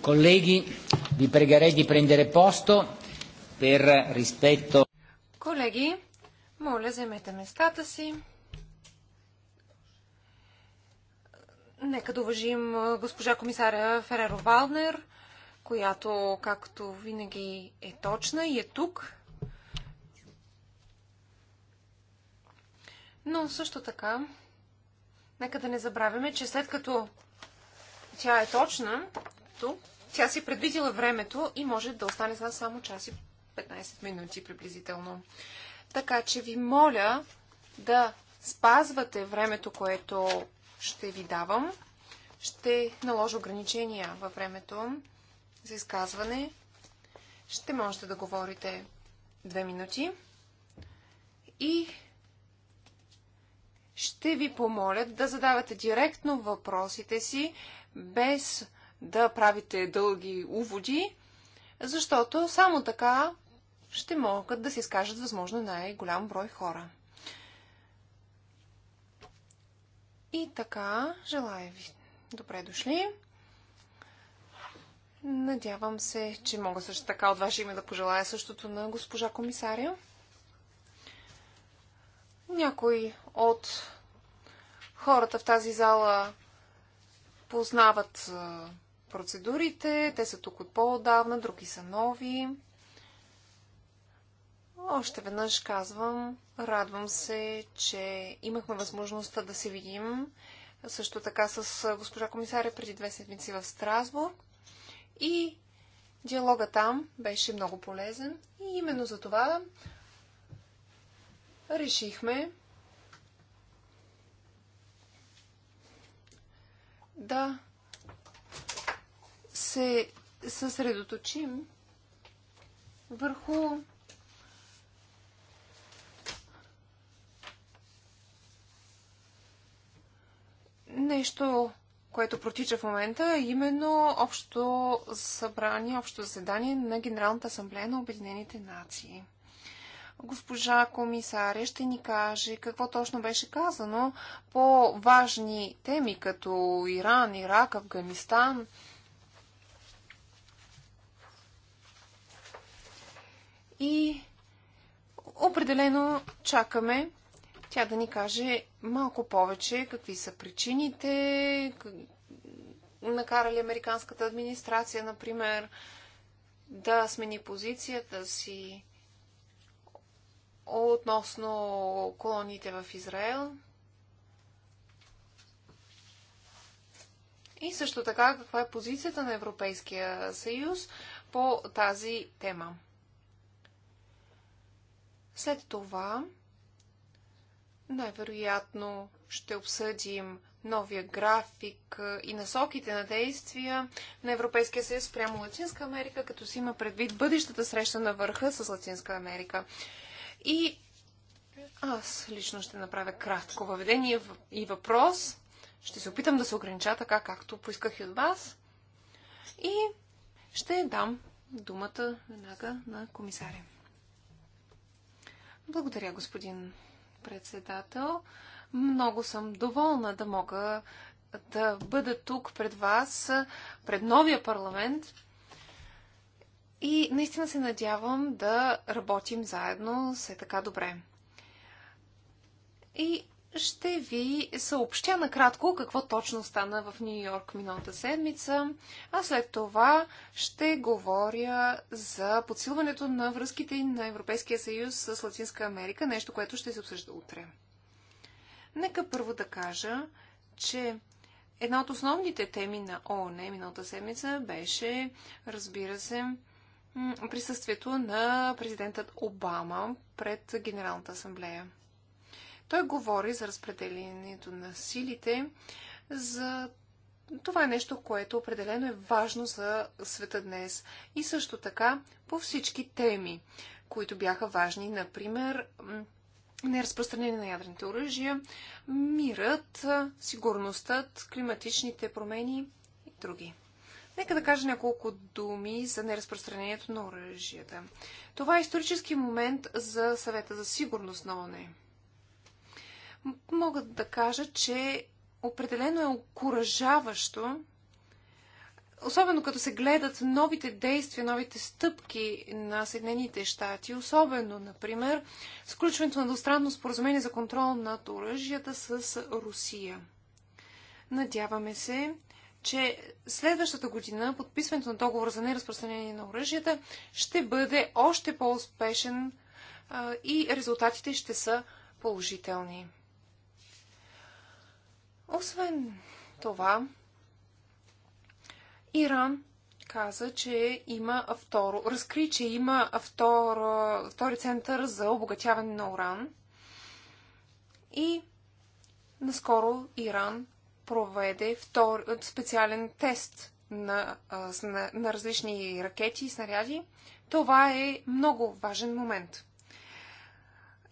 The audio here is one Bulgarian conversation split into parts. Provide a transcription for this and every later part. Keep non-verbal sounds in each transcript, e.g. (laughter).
Colleghi, vi pregherei di prendere posto per rispetto. Колеги, моля, вземете местата си. Нека да уважим госпожа комисаря Фереро Валнер, която, както винаги, е точна и е тук. Но също така, нека да не забравяме, че след като тя е точна, защото тя си предвидила времето и може да остане за само час и 15 минути приблизително. Така че ви моля да спазвате времето, което ще ви давам. Ще наложа ограничения във времето за изказване. Ще можете да говорите 2 минути. И ще ви помоля да задавате директно въпросите си, без да правите дълги уводи, защото само така ще могат да се изкажат възможно най-голям брой хора. И така, желая ви добре дошли. Надявам се, че мога също така от ваше име да пожелая същото на госпожа комисаря. Някои от хората в тази зала познават процедурите. Те са тук от по-отдавна, други са нови. Още веднъж казвам, радвам се, че имахме възможността да се видим също така с госпожа комисаря преди две седмици в Страсбург. И диалога там беше много полезен. И именно за това решихме да се съсредоточим върху нещо, което протича в момента, именно общо събрание, общо заседание на Генералната асамблея на Обединените нации. Госпожа комисаря ще ни каже какво точно беше казано по важни теми, като Иран, Ирак, Афганистан – И определено чакаме тя да ни каже малко повече какви са причините, накарали американската администрация, например, да смени позицията си относно колониите в Израел. И също така каква е позицията на Европейския съюз по тази тема. След това най-вероятно ще обсъдим новия график и насоките на действия на Европейския съюз прямо Латинска Америка, като си има предвид бъдещата среща на върха с Латинска Америка. И аз лично ще направя кратко въведение и въпрос. Ще се опитам да се огранича така, както поисках и от вас. И ще дам думата веднага на комисаря. Благодаря, господин председател. Много съм доволна да мога да бъда тук пред вас, пред новия парламент. И наистина се надявам да работим заедно все така добре. И ще ви съобщя накратко какво точно стана в Нью Йорк миналата седмица, а след това ще говоря за подсилването на връзките на Европейския съюз с Латинска Америка, нещо, което ще се обсъжда утре. Нека първо да кажа, че една от основните теми на ООН миналата седмица беше, разбира се, присъствието на президентът Обама пред Генералната асамблея. Той говори за разпределението на силите, за това е нещо, което определено е важно за света днес. И също така по всички теми, които бяха важни, например неразпространение на ядрените оръжия, мирът, сигурността, климатичните промени и други. Нека да кажа няколко думи за неразпространението на оръжията. Това е исторически момент за съвета за сигурност на ОНЕ мога да кажа, че определено е окуражаващо, особено като се гледат новите действия, новите стъпки на Съединените щати, особено, например, сключването на двустранно споразумение за контрол над оръжията с Русия. Надяваме се, че следващата година подписването на договор за неразпространение на оръжията ще бъде още по-успешен и резултатите ще са положителни. Освен това, Иран каза, че има второ, разкри, че има второ, втори център за обогатяване на уран. И наскоро Иран проведе втор, специален тест на, на, на различни ракети и снаряди. Това е много важен момент.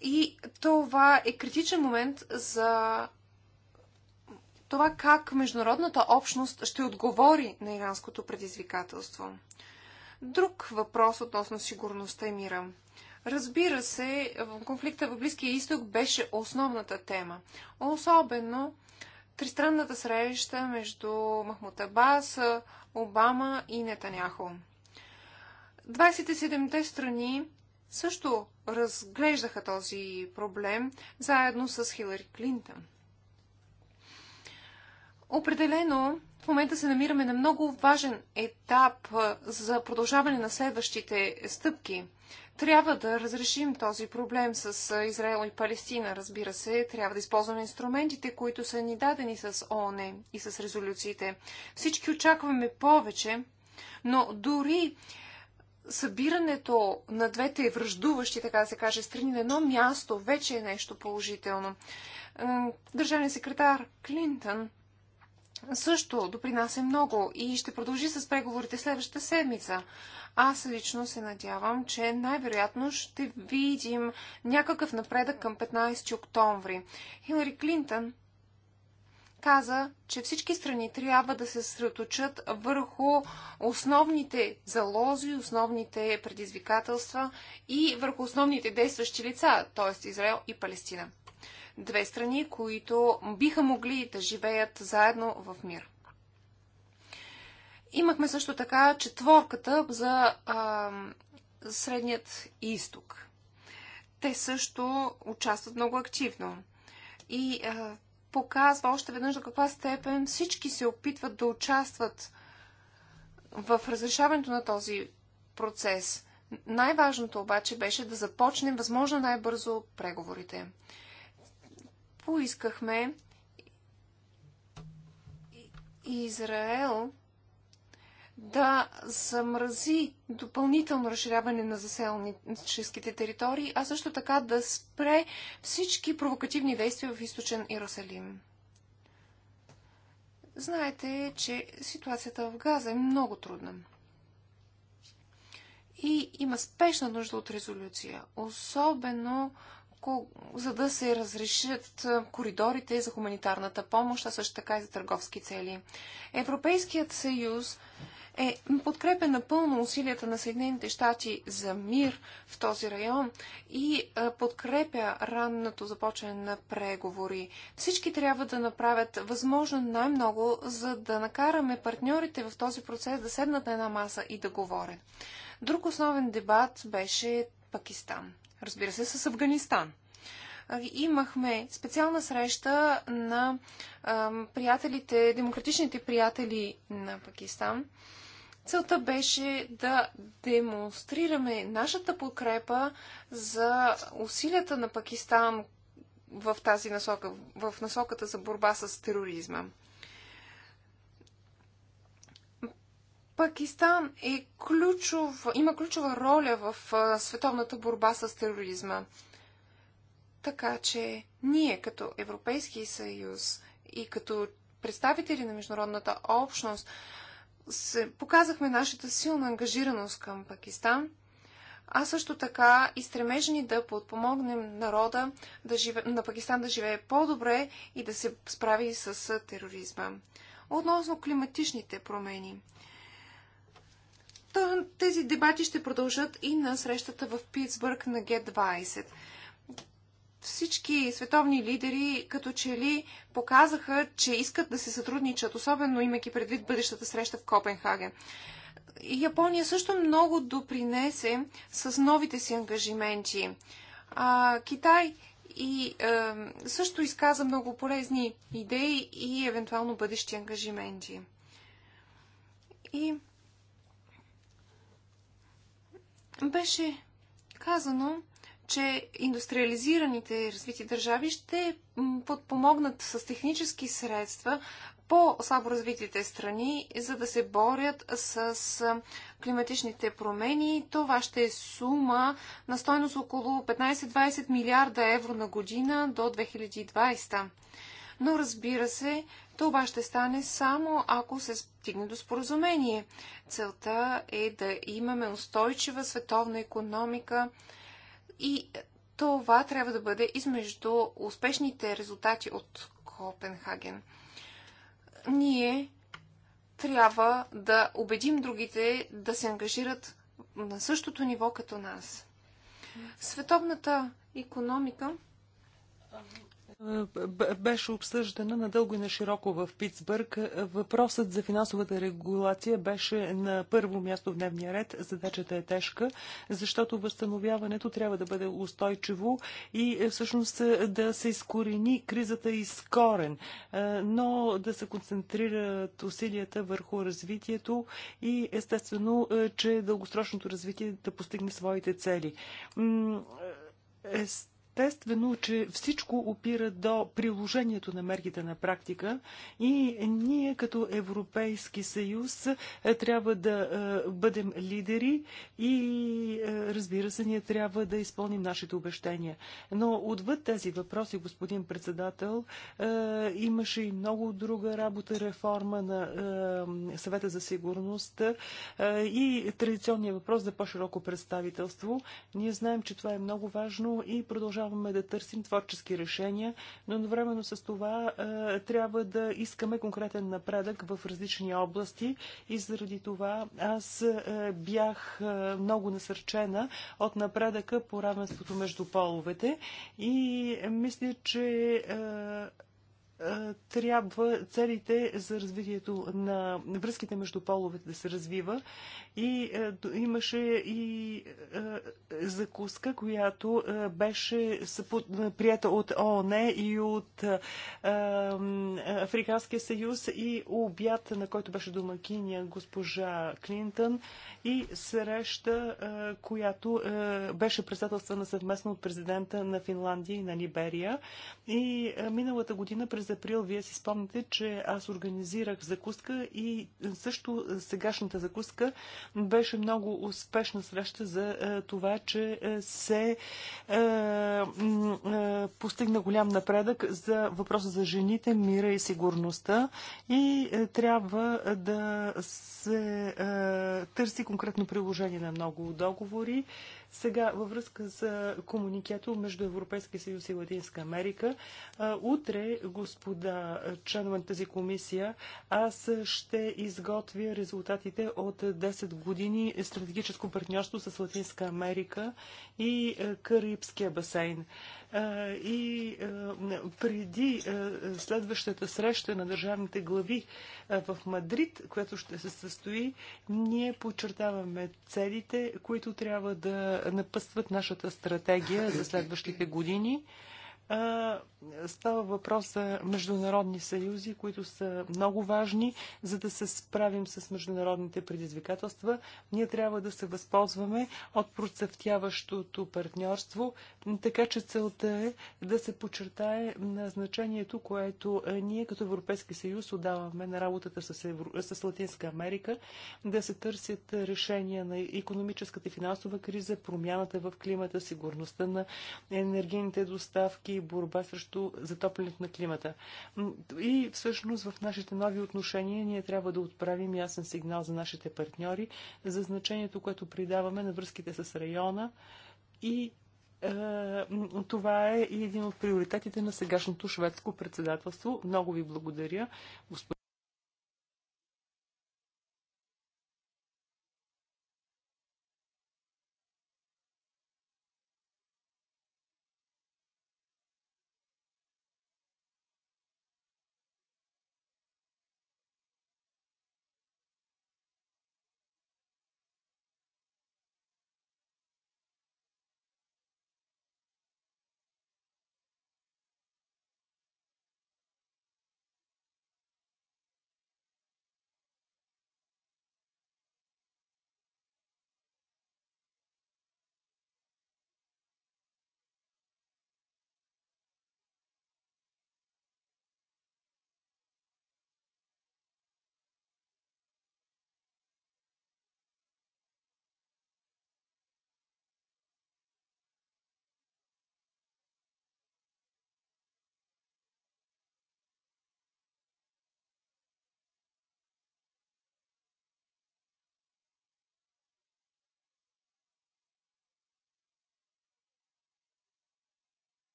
И това е критичен момент за това как международната общност ще отговори на иранското предизвикателство. Друг въпрос относно сигурността и мира. Разбира се, конфликта в Близкия изток беше основната тема. Особено тристранната среща между Махмут Абас, Обама и Нетаняхо. 27-те страни също разглеждаха този проблем заедно с Хилари Клинтън. Определено в момента се намираме на много важен етап за продължаване на следващите стъпки. Трябва да разрешим този проблем с Израел и Палестина, разбира се. Трябва да използваме инструментите, които са ни дадени с ООН и с резолюциите. Всички очакваме повече, но дори събирането на двете връждуващи, така да се каже, страни на едно място вече е нещо положително. Държавният секретар Клинтън също допринася много и ще продължи с преговорите следващата седмица. Аз лично се надявам, че най-вероятно ще видим някакъв напредък към 15 октомври. Хилари Клинтън каза, че всички страни трябва да се съсредоточат върху основните залози, основните предизвикателства и върху основните действащи лица, т.е. Израел и Палестина две страни, които биха могли да живеят заедно в мир. Имахме също така четворката за а, Средният изток. Те също участват много активно. И а, показва още веднъж до каква степен всички се опитват да участват в разрешаването на този процес. Най-важното обаче беше да започнем възможно най-бързо преговорите поискахме Израел да замрази допълнително разширяване на заселническите територии, а също така да спре всички провокативни действия в източен Иерусалим. Знаете, че ситуацията в Газа е много трудна. И има спешна нужда от резолюция, особено за да се разрешат коридорите за хуманитарната помощ, а също така и за търговски цели. Европейският съюз е подкрепя напълно усилията на Съединените щати за мир в този район и подкрепя ранното започване на преговори. Всички трябва да направят възможно най-много, за да накараме партньорите в този процес да седнат на една маса и да говорят. Друг основен дебат беше Пакистан разбира се, с Афганистан. Имахме специална среща на приятелите, демократичните приятели на Пакистан. Целта беше да демонстрираме нашата подкрепа за усилията на Пакистан в тази насока, в насоката за борба с тероризма. Пакистан е ключов, има ключова роля в световната борба с тероризма. Така че ние като Европейски съюз и като представители на международната общност се, показахме нашата силна ангажираност към Пакистан, а също така и стремежни да подпомогнем народа да живе, на Пакистан да живее по-добре и да се справи с тероризма. Относно климатичните промени – Та, тези дебати ще продължат и на срещата в Питсбърг на Г-20. Всички световни лидери като че ли показаха, че искат да се сътрудничат, особено имайки предвид бъдещата среща в Копенхаген. Япония също много допринесе с новите си ангажименти. А, Китай и е, също изказа много полезни идеи и евентуално бъдещи ангажименти. И беше казано, че индустриализираните развити държави ще подпомогнат с технически средства по-слабо развитите страни, за да се борят с климатичните промени. Това ще е сума на стойност около 15-20 милиарда евро на година до 2020 но разбира се, това ще стане само ако се стигне до споразумение. Целта е да имаме устойчива световна економика и това трябва да бъде измежду успешните резултати от Копенхаген. Ние трябва да убедим другите да се ангажират на същото ниво като нас. Световната економика е, беше обсъждана надълго и на широко в Питсбърг. Е, въпросът за финансовата регулация беше на първо място в дневния ред. Задачата е тежка, защото възстановяването трябва да бъде устойчиво и е, всъщност да се изкорени кризата и корен, но да се концентрират усилията върху развитието и естествено, че дългосрочното развитие да постигне своите цели. Естествено, естествено, че всичко опира до приложението на мерките на практика и ние като Европейски съюз е, трябва да е, бъдем лидери и е, разбира се, ние трябва да изпълним нашите обещания. Но отвъд тези въпроси, господин председател, имаше и много друга работа, реформа на съвета за сигурност и традиционния въпрос за по-широко представителство. Ние знаем, че това е много важно и продължаваме продължаваме да търсим творчески решения, но едновременно с това е, трябва да искаме конкретен напредък в различни области и заради това аз е, бях е, много насърчена от напредъка по равенството между половете и мисля, че е, трябва целите за развитието на връзките между половете да се развива. И е, имаше и е, закуска, която беше прията от ООН и от Африканския съюз и обяд, на който беше домакиня госпожа Клинтън и среща, която беше председателствана съвместно от президента на Финландия и на Либерия. И миналата година през април, вие си спомните, че аз организирах закуска и също сегашната закуска беше много успешна среща за е, това, че е, се е, е, постигна голям напредък за въпроса за жените, мира и сигурността и е, трябва да се е, търси конкретно приложение на много договори. Е, сега, във връзка с комуникето между Европейския съюз и Латинска Америка, утре, господа членове на тази комисия, аз ще изготвя резултатите от 10 години стратегическо партньорство с Латинска Америка и Карибския басейн и преди следващата среща на държавните глави в Мадрид, която ще се състои, ние подчертаваме целите, които трябва да напъстват нашата стратегия за следващите години. Става въпрос за международни съюзи, които са много важни, за да се справим с международните предизвикателства. Ние трябва да се възползваме от процъфтяващото партньорство, така че целта е да се подчертае на значението, което ние като Европейски съюз отдаваме на работата с, Евро... с Латинска Америка, да се търсят решения на економическата и финансова криза, промяната в климата, сигурността на енергийните доставки, и борба срещу затоплянето на климата. И всъщност в нашите нови отношения ние трябва да отправим ясен сигнал за нашите партньори, за значението, което придаваме на връзките с района и е, това е един от приоритетите на сегашното шведско председателство. Много ви благодаря, господин.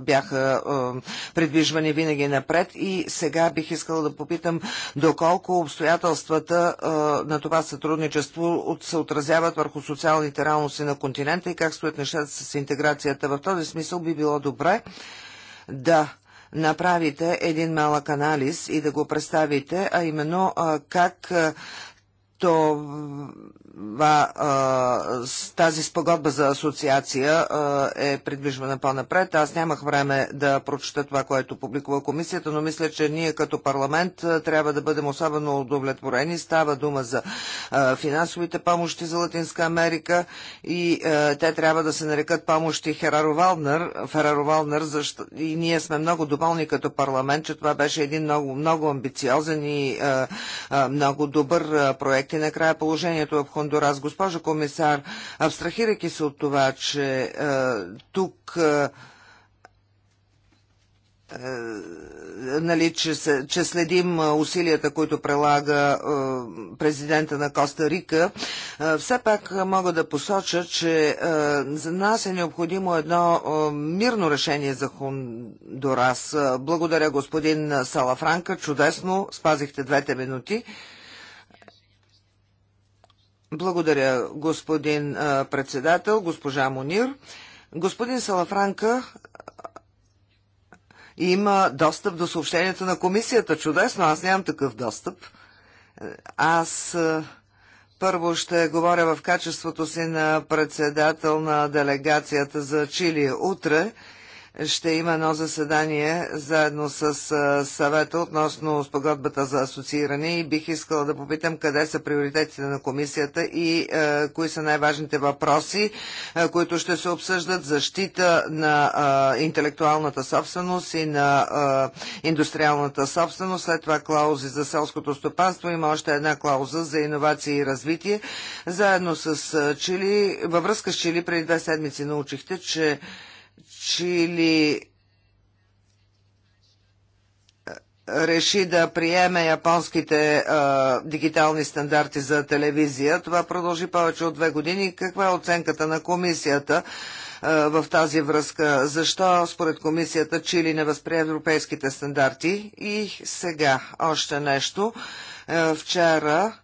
бяха предвижвани винаги напред и сега бих искала да попитам доколко обстоятелствата на това сътрудничество се отразяват върху социалните реалности на континента и как стоят нещата с интеграцията. В този смисъл би било добре да направите един малък анализ и да го представите, а именно как то тази спогодба за асоциация е предвижвана по-напред. Аз нямах време да прочета това, което публикува комисията, но мисля, че ние като парламент трябва да бъдем особено удовлетворени. Става дума за финансовите помощи за Латинска Америка и те трябва да се нарекат помощи Хераро-Валнер, Фераро-Валнер защо... и ние сме много доволни като парламент, че това беше един много, много амбициозен и много добър проект и накрая положението е в Хон Хондурас. Госпожо комисар, абстрахирайки се от това, че е, тук е, е нали, че, че следим е, усилията, които прелага е, президента на Коста Рика, все пак мога да посоча, че за нас е необходимо едно мирно решение за Хондурас. Благодаря господин Салафранка, чудесно, спазихте двете минути. Благодаря, господин председател, госпожа Монир. Господин Салафранка има достъп до съобщенията на комисията. Чудесно, аз нямам такъв достъп. Аз първо ще говоря в качеството си на председател на делегацията за Чили утре ще има едно заседание заедно с съвета относно спогодбата за асоцииране и бих искала да попитам къде са приоритетите на комисията и е, кои са най-важните въпроси, е, които ще се обсъждат защита на е, интелектуалната собственост и на индустриалната собственост, след това клаузи за селското стопанство, има още една клауза за иновации и развитие. Заедно с Чили, във връзка с Чили преди две седмици научихте, че Чили реши да приеме японските а, дигитални стандарти за телевизия. Това продължи повече от две години. Каква е оценката на комисията а, в тази връзка? Защо според комисията Чили не възприе европейските стандарти? И сега още нещо. А, вчера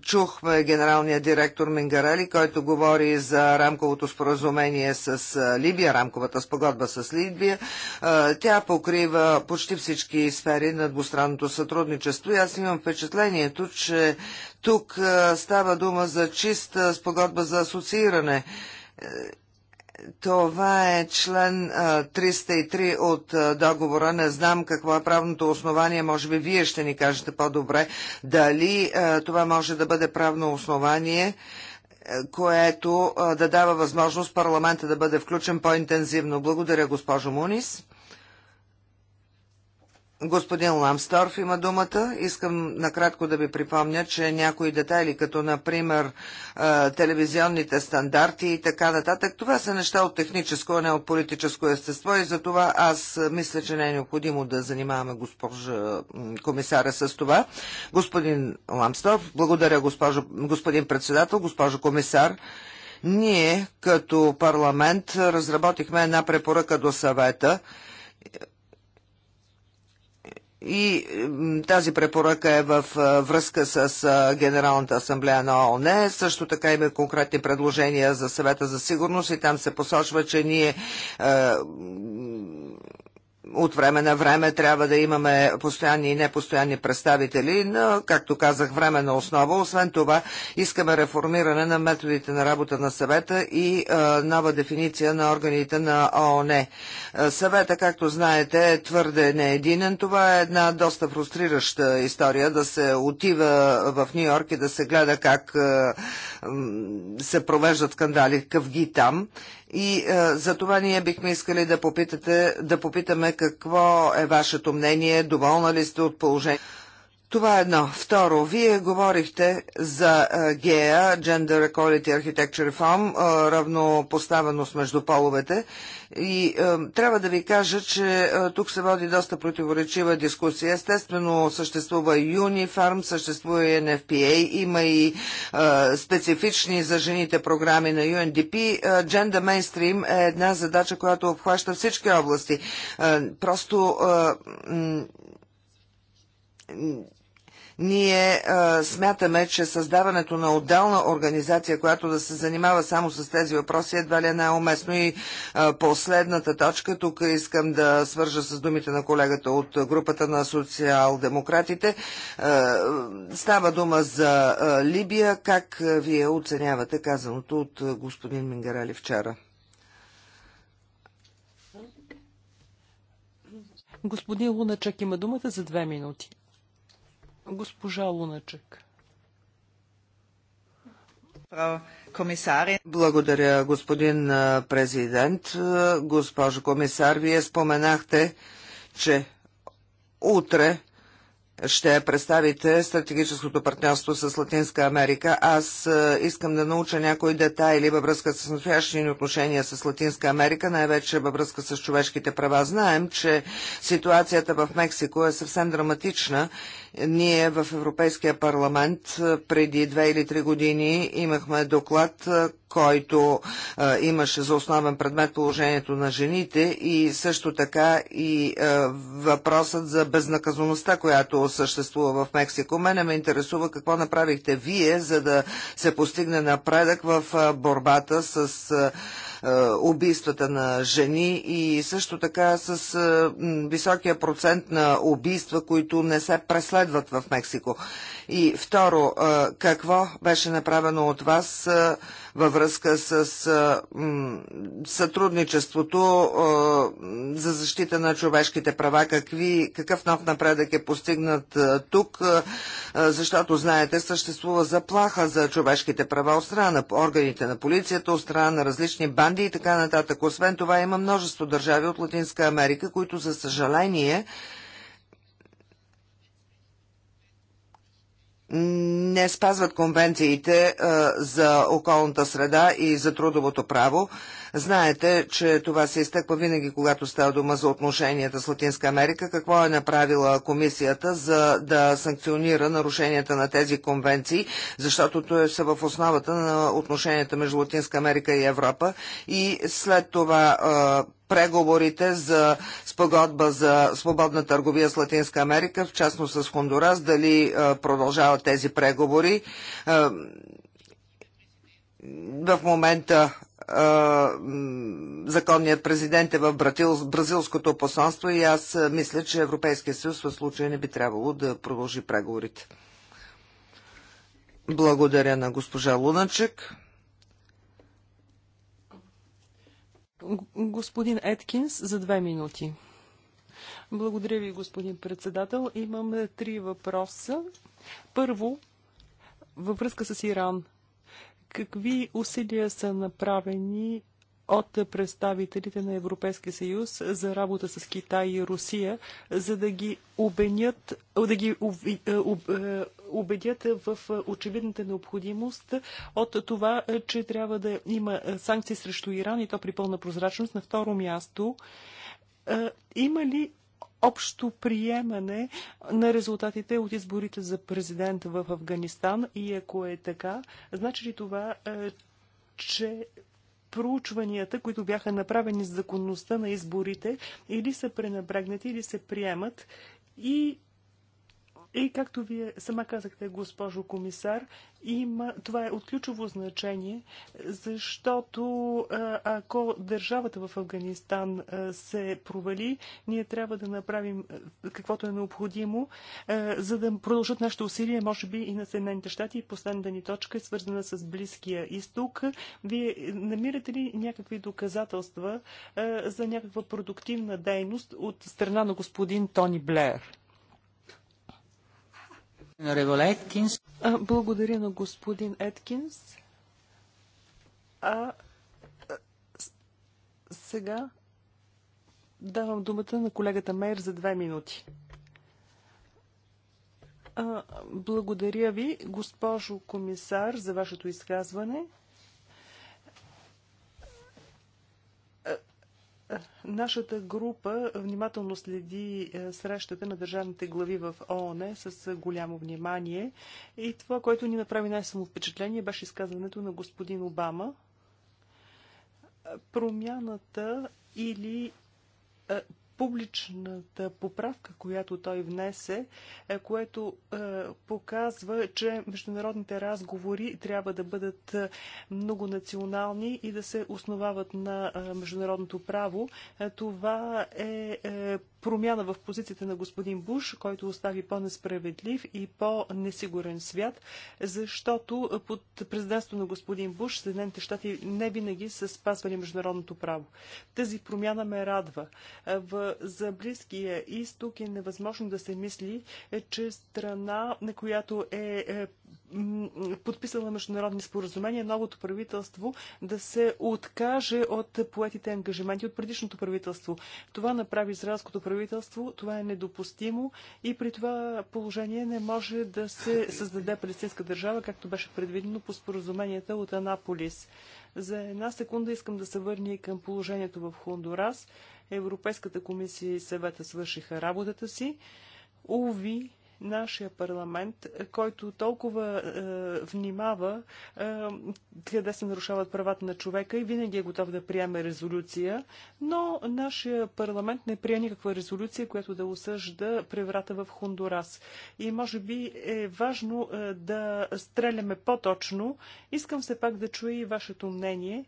Чухме генералния директор Мингарели, който говори за рамковото споразумение с Либия, рамковата спогодба с Либия. Тя покрива почти всички сфери на двустранното сътрудничество и аз имам впечатлението, че тук става дума за чиста спогодба за асоцииране е, това е член 303 от договора. Не знам какво е правното основание. Може би вие ще ни кажете по-добре дали това може да бъде правно основание което да дава възможност парламента да бъде включен по-интензивно. Благодаря, госпожо Мунис. Господин Ламсторф има думата. Искам накратко да ви припомня, че някои детайли, като например телевизионните стандарти и така нататък, това са неща от техническо, а не от политическо естество и за това аз мисля, че не е необходимо да занимаваме госпожа комисара с това. Господин Ламсторф, благодаря госпожо, господин председател, госпожо комисар. Ние като парламент разработихме една препоръка до съвета и тази препоръка е в връзка с Генералната асамблея на ООН. Също така има конкретни предложения за съвета за сигурност и там се посочва, че ние от време на време трябва да имаме постоянни и непостоянни представители, но, както казах, време на основа. Освен това, искаме реформиране на методите на работа на съвета и е, нова дефиниция на органите на ООН. съвета, както знаете, е твърде неединен. Това е една доста фрустрираща история да се отива в Нью-Йорк и да се гледа как е, се провеждат скандали, къв ги там. И а, е, за това ние бихме искали да, попитате, да попитаме какво е вашето мнение, доволна ли сте от положението. Това е едно. Второ, вие говорихте за ГЕА, Gender Equality Architecture Reform, равнопоставеност между половете. И е, трябва да ви кажа, че е, тук се води доста противоречива дискусия. Естествено, съществува Юнифарм, съществува и NFPA, има и е, специфични за жените програми на UNDP. Gender Mainstream е една задача, която обхваща всички области. Просто ние а, смятаме, че създаването на отделна организация, която да се занимава само с тези въпроси, едва ли е най-уместно. И а, последната точка, тук искам да свържа с думите на колегата от групата на социал-демократите. Става дума за а, Либия. Как вие оценявате казаното от господин Мингарали вчера? Господин Луначък има думата за две минути. Госпожа Луначек. Благодаря, господин президент. Госпожо комисар, вие споменахте, че утре ще представите стратегическото партньорство с Латинска Америка. Аз искам да науча някои детайли във връзка с настоящите ни отношения с Латинска Америка, най-вече във връзка с човешките права. Знаем, че ситуацията в Мексико е съвсем драматична ние в Европейския парламент преди две или три години имахме доклад, който имаше за основен предмет положението на жените и също така и въпросът за безнаказаността, която съществува в Мексико. Мене ме интересува какво направихте вие, за да се постигне напредък в борбата с. Е, убийствата на жени и също така с е, високия процент на убийства, които не се преследват в Мексико. И второ, е, какво беше направено от вас във връзка с сътрудничеството за защита на човешките права. Какви, какъв нов напредък е постигнат тук, защото, знаете, съществува заплаха за човешките права от страна на органите на полицията, от страна на различни банди и така нататък. Освен това има множество държави от Латинска Америка, които, за съжаление, не спазват конвенциите за околната среда и за трудовото право. Знаете, че това се изтъква винаги, когато става дума за отношенията с Латинска Америка. Какво е направила комисията за да санкционира нарушенията на тези конвенции, защото те са в основата на отношенията между Латинска Америка и Европа. И след това преговорите за спогодба за свободна търговия с Латинска Америка, в частност с Хондурас, дали продължават тези преговори. В момента законният президент е в бразилското посолство и аз мисля, че Европейския съюз в случая не би трябвало да продължи преговорите. Благодаря на госпожа Луначек. Господин Еткинс за две минути. Благодаря ви, господин председател. Имам три въпроса. Първо, във връзка с Иран какви усилия са направени от представителите на Европейския съюз за работа с Китай и Русия, за да ги обенят, да ги е, е, убедят в очевидната необходимост от това, че трябва да има санкции срещу Иран и то при пълна прозрачност. На второ място, е, има ли общо приемане на резултатите от изборите за президент в Афганистан и ако е така, значи ли това, е, че проучванията, които бяха направени с законността на изборите, или са пренебрегнати, или се приемат и и както вие сама казахте, госпожо комисар, има, това е от ключово значение, защото ако държавата в Афганистан се провали, ние трябва да направим каквото е необходимо, за да продължат нашите усилия, може би и на Съединените щати. И последната ни точка е свързана с Близкия изток. Вие намирате ли някакви доказателства за някаква продуктивна дейност от страна на господин Тони Блеер? Благодаря на господин Еткинс. А сега давам думата на колегата Мейер за две минути. Благодаря ви, госпожо комисар, за вашето изказване. Нашата група внимателно следи е, срещата на държавните глави в ООН с е, голямо внимание и това, което ни направи най-само впечатление, беше изказването на господин Обама. Е, промяната или публичната поправка, която той внесе, е, което е, показва, че международните разговори трябва да бъдат е, многонационални и да се основават на е, международното право. Това е, е промяна в позицията на господин Буш, който остави по-несправедлив и по-несигурен свят, защото под президентството на господин Буш Съединените щати не винаги са спазвали международното право. Тази промяна ме радва. В, за Близкия изток е невъзможно да се мисли, е, че страна, на която е, е подписала международни споразумения, новото правителство да се откаже от поетите ангажименти от предишното правителство. Това направи израелското правителство, това е недопустимо и при това положение не може да се създаде палестинска държава, както беше предвидено по споразуменията от Анаполис. За една секунда искам да се върни към положението в Хондурас. Европейската комисия и съвета свършиха работата си. Уви, нашия парламент, който толкова е, внимава е, къде се нарушават правата на човека и винаги е готов да приеме резолюция, но нашия парламент не прие никаква резолюция, която да осъжда преврата в Хондурас. И може би е важно е, да стреляме по-точно. Искам все пак да чуя и вашето мнение,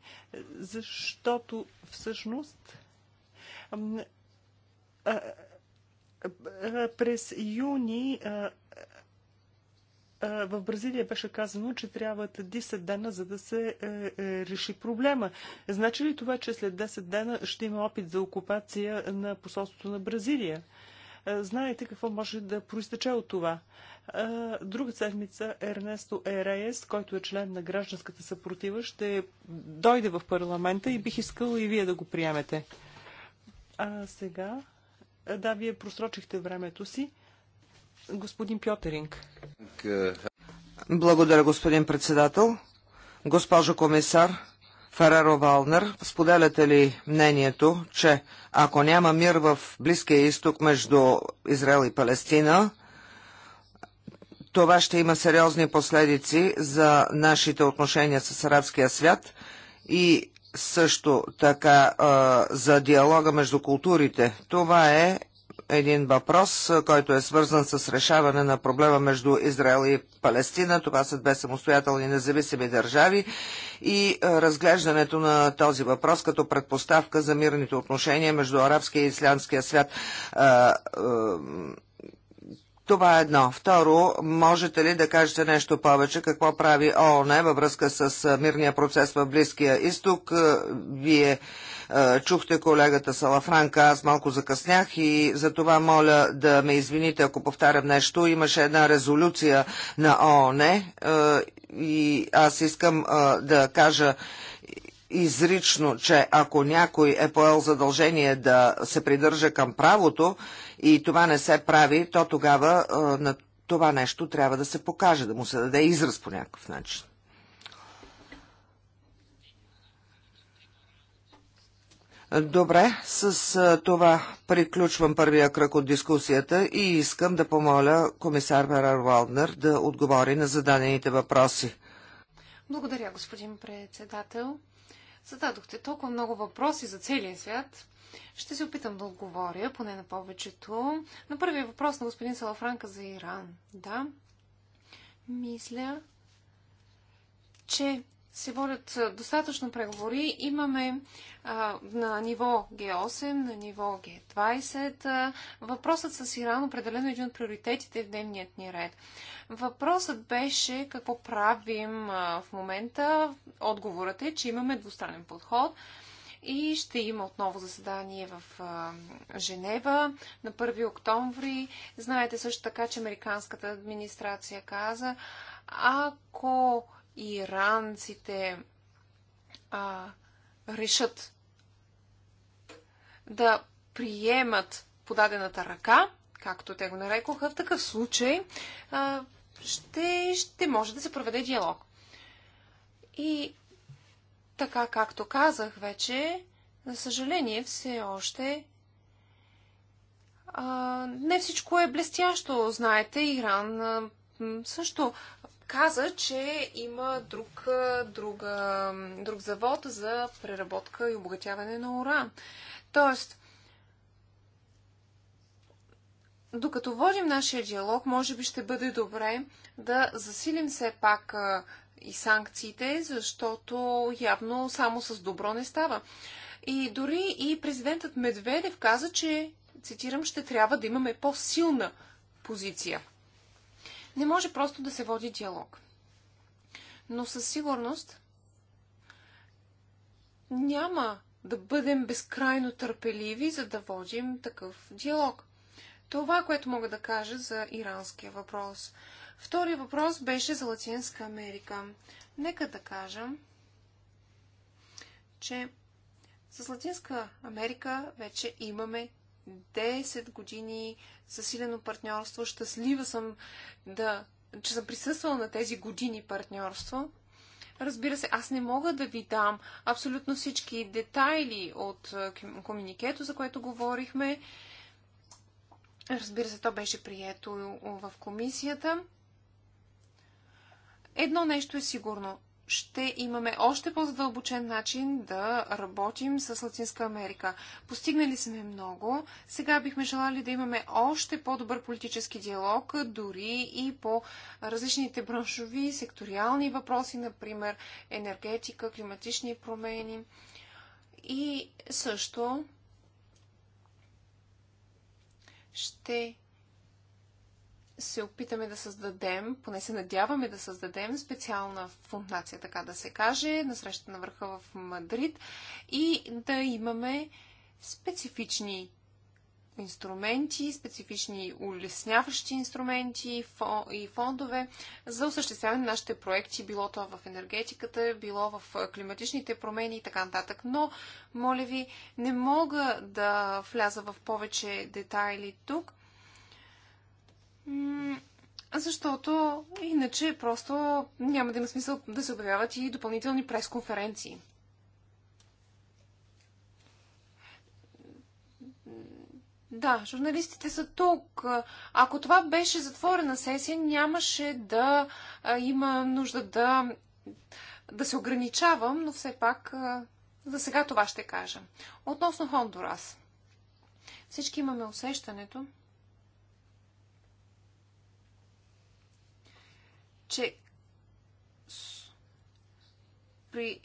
защото всъщност Е, е, през юни в Бразилия беше казано, че трябва 10 дена, за да се е, е, реши проблема. Значи ли това, че след 10 дена ще има опит за окупация на посолството на Бразилия? Е, знаете какво може да проистече от това. Друга седмица Ернесто Ереес, който е член на гражданската съпротива, ще дойде в парламента и бих искал и вие да го приемете. А сега е, да, вие просрочихте времето си. Господин Пьотеринг. Благодаря, господин председател. Госпожо комисар, Фареро Валнер, споделяте ли мнението, че ако няма мир в Близкия изток между Израел и Палестина, това ще има сериозни последици за нашите отношения с арабския свят и също така а, за диалога между културите. Това е един въпрос, който е свързан с решаване на проблема между Израел и Палестина. Това са две самостоятелни независими държави и разглеждането на този въпрос като предпоставка за мирните отношения между арабския и ислямския свят. А, а, това е едно. Второ, можете ли да кажете нещо повече? Какво прави ООН във връзка с мирния процес в Близкия изток? Вие чухте колегата Салафранка, аз малко закъснях и за това моля да ме извините, ако повтарям нещо. Имаше една резолюция на ООН и аз искам да кажа изрично, че ако някой е поел задължение да се придържа към правото, и това не се прави, то тогава на това нещо трябва да се покаже, да му се даде израз по някакъв начин. Добре, с това приключвам първия кръг от дискусията и искам да помоля комисар Берар Валднер да отговори на зададените въпроси. Благодаря, господин председател. Зададохте толкова много въпроси за целия свят. Ще се опитам да отговоря, поне на повечето. На първия въпрос на господин Салафранка за Иран. Да, мисля, че се водят достатъчно преговори. Имаме а, на ниво Г8, на ниво Г20. А, въпросът с Иран определено е един от приоритетите в дневният ни ред. Въпросът беше какво правим а, в момента. Отговорът е, че имаме двустранен подход. А, и ще има отново заседание в Женева на 1 октомври. Знаете също така, че американската администрация каза, ако иранците а, решат да приемат подадената ръка, както те го нарекоха, в такъв случай а, ще, ще може да се проведе диалог. И така както казах вече, за съжаление все още а, не всичко е блестящо. Знаете, Иран а, също каза, че има друг, друга, друг завод за преработка и обогатяване на уран. Тоест, докато водим нашия диалог, може би ще бъде добре да засилим все пак и санкциите, защото явно само с добро не става. И дори и президентът Медведев каза, че, цитирам, ще трябва да имаме по-силна позиция. Не може просто да се води диалог. Но със сигурност няма да бъдем безкрайно търпеливи, за да водим такъв диалог. Това, което мога да кажа за иранския въпрос – Втори въпрос беше за Латинска Америка. Нека да кажем, че с Латинска Америка вече имаме 10 години засилено партньорство. Щастлива съм да, че съм присъствала на тези години партньорство. Разбира се, аз не мога да ви дам абсолютно всички детайли от е, комуникето, за което говорихме. Разбира се, то беше прието в комисията. Едно нещо е сигурно. Ще имаме още по-задълбочен начин да работим с Латинска Америка. Постигнали сме много. Сега бихме желали да имаме още по-добър политически диалог, дори и по различните браншови, секториални въпроси, например енергетика, климатични промени. И също ще се опитаме да създадем, поне се надяваме да създадем специална фундация, така да се каже, на срещата на върха в Мадрид и да имаме специфични инструменти, специфични улесняващи инструменти и фондове за осъществяване на нашите проекти, било то в енергетиката, било в климатичните промени и така нататък. Но, моля ви, не мога да вляза в повече детайли тук, защото иначе просто няма да има смисъл да се обявяват и допълнителни пресконференции. Да, журналистите са тук. Ако това беше затворена сесия, нямаше да а, има нужда да, да се ограничавам, но все пак а, за сега това ще кажа. Относно Хондурас. Всички имаме усещането, че при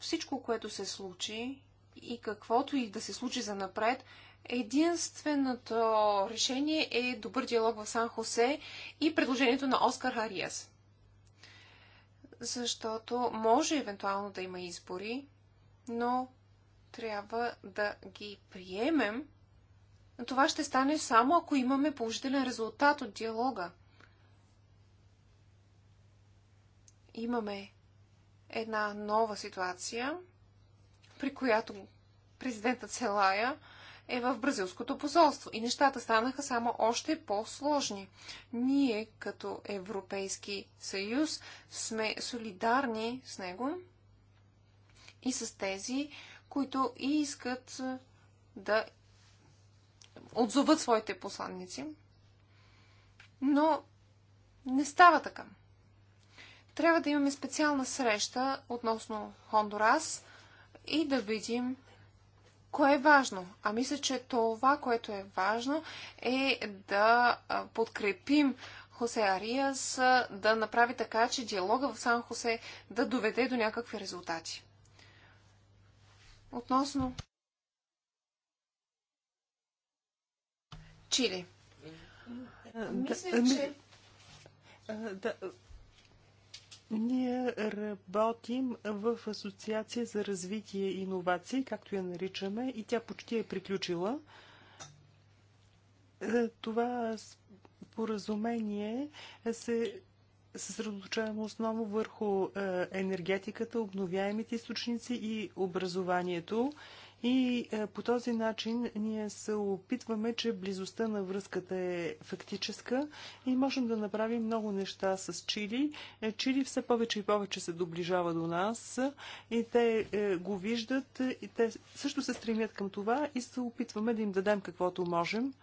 всичко, което се случи и каквото и да се случи за напред, единственото решение е добър диалог в Сан Хосе и предложението на Оскар Хариас. Защото може евентуално да има избори, но трябва да ги приемем. Това ще стане само ако имаме положителен резултат от диалога. имаме една нова ситуация, при която президентът Селая е в бразилското посолство и нещата станаха само още по-сложни. Ние, като Европейски съюз, сме солидарни с него и с тези, които искат да отзоват своите посланници, но не става така. Трябва да имаме специална среща относно Хондурас и да видим кое е важно. А мисля, че това, което е важно, е да подкрепим Хосе Ариас да направи така, че диалога в Сан Хосе да доведе до някакви резултати. Относно Чили. Мисля, че... Да, ние работим в Асоциация за развитие и иновации, както я наричаме, и тя почти е приключила. Е, това споразумение се съсредоточаваме основно върху е, енергетиката, обновяемите източници и образованието. И е, по този начин ние се опитваме, че близостта на връзката е фактическа и можем да направим много неща с Чили. Е, Чили все повече и повече се доближава до нас и те е, го виждат и те също се стремят към това и се опитваме да им дадем каквото можем.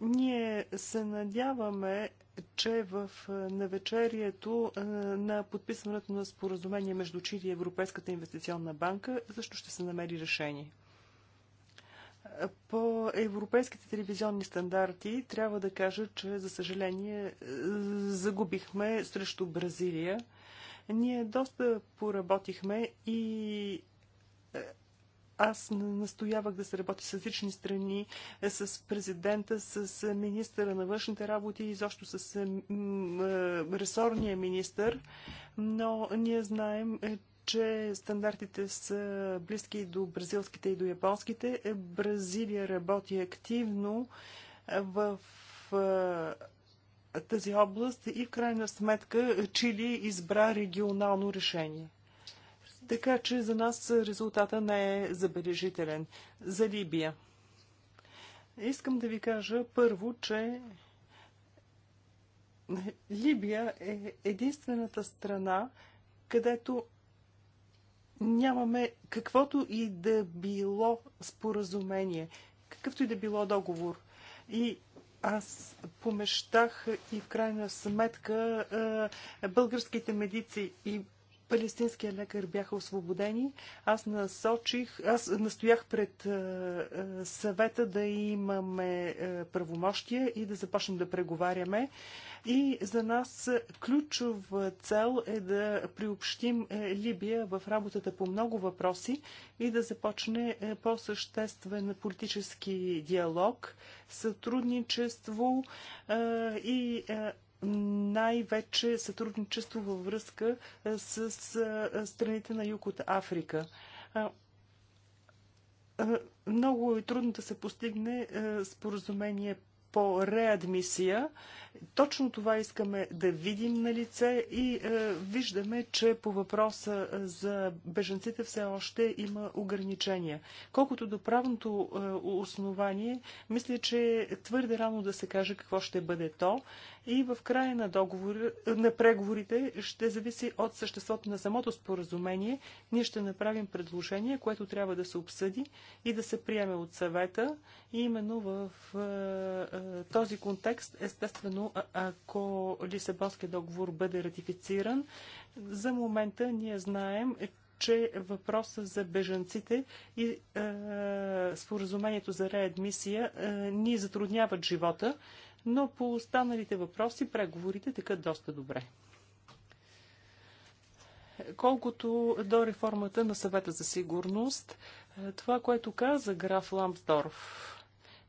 Ние се надяваме, че в навечерието на подписването на споразумение между Чили и Европейската инвестиционна банка също ще се намери решение. По европейските телевизионни стандарти трябва да кажа, че за съжаление загубихме срещу Бразилия. Ние доста поработихме и е, аз настоявах да се работи с различни страни, е, с президента, с е, министъра на външните работи и защо с ресорния министър, но ние знаем, че стандартите са близки до бразилските и до японските. Бразилия работи активно в тази област и в крайна сметка Чили избра регионално решение. Така че за нас резултата не е забележителен. За Либия. Искам да ви кажа първо, че Либия е единствената страна, където нямаме каквото и да било споразумение, какъвто и да било договор. И аз помещах и в крайна сметка българските медици и палестинския лекар бяха освободени. Аз насочих, аз настоях пред е, е, съвета да имаме е, правомощия и да започнем да преговаряме. И за нас ключова цел е да приобщим Либия в работата по много въпроси и да започне по-съществен политически диалог, сътрудничество и най-вече сътрудничество във връзка с страните на юг от Африка много е трудно да се постигне споразумение по реадмисия. Точно това искаме да видим на лице и е, виждаме, че по въпроса е, за беженците все още има ограничения. Колкото до правното е, основание, мисля, че е твърде рано да се каже какво ще бъде то и в края на, договор, на преговорите ще зависи от съществото на самото споразумение. Ние ще направим предложение, което трябва да се обсъди и да се приеме от съвета и именно в е, е този контекст, естествено, ако Лисабонския договор бъде ратифициран, за момента ние знаем, че въпроса за бежанците и е, споразумението за реадмисия е, ни затрудняват живота, но по останалите въпроси преговорите текат доста добре. Колкото до реформата на съвета за сигурност, е, това, което каза граф Ламсдорф,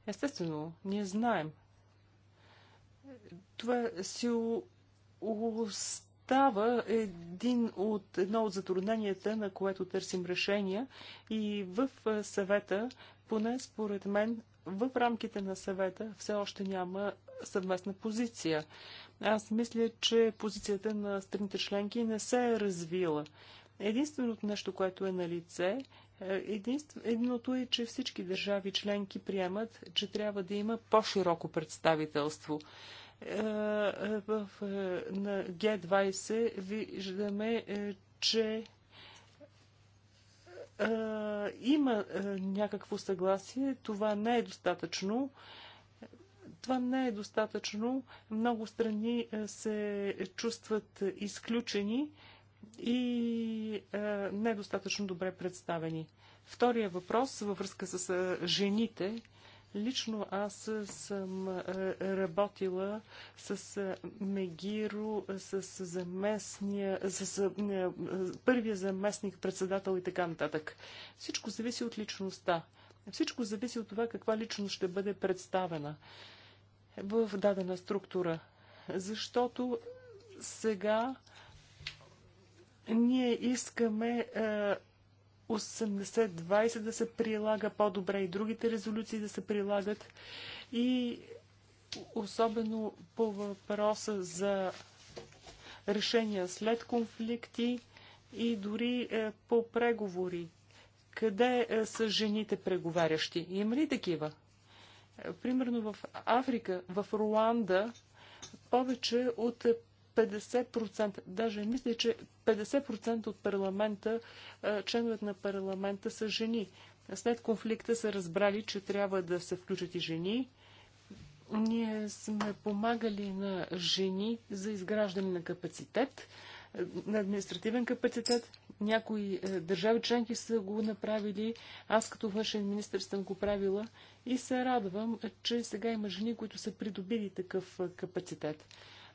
Естествено, ние знаем. Това си остава един от, едно от затрудненията, на което търсим решения и в съвета, поне според мен, в рамките на съвета все още няма съвместна позиция. Аз мисля, че позицията на страните членки не се е развила. Единственото нещо, което е на лице, Единственото е, че всички държави членки приемат, че трябва да има по-широко представителство. Е, е, в, е, Г20 виждаме, че има някакво съгласие. Това не е достатъчно. Това не е достатъчно. Много страни се чувстват изключени и е, недостатъчно добре представени. Втория въпрос във връзка с е, жените. Лично аз е, съм е, работила с е, Мегиро, е, с, заместния, с е, първия заместник, председател и така нататък. Всичко зависи от личността. Всичко зависи от това каква личност ще бъде представена в дадена структура. Защото сега ние искаме 80-20 е, да се прилага по-добре и другите резолюции да се прилагат. И особено по въпроса за решения след конфликти и дори е, по преговори. Къде е, са жените преговарящи? Има ли такива? Примерно в Африка, в Руанда, повече от 50%, даже мисля, че 50% от парламента, членовете на парламента са жени. След конфликта са разбрали, че трябва да се включат и жени. Ние сме помагали на жени за изграждане на капацитет, на административен капацитет. Някои е, държави членки са го направили. Аз като външен министр съм го правила и се радвам, че сега има жени, които са придобили такъв е, капацитет.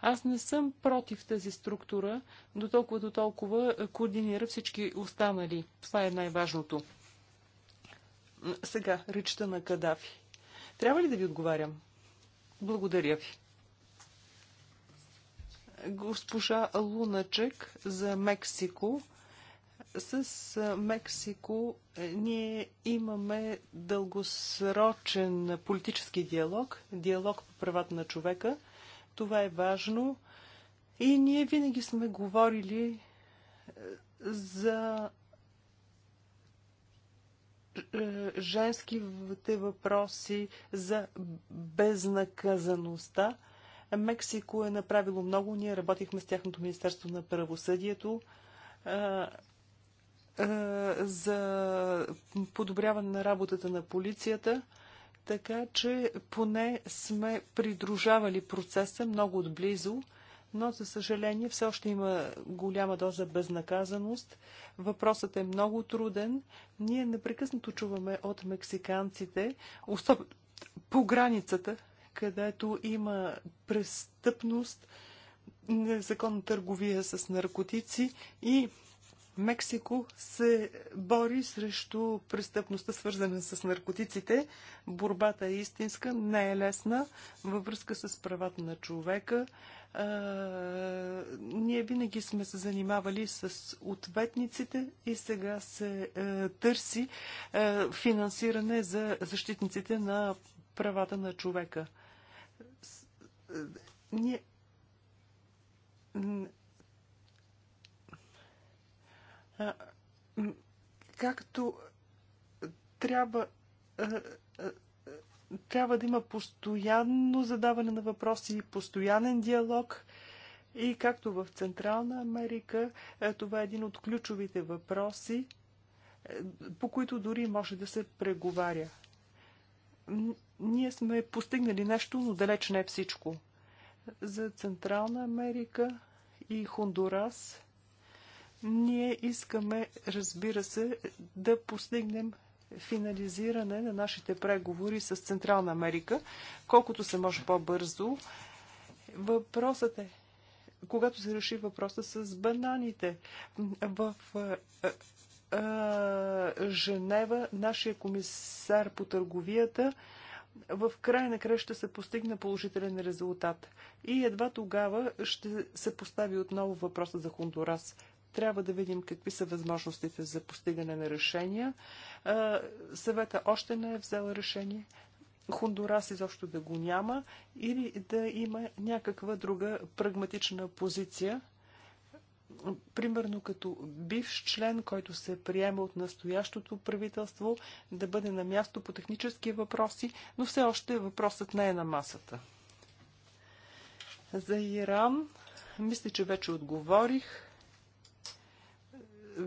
Аз не съм против тази структура, до толкова до толкова е, координира всички останали. Това е най-важното. Сега, речта на Кадафи. Трябва ли да ви отговарям? Благодаря ви. Госпожа Луначек за Мексико. С Мексико е, ние имаме дългосрочен политически диалог, диалог по правата на човека – това е важно. И ние винаги сме говорили е, за е, женските въпроси, за безнаказаността. Мексико е направило много. Ние работихме с тяхното Министерство на правосъдието е, за подобряване на работата на полицията така че поне сме придружавали процеса много отблизо, но за съжаление все още има голяма доза безнаказаност. Въпросът е много труден. Ние непрекъснато чуваме от мексиканците, особено по границата, където има престъпност, незаконна търговия с наркотици и Мексико се бори срещу престъпността, свързана с наркотиците. Борбата е истинска, не е лесна във връзка с правата на човека. А, ние винаги сме се занимавали с ответниците и сега се а, търси а, финансиране за защитниците на правата на човека. С, а, ние както трябва трябва да има постоянно задаване на въпроси, постоянен диалог. И както в Централна Америка, това е един от ключовите въпроси, по които дори може да се преговаря. Ние сме постигнали нещо, но далеч не всичко. За Централна Америка и Хондурас ние искаме, разбира се, да постигнем финализиране на нашите преговори с Централна Америка, колкото се може по-бързо. Въпросът е, когато се реши въпроса с бананите в Женева, нашия комисар по търговията, в края на края ще се постигне положителен резултат. И едва тогава ще се постави отново въпроса за Хондурас. Трябва да видим какви са възможностите за постигане на решения. Съвета още не е взел решение. Хондурас изобщо да го няма или да има някаква друга прагматична позиция, примерно като бивш член, който се приема от настоящото правителство, да бъде на място по технически въпроси, но все още въпросът не е на масата. За Иран, мисля, че вече отговорих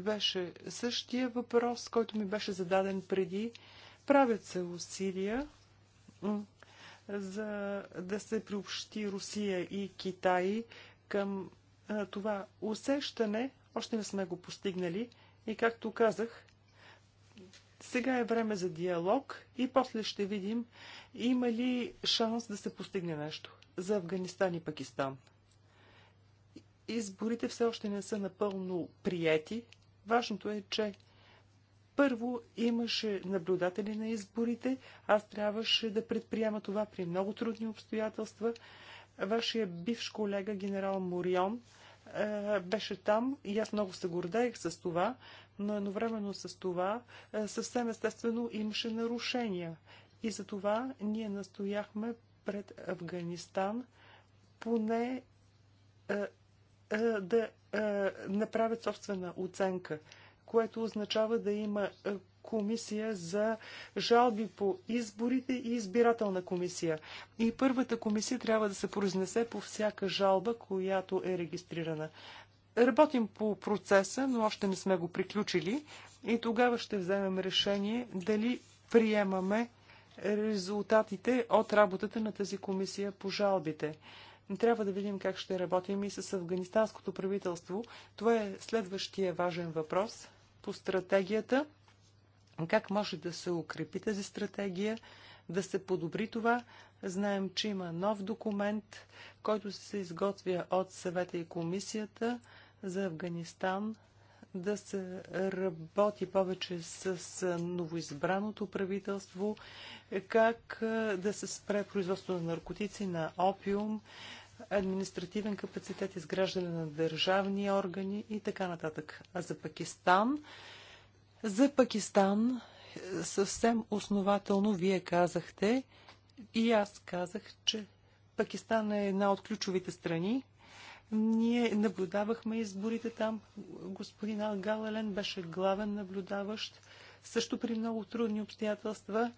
беше същия въпрос, който ми беше зададен преди. Правят се усилия за да се приобщи Русия и Китай към това усещане. Още не сме го постигнали и, както казах, сега е време за диалог и после ще видим има ли шанс да се постигне нещо за Афганистан и Пакистан. Изборите все още не са напълно прияти. Важното е, че първо имаше наблюдатели на изборите. Аз трябваше да предприема това при много трудни обстоятелства. Вашия бивш колега, генерал Морион, е, беше там и аз много се гордеех с това, но едновременно с това е, съвсем естествено имаше нарушения. И за това ние настояхме пред Афганистан поне е, да е, направят собствена оценка, което означава да има е, комисия за жалби по изборите и избирателна комисия. И първата комисия трябва да се произнесе по всяка жалба, която е регистрирана. Работим по процеса, но още не сме го приключили и тогава ще вземем решение дали приемаме резултатите от работата на тази комисия по жалбите. Трябва да видим как ще работим и с афганистанското правителство. Това е следващия важен въпрос по стратегията. Как може да се укрепи тази стратегия, да се подобри това? Знаем, че има нов документ, който се изготвя от съвета и комисията за Афганистан да се работи повече с новоизбраното правителство, как да се спре производство на наркотици, на опиум, административен капацитет, изграждане на държавни органи и така нататък. А за Пакистан, за Пакистан е, съвсем основателно вие казахте и аз казах, че Пакистан е една от ключовите страни, ние наблюдавахме изборите там. Господин Ал Галален беше главен наблюдаващ, също при много трудни обстоятелства.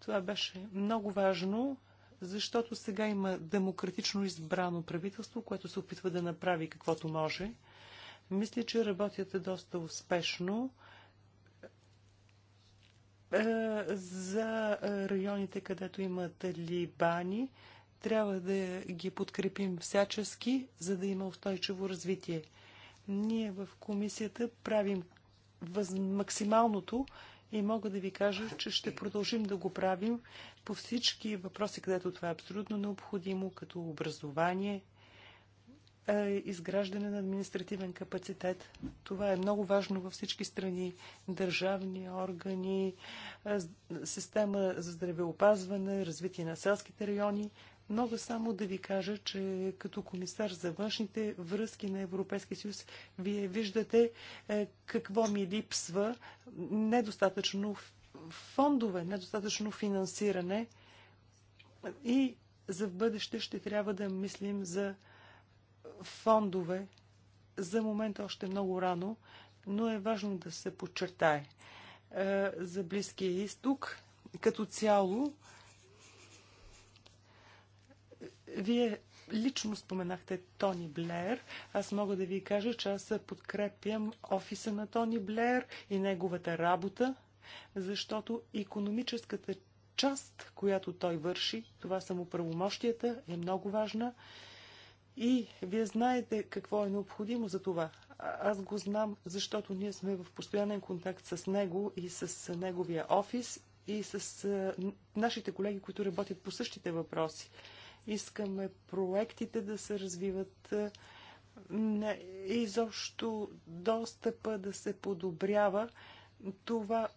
Това беше много важно, защото сега има демократично избрано правителство, което се опитва да направи каквото може. Мисля, че работят доста успешно е, за районите, където има талибани. Трябва да ги подкрепим всячески, за да има устойчиво развитие. Ние в комисията правим максималното и мога да ви кажа, че ще продължим да го правим по всички въпроси, където това е абсолютно необходимо, като образование, изграждане на административен капацитет. Това е много важно във всички страни. Държавни органи, система за здравеопазване, развитие на селските райони – Мога само да ви кажа, че като комисар за външните връзки на Европейския съюз, вие виждате е, какво ми липсва недостатъчно фондове, недостатъчно финансиране и за в бъдеще ще трябва да мислим за фондове. За момент още много рано, но е важно да се подчертае. Е, за Близкия изток като цяло вие лично споменахте Тони Блеер. Аз мога да ви кажа, че аз подкрепям офиса на Тони Блеер и неговата работа, защото економическата част, която той върши, това са му правомощията, е много важна. И вие знаете какво е необходимо за това. Аз го знам, защото ние сме в постоянен контакт с него и с неговия офис и с нашите колеги, които работят по същите въпроси искаме проектите да се развиват и е, изобщо достъпа да се подобрява. Това,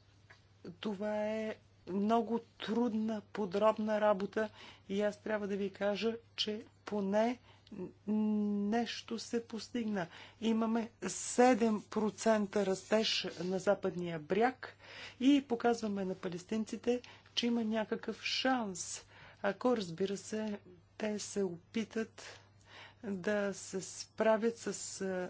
това е много трудна, подробна работа и аз трябва да ви кажа, че поне нещо се постигна. Имаме 7% растеж на западния бряг и показваме на палестинците, че има някакъв шанс – ако, разбира се, те се опитат да се справят с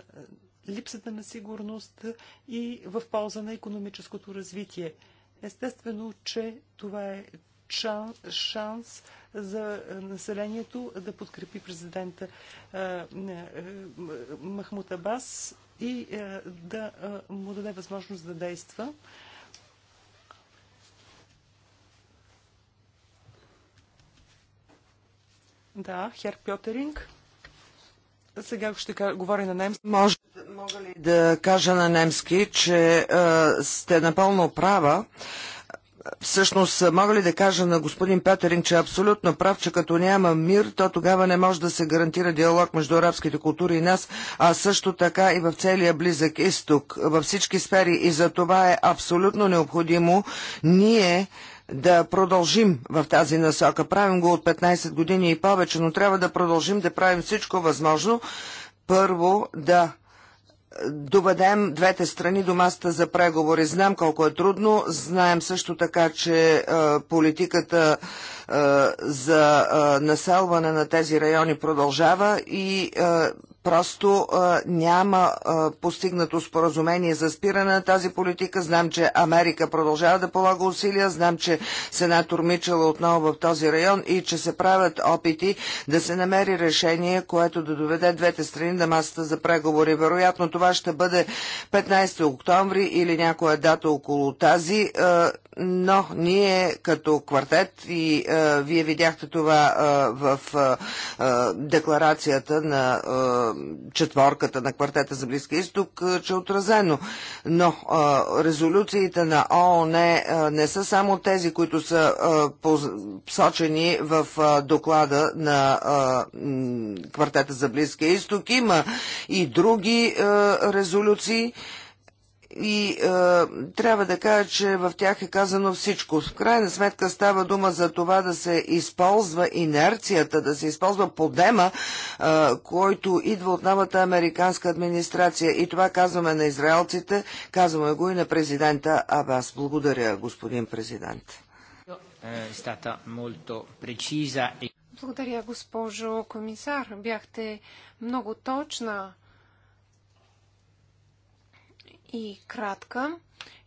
липсата на сигурност и в полза на економическото развитие. Естествено, че това е шанс, шанс за населението да подкрепи президента Махмут Абас и да му даде възможност да действа. Да, Хер Пьотеринг. Сега ще говори на немски. Може, мога ли да кажа на немски, че е, сте напълно права. Всъщност, мога ли да кажа на господин Петерин, че е абсолютно прав, че като няма мир, то тогава не може да се гарантира диалог между арабските култури и нас, а също така и в целия близък изток, във всички сфери. И за това е абсолютно необходимо ние да продължим в тази насока. Правим го от 15 години и повече, но трябва да продължим да правим всичко възможно. Първо да доведем двете страни до маста за преговори. Знам колко е трудно, знаем също така, че е, политиката е, за е, населване на тези райони продължава и е, Просто а, няма а, постигнато споразумение за спиране на тази политика. Знам, че Америка продължава да полага усилия. Знам, че сенатор Мичел е отново в този район и че се правят опити да се намери решение, което да доведе двете страни на масата за преговори. Вероятно това ще бъде 15 октомври или някоя дата около тази. А, но ние като квартет и а, вие видяхте това а, в а, декларацията на а, четворката на квартета за близки изток, че е отразено. Но резолюциите на ООН не са само тези, които са посочени в доклада на квартета за близки изток. Има и други резолюции, и е, трябва да кажа, че в тях е казано всичко. В крайна сметка става дума за това да се използва инерцията, да се използва подема, е, който идва от новата американска администрация. И това казваме на израелците, казваме го и на президента Абас. Благодаря, господин президент. Е, Благодаря, госпожо комисар. Бяхте много точна и кратка.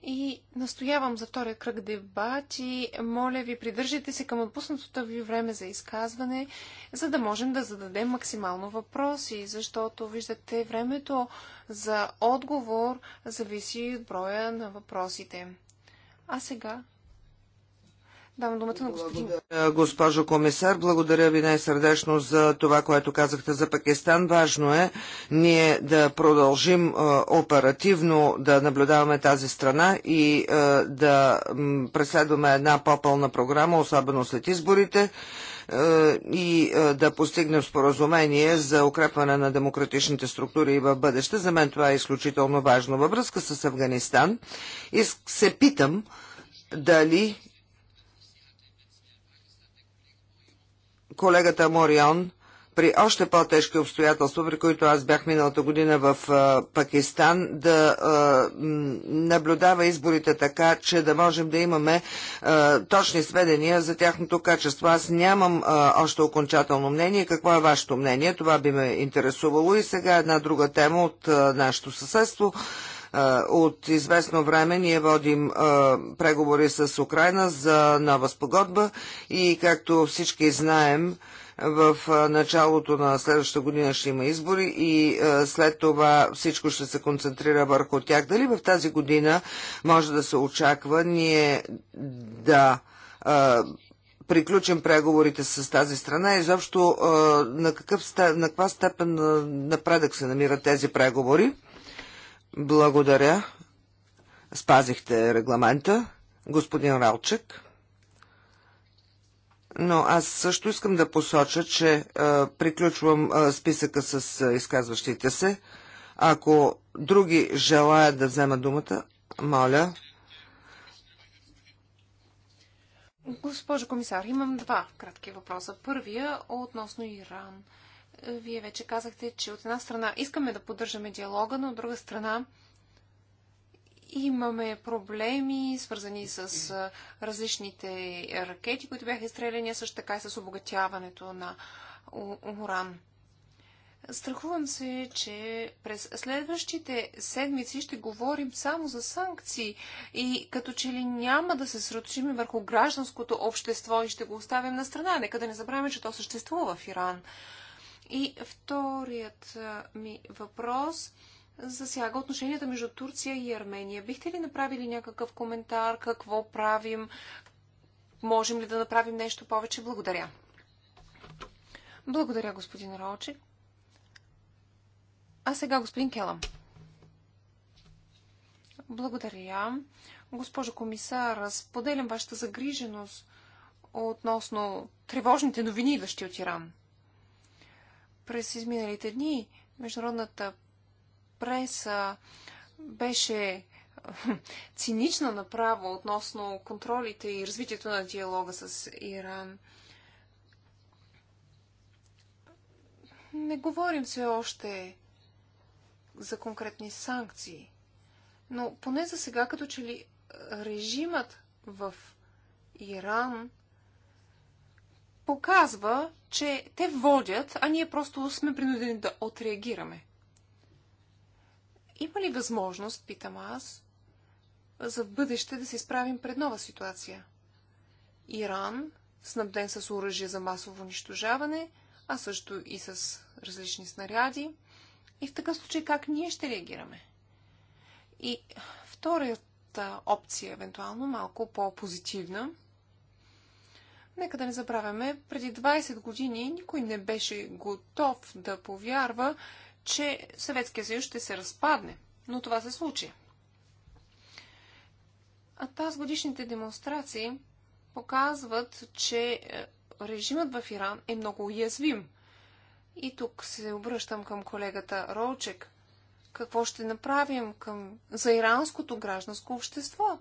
И настоявам за втория кръг дебати. Моля ви, придържайте се към отпуснатото ви време за изказване, за да можем да зададем максимално въпроси, защото виждате времето за отговор зависи от броя на въпросите. А сега Давам думата на господин. Благодаря, госпожо комисар, благодаря ви най-сърдечно за това, което казахте за Пакистан. Важно е ние да продължим е, оперативно да наблюдаваме тази страна и е, да преследваме една по-пълна програма, особено след изборите е, и да постигнем споразумение за укрепване на демократичните структури и в бъдеще. За мен това е изключително важно. Във връзка с Афганистан се питам дали колегата Морион при още по-тежки обстоятелства, при които аз бях миналата година в а, Пакистан, да а, наблюдава изборите така, че да можем да имаме а, точни сведения за тяхното качество. Аз нямам още окончателно мнение. Какво е вашето мнение? Това би ме интересувало. И сега една друга тема от нашето съседство. Е, от известно време ние водим е, преговори с Украина за нова спогодба и както всички знаем, в е, началото на следващата година ще има избори и след това всичко ще се концентрира върху тях. Дали в тази година може да се очаква ние да приключим преговорите с тази страна и изобщо на, на каква степен напредък се намират тези преговори? Благодаря. Спазихте регламента, господин Ралчек. Но аз също искам да посоча, че а, е, приключвам а, е, списъка с а, е, изказващите се. Ако други желаят да вземат думата, моля. Госпожо комисар, имам два кратки въпроса. Първия относно Иран. Вие вече казахте, че от една страна искаме да поддържаме диалога, но от друга страна имаме проблеми, свързани с различните ракети, които бяха изстреляни, също така и с обогатяването на уран. Страхувам се, че през следващите седмици ще говорим само за санкции и като че ли няма да се сръчим върху гражданското общество и ще го оставим на страна. Нека да не забравяме, че то съществува в Иран. И вторият ми въпрос засяга отношенията между Турция и Армения. Бихте ли направили някакъв коментар? Какво правим? Можем ли да направим нещо повече? Благодаря. Благодаря, господин Ролчик. А сега господин Келам. Благодаря. Госпожо комисар, споделям вашата загриженост относно тревожните новини, идващи от Иран. През изминалите дни международната преса беше е, (laughs) цинична направо относно контролите и развитието на диалога с Иран. Не говорим все още за конкретни санкции, но поне за сега, като че ли режимът в Иран показва, че те водят, а ние просто сме принудени да отреагираме. Има ли възможност, питам аз, за в бъдеще да се изправим пред нова ситуация? Иран, снабден с оръжие за масово унищожаване, а също и с различни снаряди. И в такъв случай как ние ще реагираме? И втората опция, евентуално малко по-позитивна – Нека да не забравяме, преди 20 години никой не беше готов да повярва, че Съветския съюз ще се разпадне. Но това се случи. А тази годишните демонстрации показват, че е, режимът в Иран е много уязвим. И тук се обръщам към колегата Ролчек. Какво ще направим към... за иранското гражданско общество?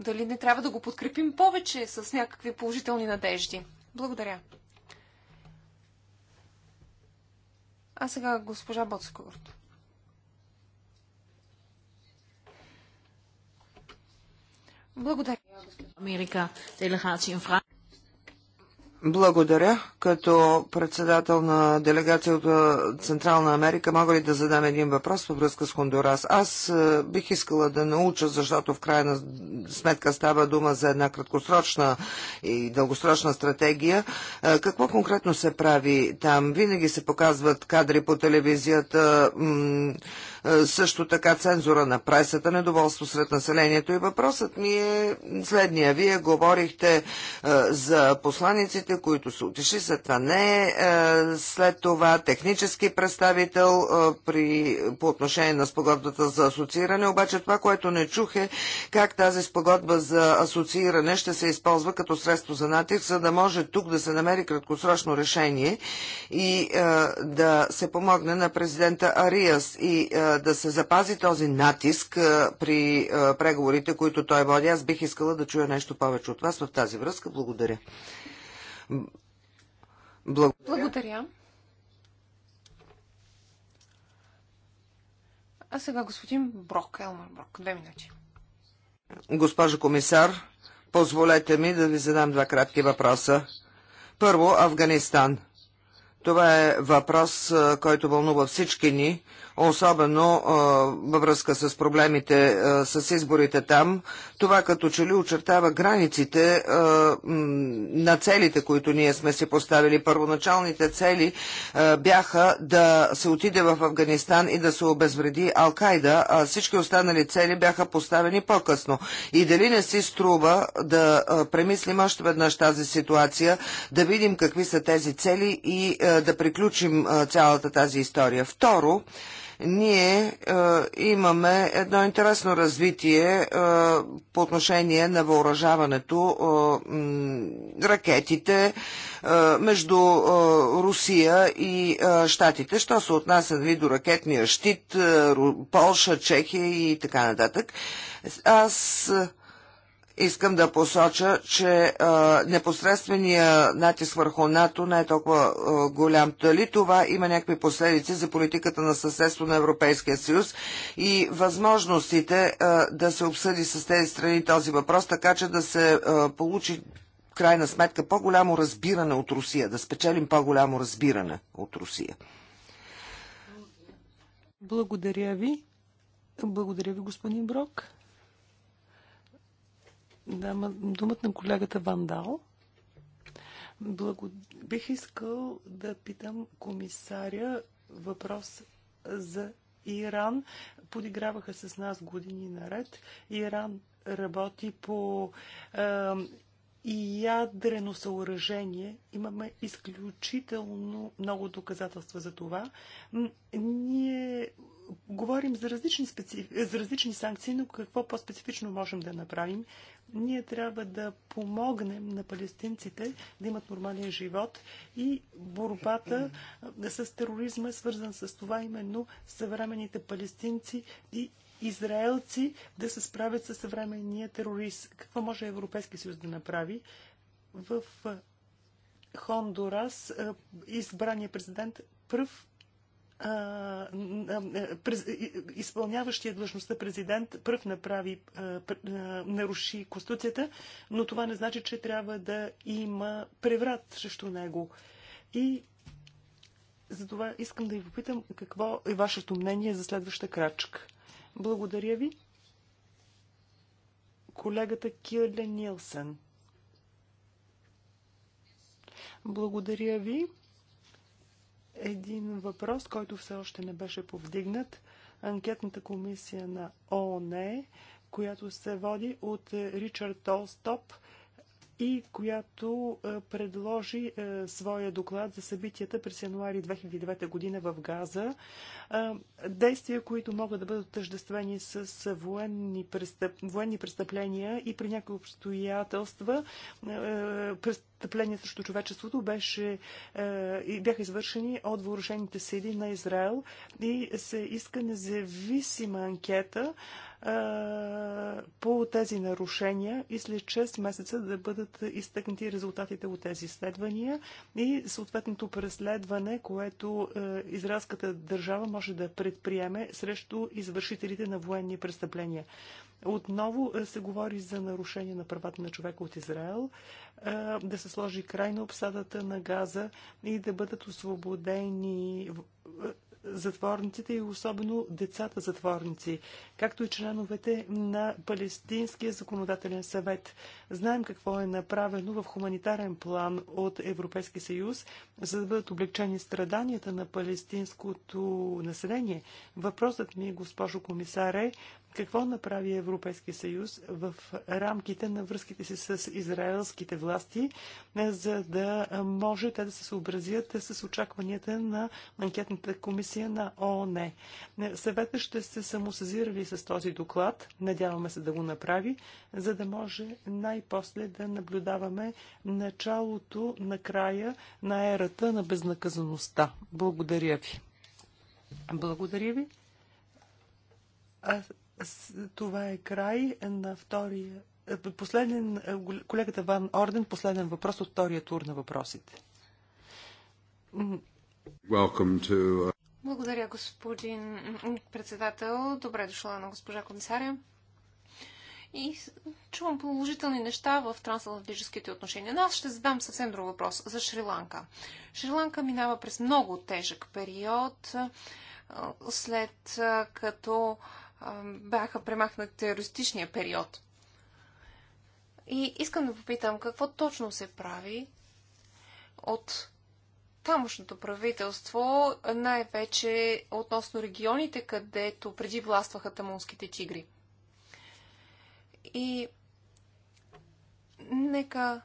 Дали не трябва да го подкрепим повече с някакви положителни надежди? Благодаря. А сега госпожа Боцкорт. Благодаря. Америка, делегация в благодаря. Като председател на делегация от Централна Америка, мога ли да задам един въпрос във връзка с Хондурас? Аз бих искала да науча, защото в крайна сметка става дума за една краткосрочна и дългосрочна стратегия. Какво конкретно се прави там? Винаги се показват кадри по телевизията, е, също така цензура на пресата, недоволство сред населението. И въпросът ми е следния. Вие говорихте е, за посланиците, които са отишли, след това не, е след това технически представител е, при, по отношение на спогодбата за асоцииране, обаче това, което не чух е как тази спогодба за асоцииране ще се използва като средство за натиск, за да може тук да се намери краткосрочно решение и е, да се помогне на президента Ариас. И е, да се запази този натиск при преговорите, които той води. Аз бих искала да чуя нещо повече от вас в тази връзка. Благодаря. Благодаря. Благодаря. А сега господин Брок, Елмар Брок, две минути. Госпожо комисар, позволете ми да ви задам два кратки въпроса. Първо, Афганистан. Това е въпрос, който вълнува всички ни особено във връзка с проблемите с изборите там. Това като че ли очертава границите на целите, които ние сме си поставили. Първоначалните цели бяха да се отиде в Афганистан и да се обезвреди Алкайда, а всички останали цели бяха поставени по-късно. И дали не си струва да премислим още веднъж тази ситуация, да видим какви са тези цели и да приключим цялата тази история. Второ, ние е, имаме едно интересно развитие е, по отношение на въоръжаването е, ракетите е, между е, Русия и е, Штатите, що се отнася ви нали, до ракетния щит, е, Полша, Чехия и така нататък. Аз е, искам да посоча, че а, непосредствения натиск върху НАТО не е толкова а, голям. Дали това има някакви последици за политиката на съседство на Европейския съюз и възможностите а, да се обсъди с тези страни този въпрос, така че да се а, получи крайна сметка по-голямо разбиране от Русия, да спечелим по-голямо разбиране от Русия. Благодаря ви. Благодаря ви, господин Брок. Да, думата на колегата Вандал. Благод... Бих искал да питам комисаря въпрос за Иран. Подиграваха с нас години наред. Иран работи по е, ядрено съоръжение. Имаме изключително много доказателства за това. Ние говорим за различни, специфи... за различни санкции, но какво по-специфично можем да направим? Ние трябва да помогнем на палестинците да имат нормален живот и борбата с тероризма е свързан с това именно съвременните палестинци и израелци да се справят с съвременния терорист. Какво може Европейския съюз да направи? В Хондурас избрания президент пръв изпълняващия длъжността президент пръв направи, наруши Конституцията, но това не значи, че трябва да има преврат срещу него. И за това искам да ви попитам какво е вашето мнение за следваща крачка. Благодаря ви. Колегата Кирле Нилсен. Благодаря ви. Един въпрос, който все още не беше повдигнат. Анкетната комисия на ООН, която се води от Ричард Олстоп и която е, предложи е, своя доклад за събитията през януари 2009 година в Газа. Е, действия, които могат да бъдат тъждествени с военни, престъп... военни престъпления и при някои обстоятелства престъпления срещу човечеството беше, е, бяха извършени от въоръжените сили на Израел и се иска независима анкета е, по тези нарушения и след 6 месеца да бъдат изтъкнати резултатите от тези изследвания и съответното преследване, което е, израелската държава може да предприеме срещу извършителите на военни престъпления. Отново е, се говори за нарушение на правата на човека от Израел, е, да се сложи край на обсадата на Газа и да бъдат освободени е, затворниците и особено децата затворници, както и членовете на Палестинския законодателен съвет. Знаем какво е направено в хуманитарен план от Европейски съюз, за да бъдат облегчени страданията на палестинското население. Въпросът ми, госпожо комисар, е какво направи Европейски съюз в рамките на връзките си с израелските власти, за да може те да се съобразят с очакванията на анкетната комисия комисия на ООН. Съвета ще се самосъзирали с този доклад, надяваме се да го направи, за да може най-после да наблюдаваме началото на края на ерата на безнаказаността. Благодаря ви. Благодаря ви. А, това е край на втория. Последен, колегата Ван Орден, последен въпрос от втория тур на въпросите. To... Uh, благодаря, господин председател. Добре дошла на госпожа комисаря. И чувам положителни неща в трансатлантическите отношения. Но аз ще задам съвсем друг въпрос за Шри-Ланка. Шри-Ланка минава през много тежък период, след като бяха премахнати терористичния период. И искам да попитам какво точно се прави от тамошното правителство, най-вече относно регионите, където преди властваха тамунските тигри. И нека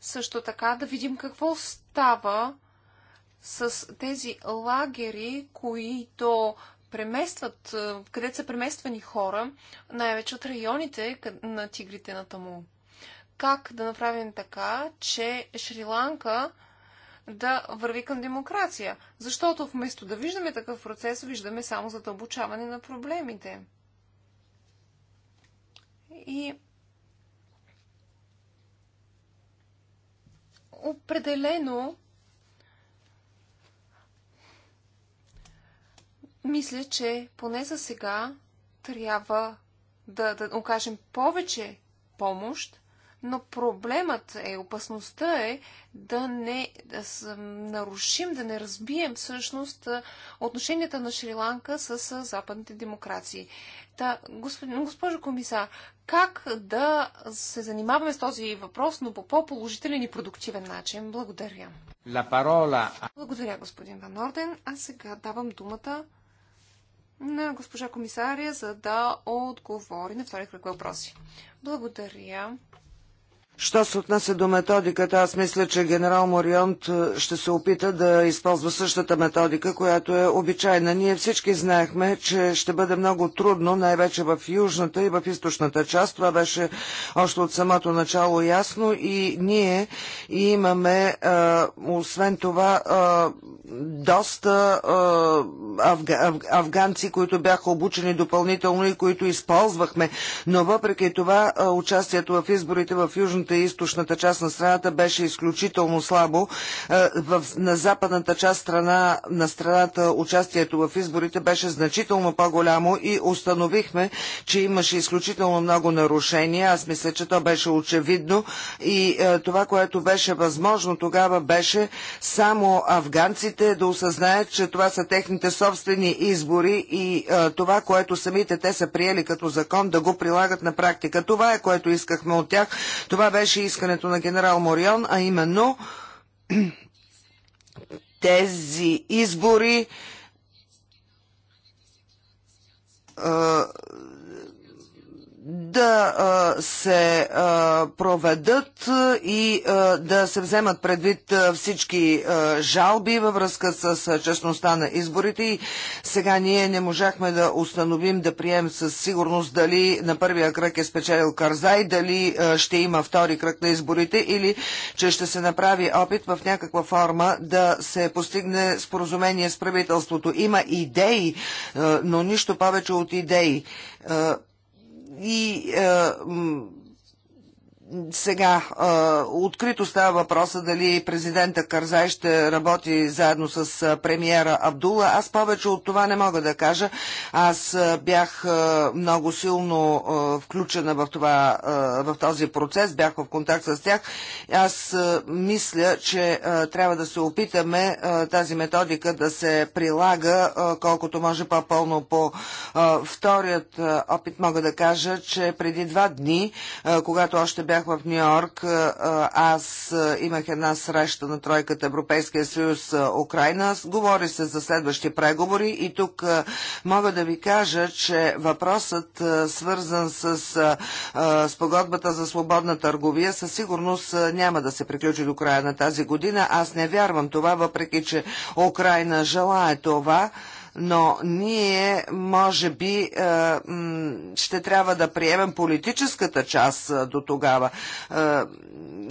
също така да видим какво става с тези лагери, които преместват, е, къде са премествани хора, най-вече от районите на тигрите на Таму. Как да направим така, че Шри-Ланка да върви към демокрация. Защото вместо да виждаме такъв процес, виждаме само задълбочаване на проблемите. И определено мисля, че поне за сега трябва да, да окажем повече помощ но проблемът е, опасността е да не да нарушим, да не разбием всъщност отношенията на Шри-Ланка с западните демокрации. Та, господин, госпожо комисар, как да се занимаваме с този въпрос, но по по-положителен и продуктивен начин? Благодаря. Parola... Благодаря, господин Ван Орден. А сега давам думата на госпожа комисария, за да отговори на втори кръг въпроси. Благодаря. Що се отнася до методиката, аз мисля, че генерал Морионт е, ще се опита да използва същата методика, която е обичайна. Ние всички знаехме, че ще бъде много трудно, най-вече в южната и в източната част. Това беше още от самото начало ясно и ние имаме, е, освен това, е, доста афга, афганци, които бяха обучени допълнително и които използвахме. Но въпреки това участието в изборите в южната и източната част на страната беше изключително слабо. В, на западната част страна, на страната участието в изборите беше значително по-голямо и установихме, че имаше изключително много нарушения. Аз мисля, че то беше очевидно и това, което беше възможно тогава беше само афганците гражданите да осъзнаят, че това са техните собствени избори и а, това, което самите те са приели като закон, да го прилагат на практика. Това е което искахме от тях. Това беше искането на генерал Морион, а именно (clears throat) тези избори а, да се проведат и да се вземат предвид всички жалби във връзка с честността на изборите. И сега ние не можахме да установим, да прием със сигурност дали на първия кръг е спечелил Карзай, дали ще има втори кръг на изборите или че ще се направи опит в някаква форма да се постигне споразумение с правителството. Има идеи, но нищо повече от идеи и е, сега, открито става въпроса дали президента Карзай ще работи заедно с премиера Абдула. Аз повече от това не мога да кажа. Аз бях много силно включена в, това, в този процес, бях в контакт с тях. Аз мисля, че трябва да се опитаме тази методика да се прилага колкото може по-пълно по вторият опит. Мога да кажа, че преди два дни, когато още бях бях в Нью Йорк, аз имах една среща на тройката Европейския съюз Украина. Говори се за следващи преговори и тук мога да ви кажа, че въпросът свързан с спогодбата за свободна търговия със сигурност няма да се приключи до края на тази година. Аз не вярвам това, въпреки че Украина желая това но ние може би е, ще трябва да приемем политическата част е, до тогава. Е,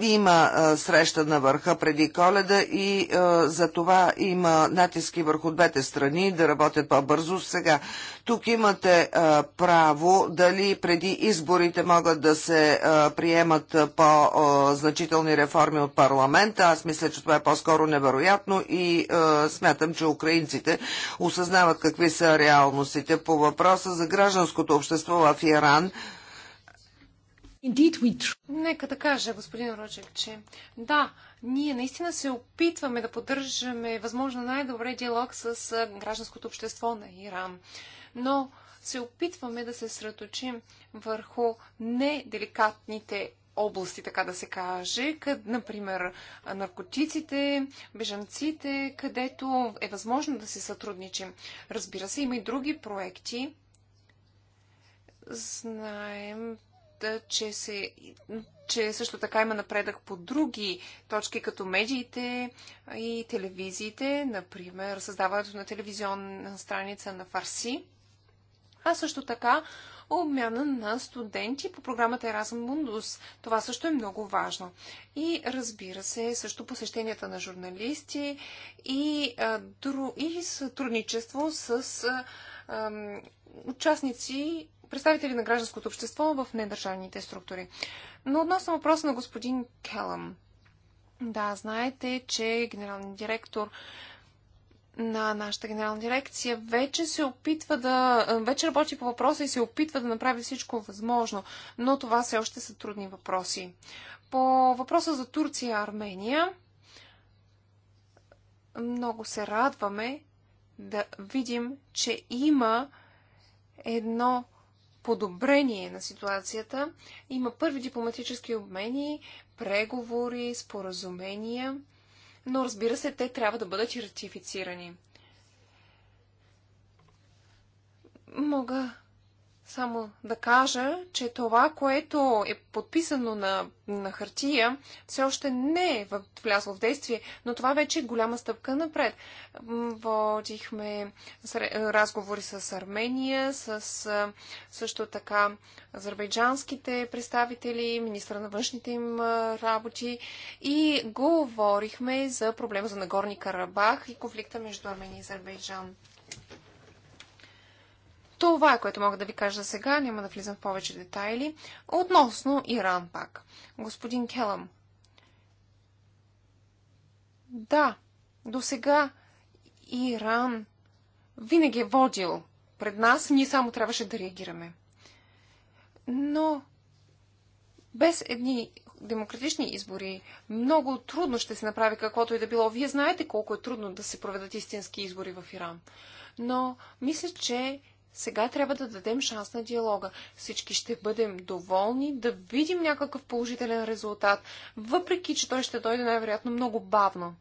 има среща на върха преди коледа и за това има натиски върху двете страни да работят по-бързо сега. Тук имате а, право дали преди изборите могат да се а, приемат по-значителни реформи от парламента. Аз мисля, че това е по-скоро невероятно и а, смятам, че украинците осъзнават какви са реалностите по въпроса за гражданското общество в Иран. Нека да кажа, господин Роджек, че да, ние наистина се опитваме да поддържаме възможно най-добре диалог с гражданското общество на Иран но се опитваме да се сръточим върху неделикатните области, така да се каже, къд, например наркотиците, бежанците, където е възможно да се сътрудничим. Разбира се, има и други проекти. Знаем, да, че, се, че също така има напредък по други точки, като медиите и телевизиите, например създаването на телевизионна страница на Фарси – а също така обмяна на студенти по програмата Erasmus Mundus. Това също е много важно. И разбира се, също посещенията на журналисти и, и сътрудничество с а, участници, представители на гражданското общество в недържавните структури. Но относно въпроса на господин Келъм. Да, знаете, че генералният директор на нашата генерална дирекция вече се опитва да. вече работи по въпроса и се опитва да направи всичко възможно, но това все още са трудни въпроси. По въпроса за Турция и Армения, много се радваме да видим, че има едно подобрение на ситуацията. Има първи дипломатически обмени, преговори, споразумения но разбира се, те трябва да бъдат и ратифицирани. Мога само да кажа, че това, което е подписано на, на хартия, все още не е влязло в действие, но това вече е голяма стъпка напред. Водихме разговори с Армения, с също така азербайджанските представители, министра на външните им работи и говорихме за проблема за Нагорни Карабах и конфликта между Армения и Азербайджан. Това е което мога да ви кажа сега, няма да влизам в повече детайли. Относно Иран пак. Господин Келъм. Да, до сега Иран винаги е водил пред нас, ние само трябваше да реагираме. Но без едни демократични избори много трудно ще се направи каквото и да било. Вие знаете колко е трудно да се проведат истински избори в Иран. Но мисля, че сега трябва да дадем шанс на диалога. Всички ще бъдем доволни да видим някакъв положителен резултат, въпреки че той ще дойде най-вероятно много бавно.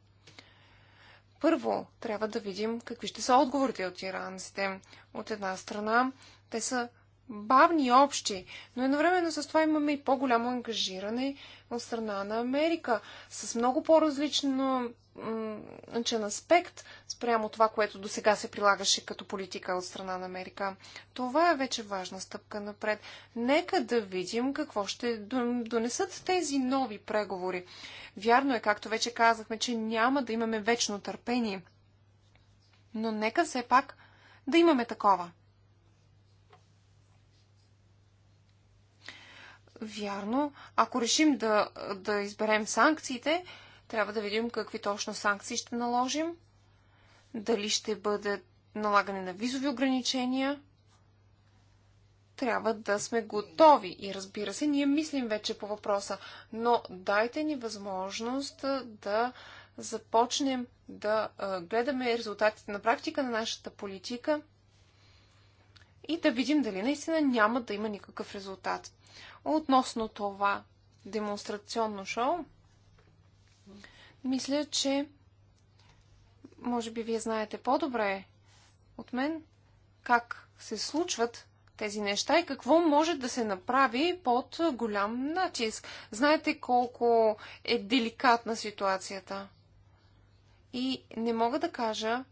Първо, трябва да видим какви ще са отговорите от иранците. От една страна, те са бавни и общи, но едновременно с това имаме и по-голямо ангажиране от страна на Америка, с много по-различно начин аспект спрямо това, което до сега се прилагаше като политика от страна на Америка. Това е вече важна стъпка напред. Нека да видим какво ще донесат тези нови преговори. Вярно е, както вече казахме, че няма да имаме вечно търпение. Но нека все пак да имаме такова. Вярно, ако решим да, да изберем санкциите, трябва да видим какви точно санкции ще наложим, дали ще бъде налагане на визови ограничения. Трябва да сме готови и разбира се, ние мислим вече по въпроса, но дайте ни възможност да започнем да гледаме резултатите на практика на нашата политика и да видим дали наистина няма да има никакъв резултат. Относно това демонстрационно шоу, мисля, че може би вие знаете по-добре от мен как се случват тези неща и какво може да се направи под голям натиск. Знаете колко е деликатна ситуацията. И не мога да кажа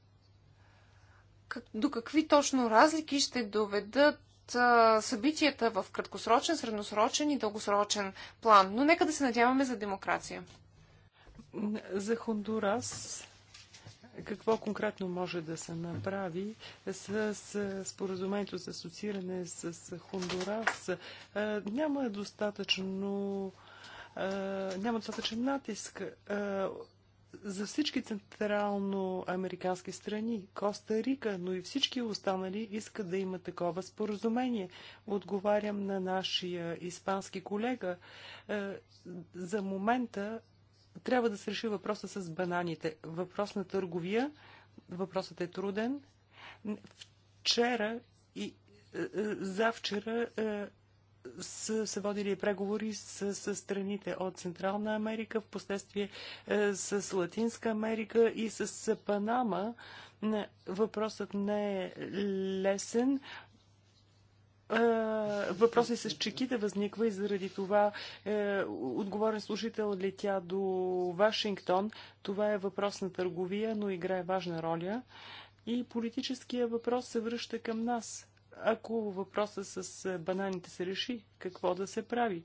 как, до какви точно разлики ще доведат от събитията в краткосрочен, средносрочен и дългосрочен план. Но нека да се надяваме за демокрация. За Хондурас какво конкретно може да се направи с, с споразумението за асоцииране с, с Хондурас? Няма достатъчно няма достатъчен натиск за всички централноамерикански страни, Коста Рика, но и всички останали искат да има такова споразумение. Отговарям на нашия испански колега. Е, за момента трябва да се реши въпроса с бананите. Въпрос на търговия. Въпросът е труден. Вчера и е, е, завчера са се водили преговори с, с страните от Централна Америка, в последствие е, с Латинска Америка и с Панама. Въпросът не е лесен, е, въпроси е с чеките възниква и заради това е, отговорен служител летя до Вашингтон. Това е въпрос на търговия, но играе важна роля. И политическия въпрос се връща към нас. Ако въпроса с е, бананите се реши, какво да се прави?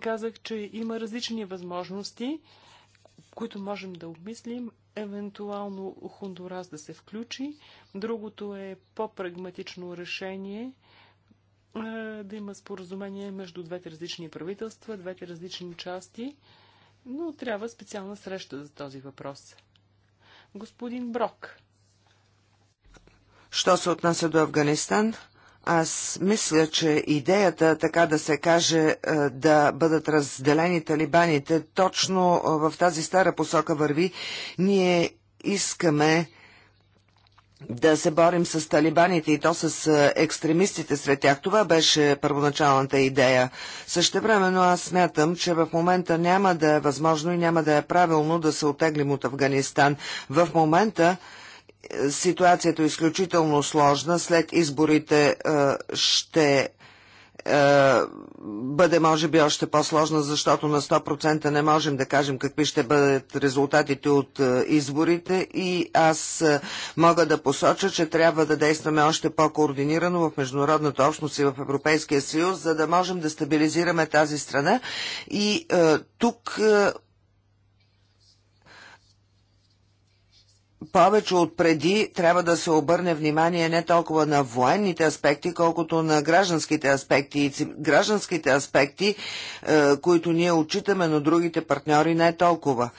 Казах, че има различни възможности, които можем да обмислим. Евентуално Хондурас да се включи. Другото е по-прагматично решение е, да има споразумение между двете различни правителства, двете различни части, но трябва специална среща за този въпрос. Господин Брок. Що се отнася до Афганистан? Аз мисля, че идеята, така да се каже, е, да бъдат разделени талибаните, точно е, в тази стара посока върви. Ние искаме да се борим с талибаните и то с е, екстремистите сред тях. Това беше първоначалната идея. Същевременно аз смятам, че в момента няма да е възможно и няма да е правилно да се отеглим от Афганистан. В момента ситуацията е изключително сложна. След изборите е, ще е, бъде може би още по-сложна, защото на 100% не можем да кажем какви ще бъдат резултатите от е, изборите и аз мога да посоча, че трябва да действаме още по-координирано в международната общност и в Европейския съюз, за да можем да стабилизираме тази страна и тук повече от преди трябва да се обърне внимание не толкова на военните аспекти, колкото на гражданските аспекти. И гражданските аспекти, е, които ние отчитаме, но другите партньори не толкова.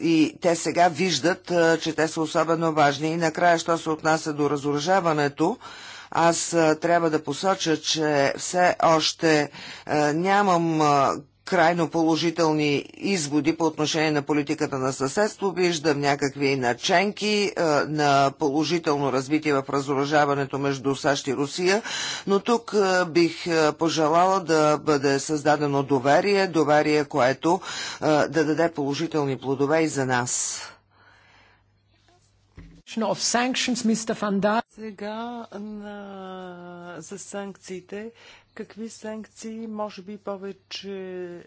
И те сега виждат, е, че те са особено важни. И накрая, що се отнася до разоръжаването, аз е, трябва да посоча, че все още нямам крайно положителни изводи по отношение на политиката на съседство. Виждам някакви наченки на положително развитие в разоръжаването между САЩ и Русия, но тук бих пожелала да бъде създадено доверие, доверие, което да даде положителни плодове и за нас. Сега на, за санкциите какви санкции, може би повече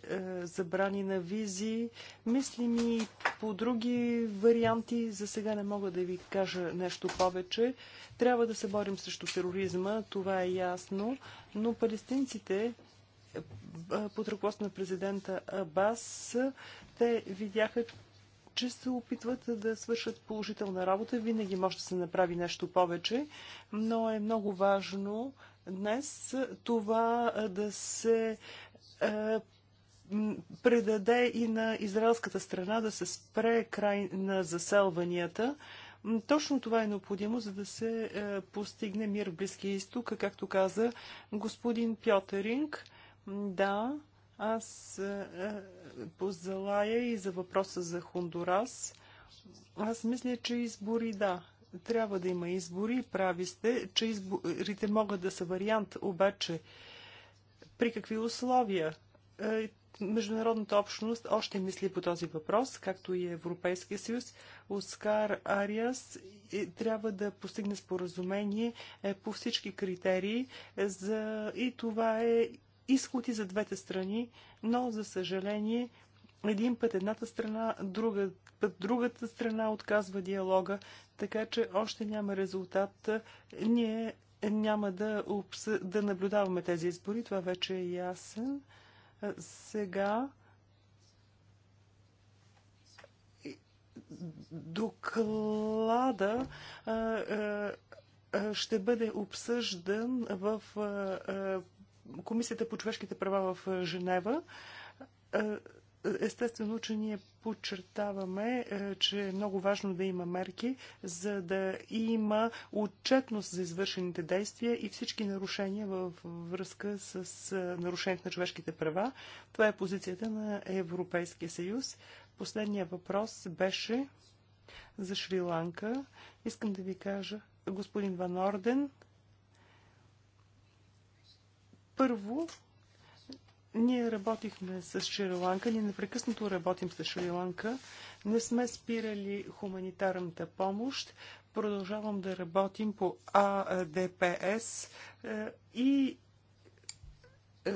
е, забрани на визи. Мисли и по други варианти. За сега не мога да ви кажа нещо повече. Трябва да се борим срещу тероризма, това е ясно, но палестинците е, под ръководство на президента Абас, те видяха, че се опитват да свършат положителна работа. Винаги може да се направи нещо повече, но е много важно днес това да се предаде и на израелската страна да се спре край на заселванията. Точно това е необходимо, за да се постигне мир в Близкия изток, както каза господин Пьотеринг. Да, аз позелая и за въпроса за Хондурас. Аз мисля, че избори да трябва да има избори, прави сте, че изборите могат да са вариант, обаче при какви условия? Е, международната общност още мисли по този въпрос, както и Европейския съюз. Оскар Ариас е, трябва да постигне споразумение е, по всички критерии за... и това е изходи за двете страни, но за съжаление един път едната страна, друга, път другата страна отказва диалога така че още няма резултат. Ние няма да, обс... да наблюдаваме тези избори, това вече е ясен. Сега доклада ще бъде обсъждан в Комисията по човешките права в Женева. Естествено, че ние подчертаваме, е, че е много важно да има мерки, за да има отчетност за извършените действия и всички нарушения във връзка с е, нарушението на човешките права. Това е позицията на Европейския съюз. Последният въпрос беше за Шри-Ланка. Искам да ви кажа, господин Ван Орден, първо ние работихме с Шри-Ланка, ние непрекъснато работим с Шри-Ланка. Не сме спирали хуманитарната помощ. Продължавам да работим по АДПС е, и е,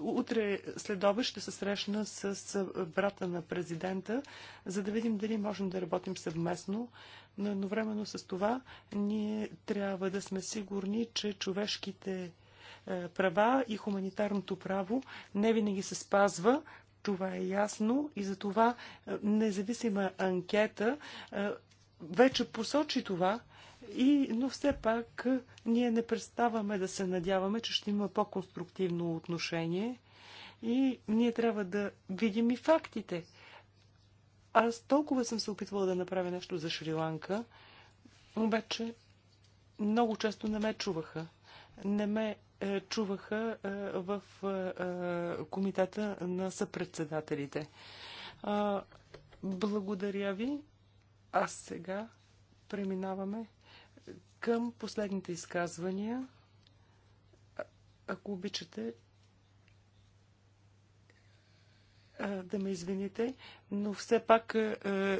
утре след ще се срещна с брата на президента, за да видим дали можем да работим съвместно. Но едновременно с това ние трябва да сме сигурни, че човешките е, права и хуманитарното право не винаги се спазва. Това е ясно и за това е, независима анкета е, вече посочи това, и, но все пак ние не представаме да се надяваме, че ще има по-конструктивно отношение и ние трябва да видим и фактите. Аз толкова съм се опитвала да направя нещо за Шри-Ланка, обаче много често не ме чуваха. Не ме е, чуваха е, в е, комитета на съпредседателите. Благодаря ви. А сега преминаваме към последните изказвания. ако обичате, да ме извините, но все пак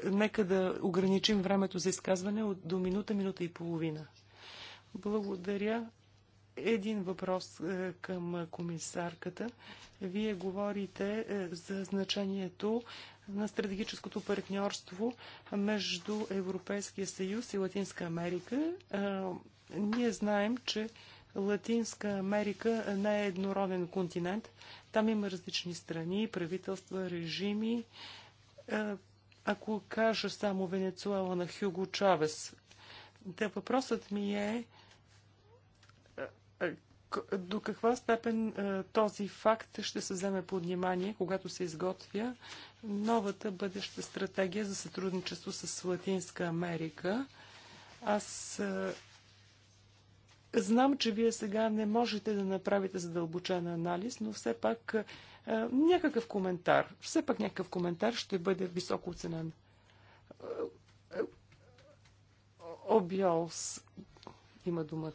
нека да ограничим времето за изказване от, до минута, минута и половина. Благодаря. Един въпрос е, към комисарката. Вие говорите е, за значението на стратегическото партньорство между Европейския съюз и Латинска Америка. Е, ние знаем, че Латинска Америка не е еднороден континент. Там има различни страни, правителства, режими. Ако кажа само Венецуела на Хюго Чавес, да въпросът ми е до каква степен този факт ще се вземе под внимание, когато се изготвя новата бъдеща стратегия за сътрудничество с Латинска Америка. Аз знам, че вие сега не можете да направите задълбочен анализ, но все пак някакъв коментар, все пак някакъв коментар ще бъде високо оценен. Обиолс има думата.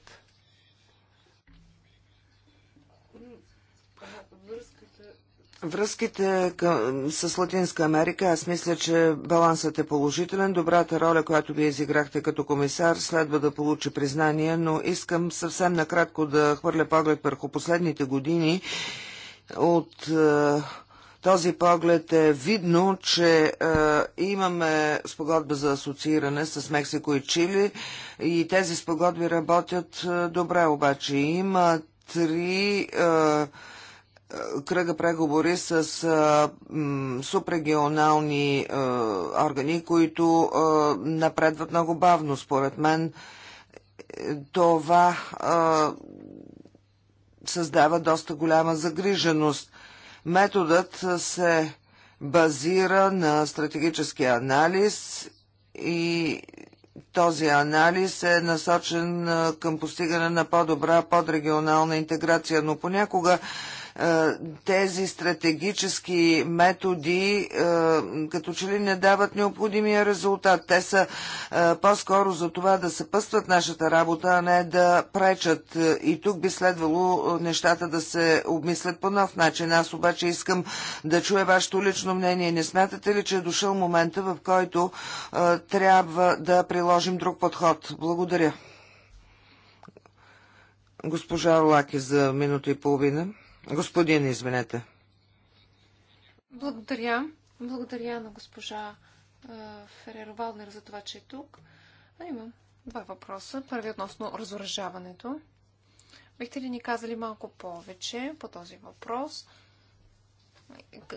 Връзките към, с Латинска Америка, аз мисля, че балансът е положителен. Добрата роля, която вие изиграхте като комисар, следва да получи признание, но искам съвсем накратко да хвърля поглед върху последните години. От е, този поглед е видно, че е, имаме спогодба за асоцииране с Мексико и Чили и тези спогодби работят е, добре, обаче има три. Е, кръга преговори с а, м, субрегионални а, органи, които а, напредват много бавно. Според мен е, това а, създава доста голяма загриженост. Методът се базира на стратегически анализ и този анализ е насочен към постигане на по-добра подрегионална интеграция, но понякога е, тези стратегически методи е, като че ли не дават необходимия резултат. Те са е, по-скоро за това да съпъстват нашата работа, а не да пречат. И тук би следвало нещата да се обмислят по нов начин. Аз обаче искам да чуя вашето лично мнение. Не смятате ли, че е дошъл момента, в който трябва да приложим друг подход? Благодаря. Госпожа Орлаки за минута и половина. Господин, извинете. Благодаря. Благодаря на госпожа Ферер Валнер за това, че е тук. А имам два въпроса. Първи е относно разоръжаването. Бихте ли ни казали малко повече по този въпрос?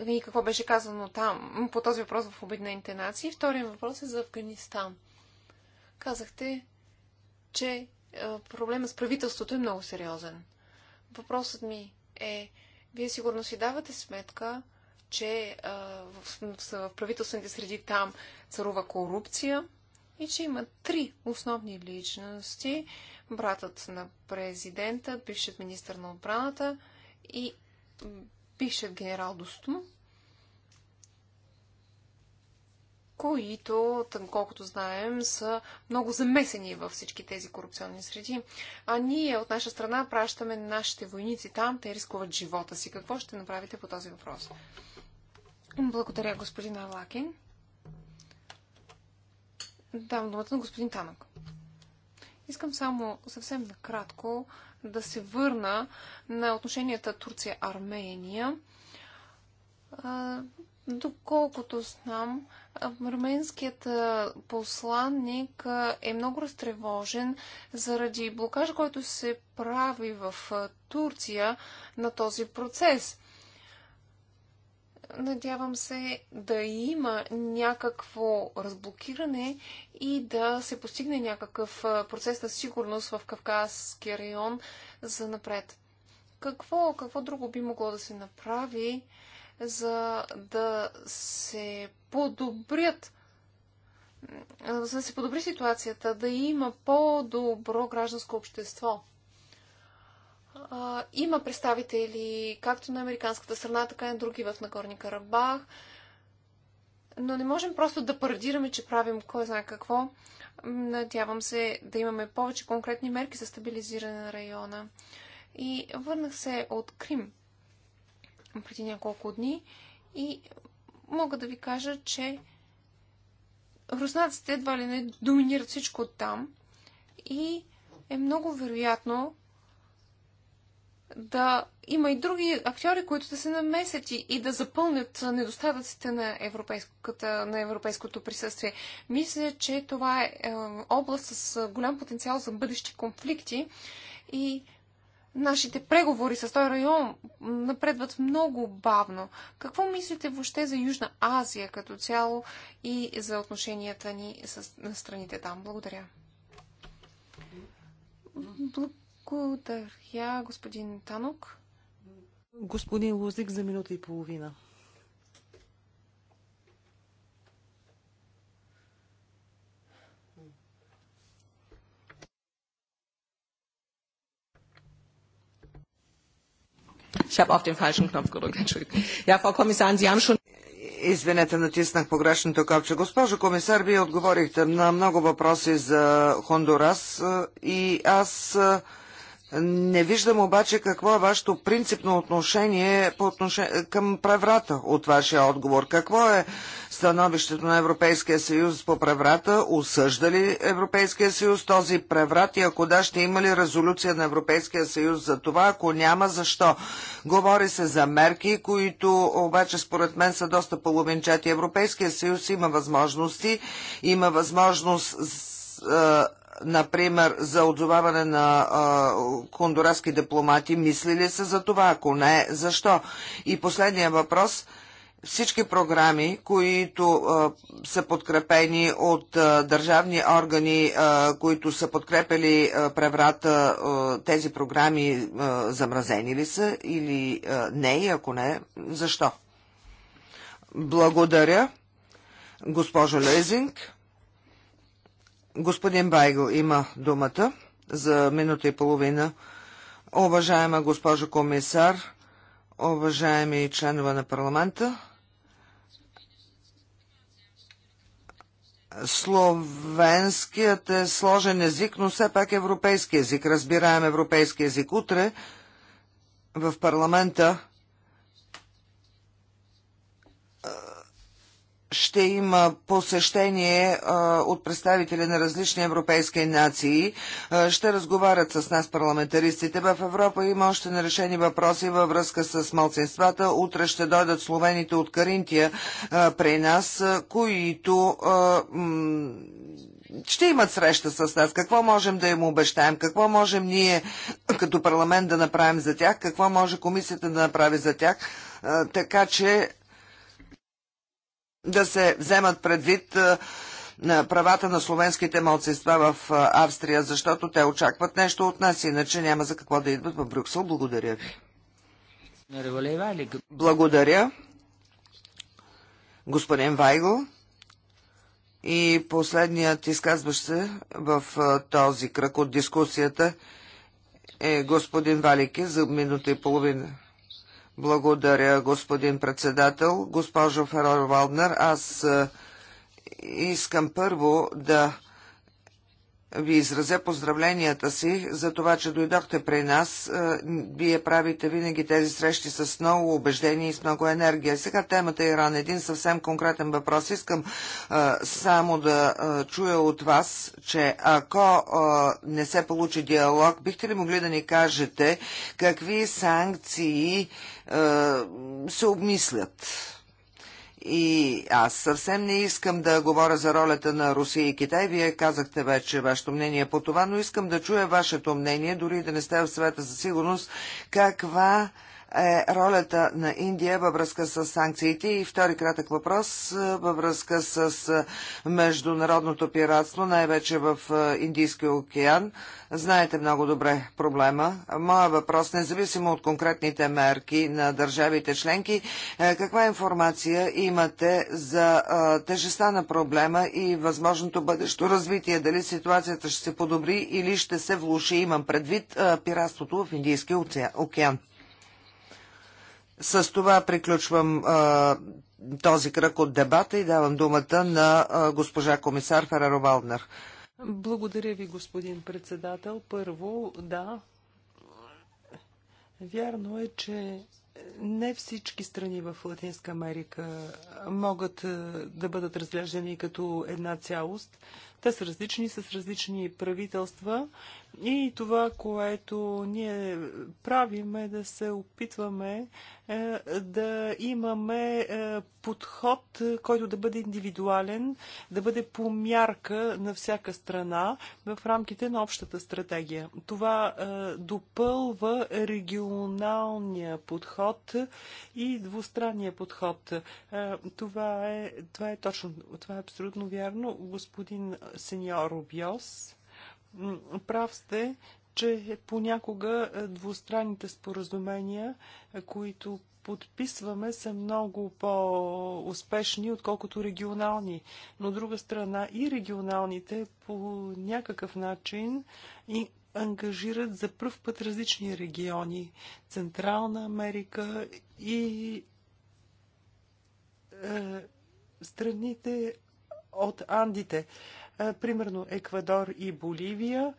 И какво беше казано там по този въпрос в Обединените нации? Вторият въпрос е за Афганистан. Казахте, че проблема с правителството е много сериозен. Въпросът ми е, вие сигурно си давате сметка, че а, в, в, правителствените среди там царува корупция и че има три основни личности братът на президента, бившият министр на отбраната и бившият генерал Достум, които, колкото знаем, са много замесени във всички тези корупционни среди. А ние от наша страна пращаме нашите войници там, те рискуват живота си. Какво ще направите по този въпрос? Благодаря, господин Арлакин. Давам думата на господин Танък. Искам само съвсем накратко да се върна на отношенията Турция-Армения. Доколкото знам, арменският посланник е много разтревожен заради блокаж, който се прави в Турция на този процес. Надявам се да има някакво разблокиране и да се постигне някакъв процес на сигурност в Кавказския район за напред. Какво, какво друго би могло да се направи? за да се подобрят за да се подобри ситуацията, да има по-добро гражданско общество. Има представители както на американската страна, така и на други в Нагорни Карабах, но не можем просто да парадираме, че правим кой знае какво. Надявам се да имаме повече конкретни мерки за стабилизиране на района. И върнах се от Крим преди няколко дни и мога да ви кажа, че руснаците едва ли не доминират всичко от там и е много вероятно да има и други актьори, които да се намесят и, и да запълнят недостатъците на, на европейското присъствие. Мисля, че това е, е област с голям потенциал за бъдещи конфликти и нашите преговори с този район напредват много бавно. Какво мислите въобще за Южна Азия като цяло и за отношенията ни с страните там? Благодаря. Благодаря, господин Танок. Господин Лузик, за минута и половина. Ich habe auf den falschen Knopf gedrückt, Entschuldigung. Ja, Frau Kommissarin, Sie haben schon Извинете, натиснах погрешното капче. Госпожо комисар, вие отговорихте на много въпроси за Хондурас и аз не виждам обаче какво е вашето принципно отношение, по отношение към преврата от вашия отговор. Какво е становището на Европейския съюз по преврата? Осъжда ли Европейския съюз този преврат и ако да, ще има ли резолюция на Европейския съюз за това? Ако няма, защо? Говори се за мерки, които обаче според мен са доста половинчати. Европейския съюз има възможности, има възможност например, за отзоваване на а, хондураски дипломати, ли са за това? Ако не, защо? И последния въпрос – всички програми, които а, са подкрепени от а, държавни органи, а, които са подкрепили а, преврата, а, тези програми а, замразени ли са или а, не, и ако не, защо? Благодаря, госпожо Лезинг. Господин Байгел има думата за минута и половина. Уважаема госпожо комисар, уважаеми членове на парламента, Словенският е сложен език, но все пак европейски език. Разбираем европейски език. Утре в парламента ще има посещение а, от представители на различни европейски нации. А, ще разговарят с нас парламентаристите. В Европа има още нарешени въпроси във връзка с малцинствата. Утре ще дойдат словените от Каринтия а, при нас, които ще имат среща с нас. Какво можем да им обещаем? Какво можем ние като парламент да направим за тях? Какво може комисията да направи за тях? Така че да се вземат предвид на правата на словенските малцинства в Австрия, защото те очакват нещо от нас, иначе няма за какво да идват в Брюксел. Благодаря ви. Благодаря. Господин Вайгл. И последният изказващ се в този кръг от дискусията е господин Валики за минута и половина. Благодаря, господин председател. Госпожо Ферор Валднер, аз е, искам първо да ви изразя поздравленията си за това, че дойдохте при нас. Е, вие правите винаги тези срещи с много убеждение и с много енергия. Сега темата Иран. Един съвсем конкретен въпрос. Искам е, само да е, чуя от вас, че ако не се получи диалог, бихте ли могли да ни кажете какви санкции се обмислят? И аз съвсем не искам да говоря за ролята на Русия и Китай. Вие казахте вече вашето мнение по това, но искам да чуя вашето мнение, дори да не сте в съвета за сигурност, каква е ролята на Индия във връзка с санкциите? И втори кратък въпрос е, във връзка с е, международното пиратство, най-вече в е, Индийския океан. Знаете много добре проблема. Моя въпрос, независимо от конкретните мерки на държавите членки, каква информация имате за тежестта на проблема и възможното бъдещо развитие? Дали ситуацията ще се подобри или ще се влуши? Имам предвид пиратството в Индийския океан. С това приключвам а, този кръг от дебата и давам думата на а, госпожа комисар Фараро Валднер. Благодаря ви, господин председател. Първо, да, вярно е, че не всички страни в Латинска Америка могат да бъдат разглеждани като една цялост. Те са различни с различни правителства и това, което ние правим е да се опитваме е, да имаме е, подход, който да бъде индивидуален, да бъде по мярка на всяка страна в рамките на общата стратегия. Това е, допълва регионалния подход и двустранния подход. Е, това е, това е точно, това е абсолютно вярно. Господин сеньор Обиос. Прав сте, че понякога е, двустранните споразумения, е, които подписваме, са много по-успешни, отколкото регионални. Но от друга страна и регионалните по някакъв начин и ангажират за първ път различни региони. Централна Америка и е, страните от Андите. Е, примерно Еквадор и Боливия,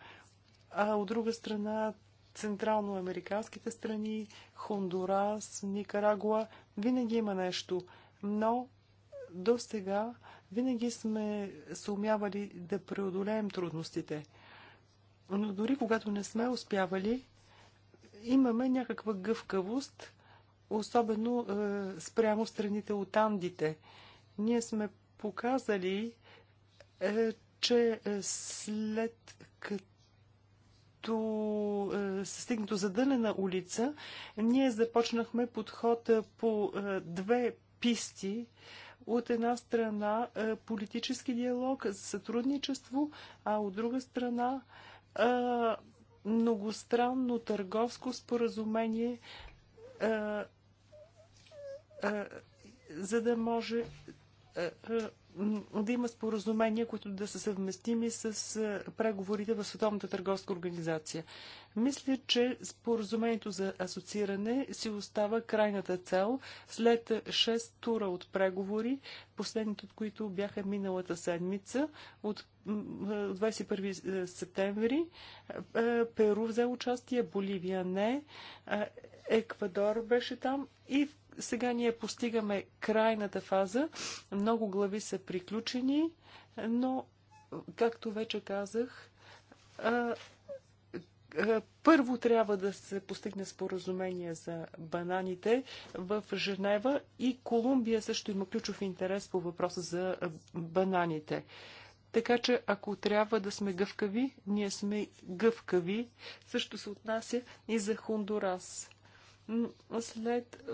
а от друга страна централноамериканските страни, Хондурас, Никарагуа, винаги има нещо. Но до сега винаги сме се умявали да преодолеем трудностите. Но дори когато не сме успявали, имаме някаква гъвкавост, особено е, спрямо страните от Андите. Ние сме показали, е, че е, след като е, се стигна до задънена улица, ние започнахме подход е, по две писти. От една страна политически диалог за сътрудничество, а от друга страна многостранно търговско споразумение, за да може да има споразумения, които да са съвместими с преговорите в Световната търговска организация. Мисля, че споразумението за асоцииране си остава крайната цел след 6 тура от преговори, последните от които бяха миналата седмица, от 21 е, септември. Е, Перу взе участие, Боливия не, е, Еквадор беше там и в сега ние постигаме крайната фаза. Много глави са приключени, но, както вече казах, първо трябва да се постигне споразумение за бананите в Женева и Колумбия също има ключов интерес по въпроса за бананите. Така че, ако трябва да сме гъвкави, ние сме гъвкави. Също се отнася и за Хондурас. След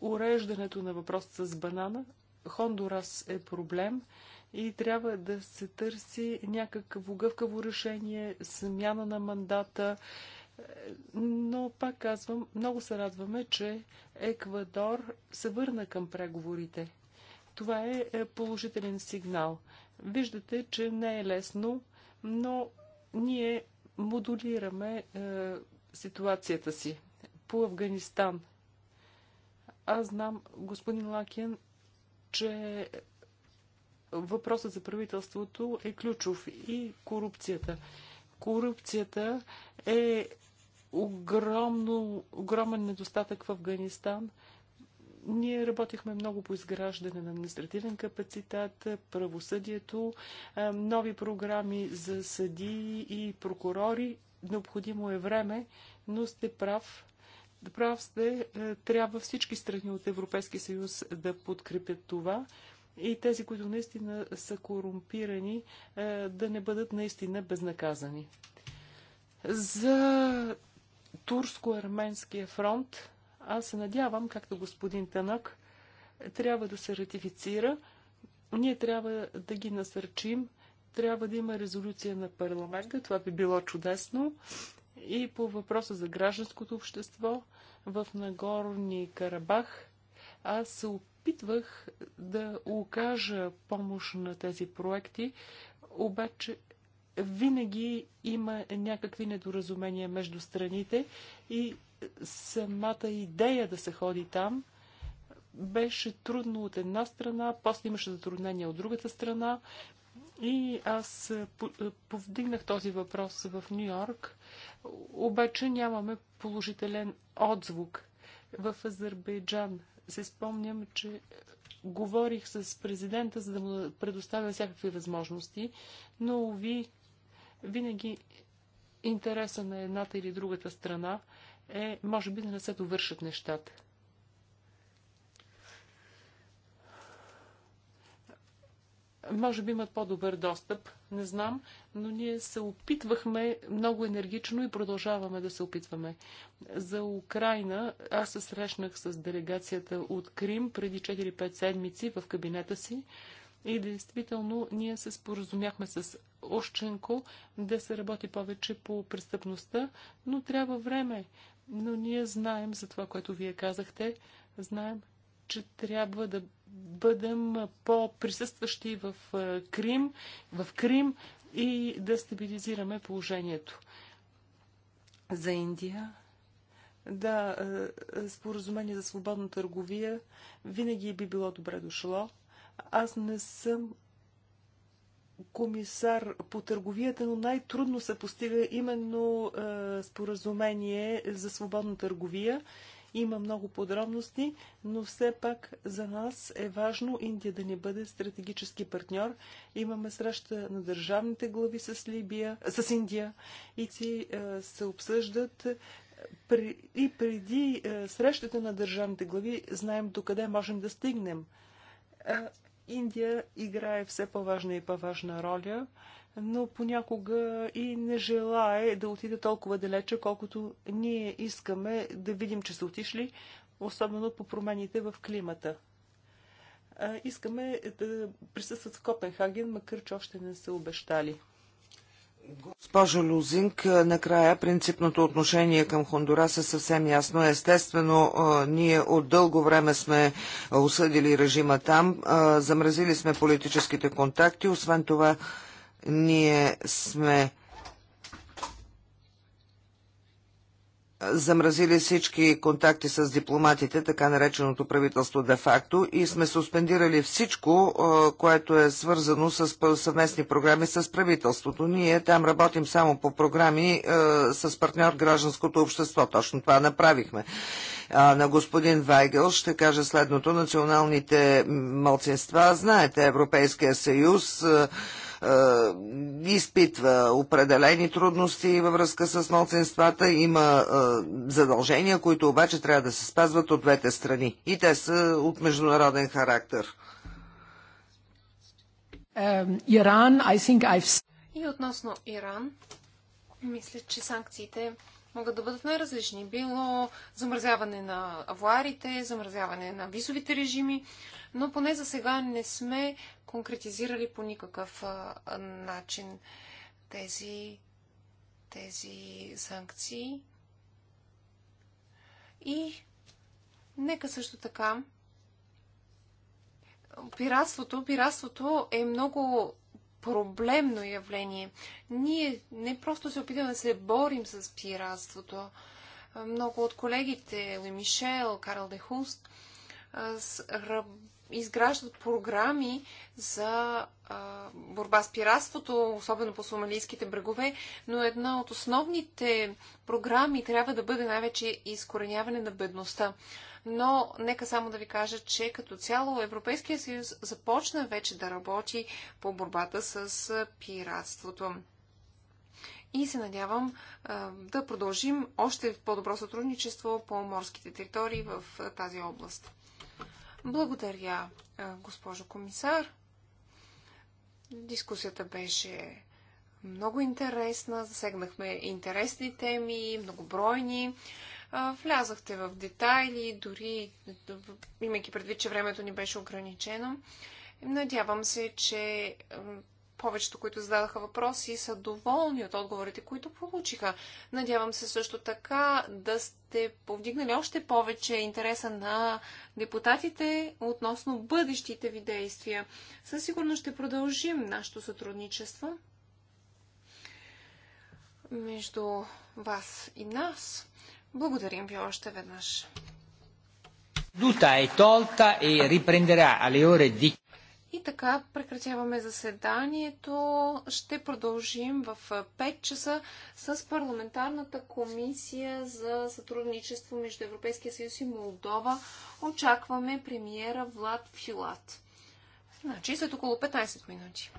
уреждането на въпроса с банана, Хондурас е проблем и трябва да се търси някакво гъвкаво решение, смяна на мандата. Е, но пак казвам, много се радваме, че Еквадор се върна към преговорите. Това е, е положителен сигнал. Виждате, че не е лесно, но ние модулираме е, ситуацията си по Афганистан. Аз знам, господин Лакин, че въпросът за правителството е ключов и корупцията. Корупцията е огромно, огромен недостатък в Афганистан. Ние работихме много по изграждане на административен капацитет, правосъдието, е, нови програми за съдии и прокурори. Необходимо е време, но сте прав. Прав сте, е, трябва всички страни от Европейския съюз да подкрепят това и тези, които наистина са корумпирани, е, да не бъдат наистина безнаказани. За турско-арменския фронт, аз се надявам, както господин Танак, трябва да се ратифицира. Ние трябва да ги насърчим. Трябва да има резолюция на парламента. Това би било чудесно. И по въпроса за гражданското общество в Нагорни Карабах, аз се опитвах да окажа помощ на тези проекти, обаче винаги има някакви недоразумения между страните и самата идея да се ходи там беше трудно от една страна, после имаше затруднения от другата страна, и аз е, е, повдигнах този въпрос в Нью Йорк, обаче нямаме положителен отзвук. В Азербайджан се спомням, че говорих с президента, за да му предоставя всякакви възможности, но ви винаги интереса на едната или другата страна е, може би, да не се довършат нещата. може би имат по-добър достъп, не знам, но ние се опитвахме много енергично и продължаваме да се опитваме. За Украина аз се срещнах с делегацията от Крим преди 4-5 седмици в кабинета си и действително ние се споразумяхме с Ощенко да се работи повече по престъпността, но трябва време. Но ние знаем за това, което вие казахте, знаем, че трябва да бъдем по-присъстващи в е, Крим, в Крим и да стабилизираме положението. За Индия. Да, е, е, споразумение за свободна търговия винаги би било добре дошло. Аз не съм комисар по търговията, но най-трудно се постига именно е, споразумение за свободна търговия. Има много подробности, но все пак за нас е важно Индия да ни бъде стратегически партньор. Имаме среща на държавните глави с Либия, с Индия и си е, се обсъждат и преди е, срещата на държавните глави знаем докъде можем да стигнем. Е, Индия играе все по-важна и по-важна роля, но понякога и не желае да отиде толкова далече, колкото ние искаме да видим, че са отишли, особено по промените в климата. Искаме да присъстват в Копенхаген, макар че още не са обещали. Госпожо Лузинг, накрая принципното отношение към Хондурас е съвсем ясно. Естествено, ние от дълго време сме осъдили режима там, замразили сме политическите контакти, освен това ние сме замразили всички контакти с дипломатите, така нареченото правителство де-факто, и сме суспендирали всичко, което е свързано с съвместни програми с правителството. Ние там работим само по програми с партньор гражданското общество. Точно това направихме. на господин Вайгел ще кажа следното. Националните мълцинства, знаете, Европейския съюз е, изпитва определени трудности във връзка с младсенствата. Има е, задължения, които обаче трябва да се спазват от двете страни. И те са от международен характер. Иран, I think I've... И относно Иран, мисля, че санкциите могат да бъдат най-различни. Било замразяване на авуарите, замразяване на визовите режими но поне за сега не сме конкретизирали по никакъв а, начин тези, тези санкции. И нека също така пиратството, пиратството е много проблемно явление. Ние не просто се опитваме да се борим с пиратството. Много от колегите, Ли Мишел, Карл Дехуст, изграждат програми за а, борба с пиратството, особено по сомалийските брегове, но една от основните програми трябва да бъде най-вече изкореняване на бедността. Но нека само да ви кажа, че като цяло Европейския съюз започна вече да работи по борбата с пиратството. И се надявам а, да продължим още в по-добро сътрудничество по морските територии в тази област. Благодаря, госпожо комисар. Дискусията беше много интересна. Засегнахме интересни теми, многобройни. Влязахте в детайли, дори имайки предвид, че времето ни беше ограничено. Надявам се, че повечето, които зададаха въпроси, са доволни от отговорите, които получиха. Надявам се също така да сте повдигнали още повече интереса на депутатите относно бъдещите ви действия. Със сигурност ще продължим нашето сътрудничество между вас и нас. Благодарим ви още веднъж. Дута е толта и riprenderà alle ore и така прекратяваме заседанието. Ще продължим в 5 часа с парламентарната комисия за сътрудничество между Европейския съюз и Молдова. Очакваме премиера Влад Филат. Значи след около 15 минути.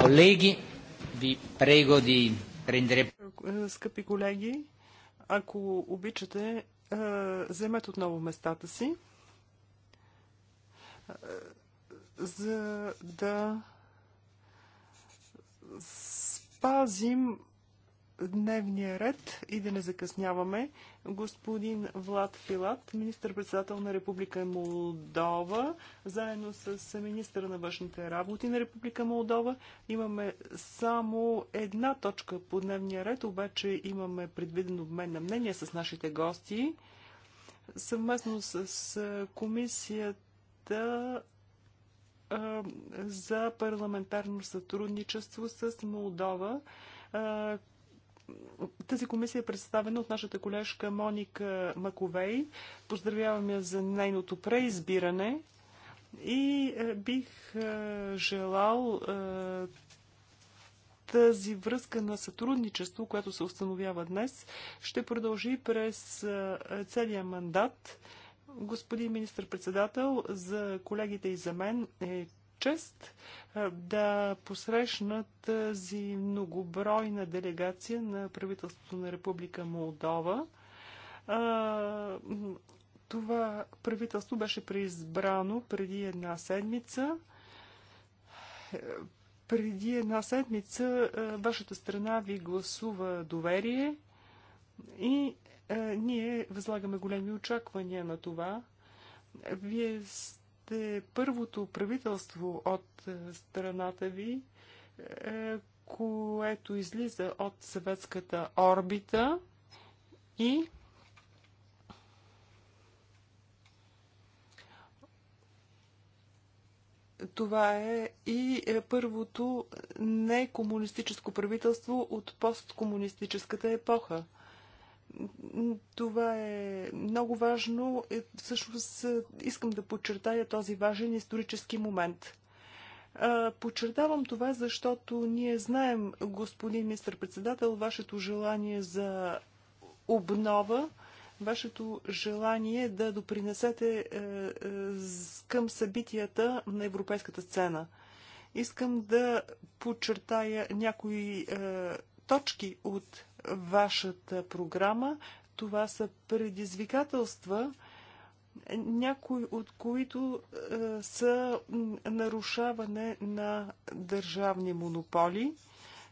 Колеги, ви прего да е, Скъпи колеги, ако обичате, е, вземете отново местата си, е, за да спазим дневния ред и да не закъсняваме. Господин Влад Филат, министър-председател на Република Молдова, заедно с министра на външните работи на Република Молдова. Имаме само една точка по дневния ред, обаче имаме предвиден обмен на мнение с нашите гости. Съвместно с комисията за парламентарно сътрудничество с Молдова тази комисия е представена от нашата колежка Моника Маковей. Поздравяваме за нейното преизбиране и е, бих е, желал е, тази връзка на сътрудничество, което се установява днес, ще продължи през целия мандат. Господин министр-председател, за колегите и за мен е чест да посрещнат тази многобройна делегация на правителството на Република Молдова. Това правителство беше преизбрано преди една седмица. Преди една седмица вашата страна ви гласува доверие и ние възлагаме големи очаквания на това. Вие сте сте е първото правителство от е, страната ви, е, което излиза от съветската орбита и това е и първото некомунистическо правителство от посткомунистическата епоха. Това е много важно. Е, всъщност е, искам да подчертая този важен исторически момент. Подчертавам това, защото ние знаем, господин министр-председател, вашето желание за обнова, вашето желание да допринесете е, към събитията на европейската сцена. Искам да подчертая някои точки от вашата програма. Това са предизвикателства, някои от които е, са нарушаване на държавни монополи.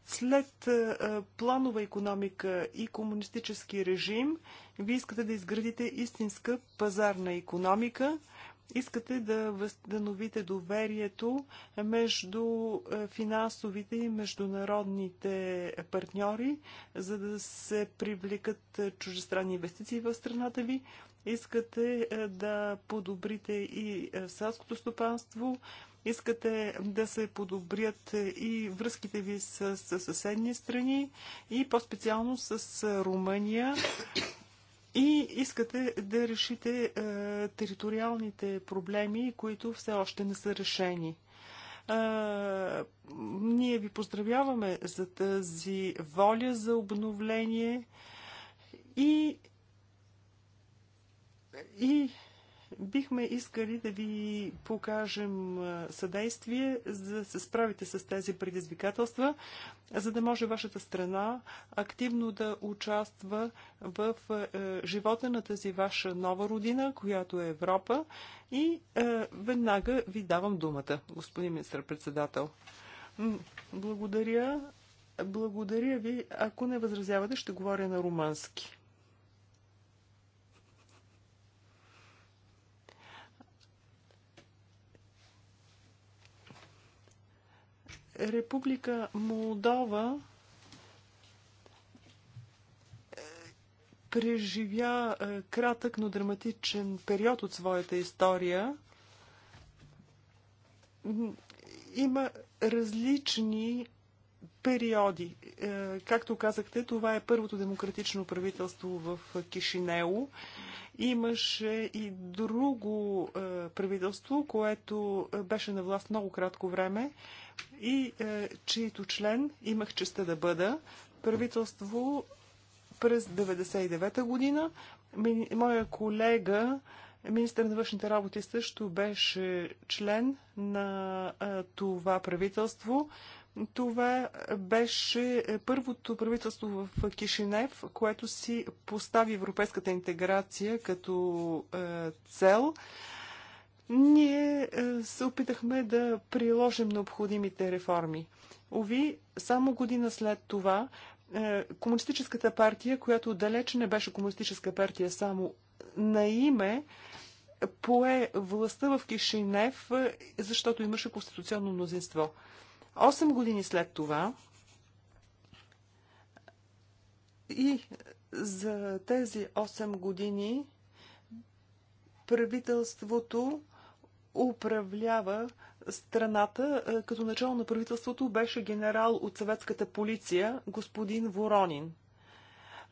След е, е планова економика и комунистически режим, вие искате да изградите истинска пазарна економика – искате да възстановите доверието между е, финансовите и международните партньори, за да се привлекат е, чужестранни инвестиции в страната ви. Искате е, да подобрите и селското стопанство, искате да се подобрят и връзките ви с, с съседни страни и по-специално с Румъния, и искате да решите е, териториалните проблеми, които все още не са решени. Е, ние ви поздравяваме за тази воля за обновление и, и Бихме искали да ви покажем съдействие, за да се справите с тези предизвикателства, за да може вашата страна активно да участва в е, живота на тази ваша нова родина, която е Европа. И веднага ви давам думата, господин министр председател Благодаря. Благодаря ви. Ако не възразявате, ще говоря на румански. Република Молдова е, преживя е, кратък, но драматичен период от своята история. Има различни периоди. Е, както казахте, това е първото демократично правителство в Кишинео. Имаше и друго правителство, което беше на власт много кратко време и е, чието член имах честа да бъда. Правителство през 1999 година. Ми, моя колега, министър на външните работи, също беше член на е, това правителство. Това беше е, първото правителство в Кишинев, което си постави европейската интеграция като е, цел. Ние е, се опитахме да приложим необходимите реформи. Ови, само година след това е, Комунистическата партия, която далеч не беше Комунистическа партия само на име, пое властта в Кишинев, е, защото имаше конституционно мнозинство. Осем години след това и за тези 8 години правителството управлява страната е, като начало на правителството беше генерал от съветската полиция господин Воронин.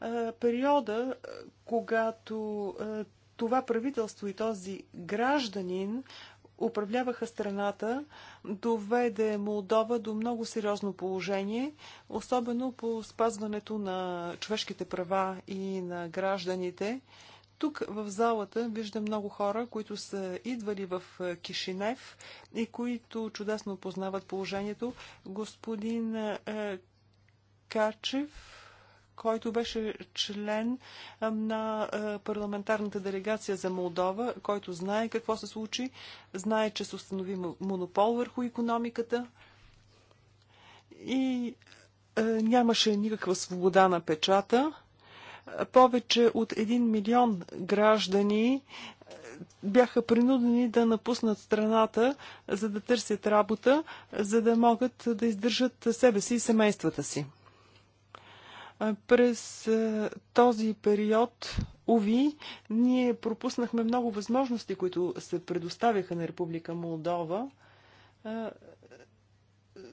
Е, периода, е, когато това правителство и този гражданин управляваха страната, доведе Молдова до много сериозно положение, особено по спазването на човешките права и на гражданите. Тук в залата виждам много хора, които са идвали в е, Кишинев и които чудесно познават положението. Господин е, Качев, който беше член е, на парламентарната делегация за Молдова, който знае какво се случи, знае, че се установи монопол върху економиката и нямаше никаква свобода на печата повече от 1 милион граждани е, бяха принудени да напуснат страната, за да търсят работа, за да могат да издържат себе си и семействата си. Е, през е, този период, уви, ние пропуснахме много възможности, които се предоставяха на Република Молдова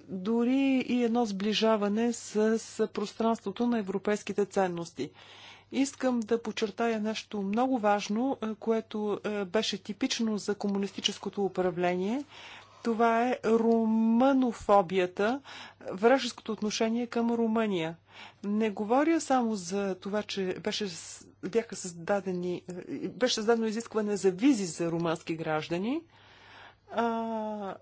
дори и едно сближаване с пространството на европейските ценности. Искам да подчертая нещо много важно, е, което е, беше типично за комунистическото управление. Това е румънофобията, вражеското отношение към Румъния. Не говоря само за това, че беше, бяха създадени, е, беше създадено изискване за визи за румънски граждани, а,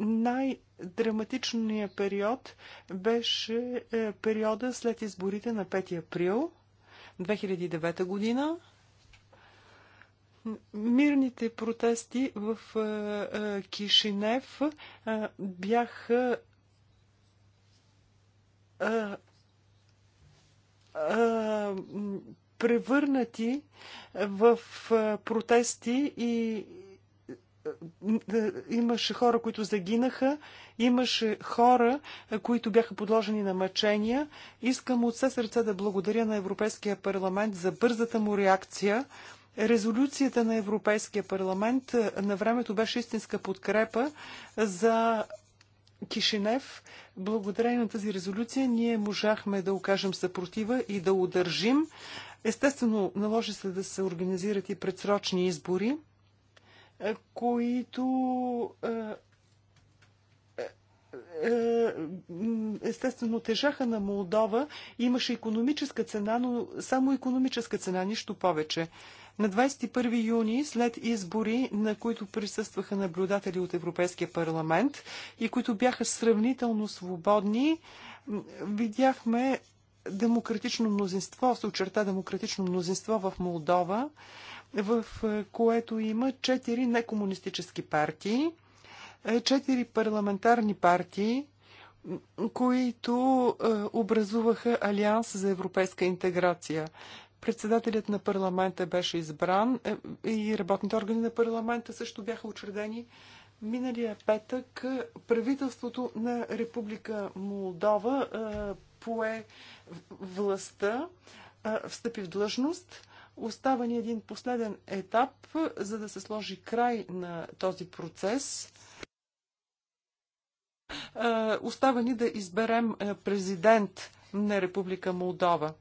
най-драматичният период беше е, периода след изборите на 5 април 2009 година. Мирните протести в е, е, Кишинев бяха превърнати в протести и е, е, имаше хора, които загинаха, имаше хора, е, които бяха подложени на мъчения. Искам от все сърце да благодаря на Европейския парламент за бързата му реакция. Резолюцията на Европейския парламент на времето беше истинска подкрепа за Кишинев. Благодарение на тази резолюция ние можахме да окажем съпротива и да удържим. Естествено, наложи се да се организират и предсрочни избори които естествено тежаха на Молдова. Имаше економическа цена, но само економическа цена, нищо повече. На 21 юни, след избори, на които присъстваха наблюдатели от Европейския парламент и които бяха сравнително свободни, видяхме демократично мнозинство, се очерта демократично мнозинство в Молдова в е, което има четири некомунистически партии, е, четири парламентарни партии, които е, образуваха Алианс за европейска интеграция. Председателят на парламента беше избран и работните органи на парламента също бяха учредени. Миналия петък правителството на Република Молдова пое властта, встъпи в длъжност. Остава ни един последен етап, за да се сложи край на този процес. Е, остава ни да изберем е, президент на Република Молдова.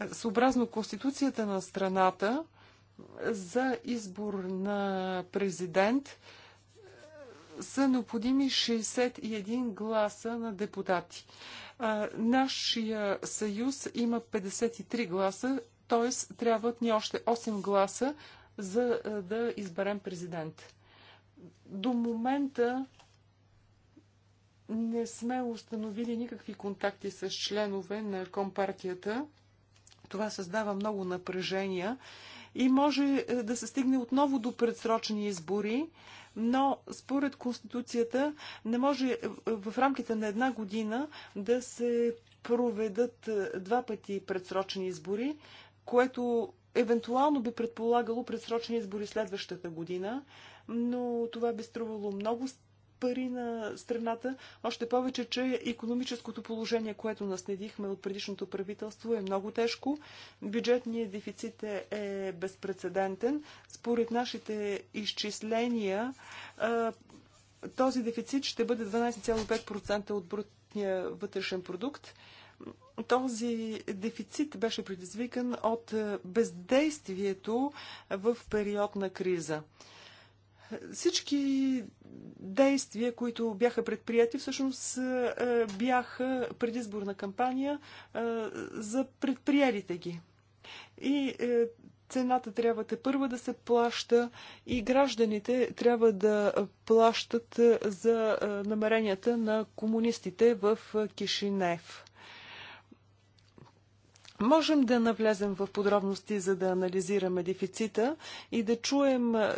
Е, съобразно Конституцията на страната, за избор на президент са необходими 61 гласа на депутати. Нашия съюз има 53 гласа т.е. трябват ни още 8 гласа, за е, да изберем президент. До момента не сме установили никакви контакти с членове на компартията. Това създава много напрежения и може е, да се стигне отново до предсрочни избори, но според Конституцията не може е, в рамките на една година да се проведат два пъти предсрочни избори което евентуално би предполагало предсрочни избори следващата година, но това би струвало много пари на страната. Още повече, че економическото положение, което наследихме от предишното правителство е много тежко. Бюджетният дефицит е, е безпредседентен. Според нашите изчисления, този дефицит ще бъде 12,5% от брутния вътрешен продукт. Този дефицит беше предизвикан от бездействието в период на криза. Всички действия, които бяха предприяти, всъщност е, бяха предизборна кампания е, за предприятите ги. И е, цената трябва те първа да се плаща и гражданите трябва да плащат за намеренията на комунистите в Кишинев. Можем да навлезем в подробности, за да анализираме дефицита и да чуем е,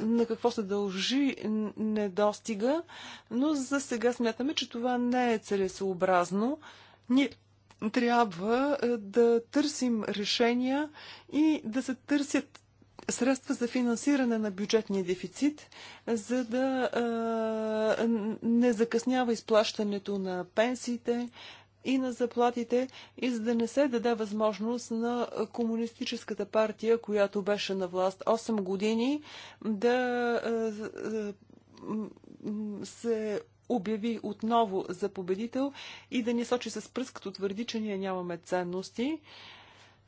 на какво се дължи недостига, но за сега смятаме, че това не е целесообразно. Ние трябва е, да търсим решения и да се търсят средства за финансиране на бюджетния дефицит, за да е, не закъснява изплащането на пенсиите, и на заплатите, и за да не се даде възможност на комунистическата партия, която беше на власт 8 години, да е, е, се обяви отново за победител и да ни сочи с пръст, като твърди, че ние нямаме ценности.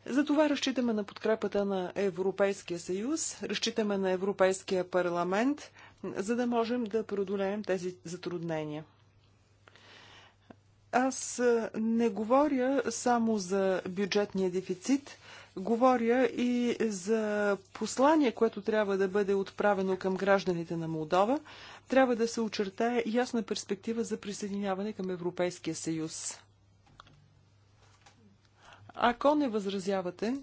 Затова разчитаме на подкрепата на Европейския съюз, разчитаме на Европейския парламент, за да можем да преодолеем тези затруднения. Аз не говоря само за бюджетния дефицит, говоря и за послание, което трябва да бъде отправено към гражданите на Молдова. Трябва да се очертае ясна перспектива за присъединяване към Европейския съюз. Ако не възразявате,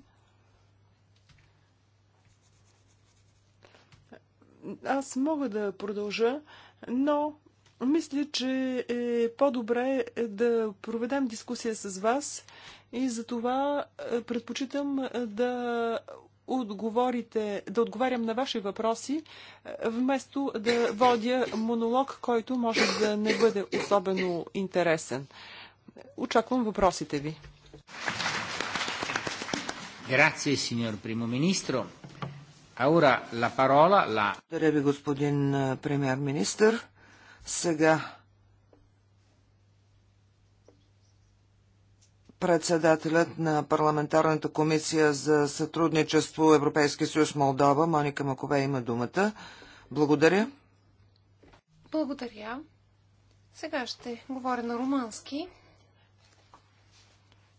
аз мога да продължа, но мисля, че е по-добре да проведем дискусия с вас и за това е, предпочитам е, да отговорите, да отговарям на ваши въпроси, е, вместо да водя монолог, който може да не бъде особено интересен. Очаквам въпросите ви. Grazie, signor primo ministro. Ora la parola la... Благодаря ви, господин премьер-министр. Сега председателят на парламентарната комисия за сътрудничество Европейски съюз Молдова, Моника Макове, има думата. Благодаря. Благодаря. Сега ще говоря на румански.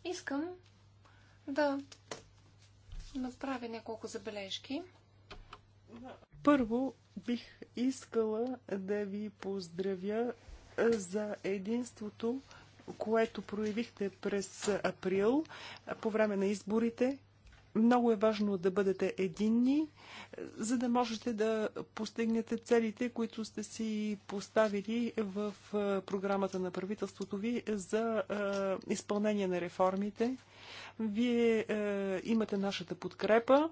Искам да направя няколко забележки. Първо бих искала да ви поздравя за единството, което проявихте през април по време на изборите. Много е важно да бъдете единни, за да можете да постигнете целите, които сте си поставили в програмата на правителството ви за изпълнение на реформите. Вие имате нашата подкрепа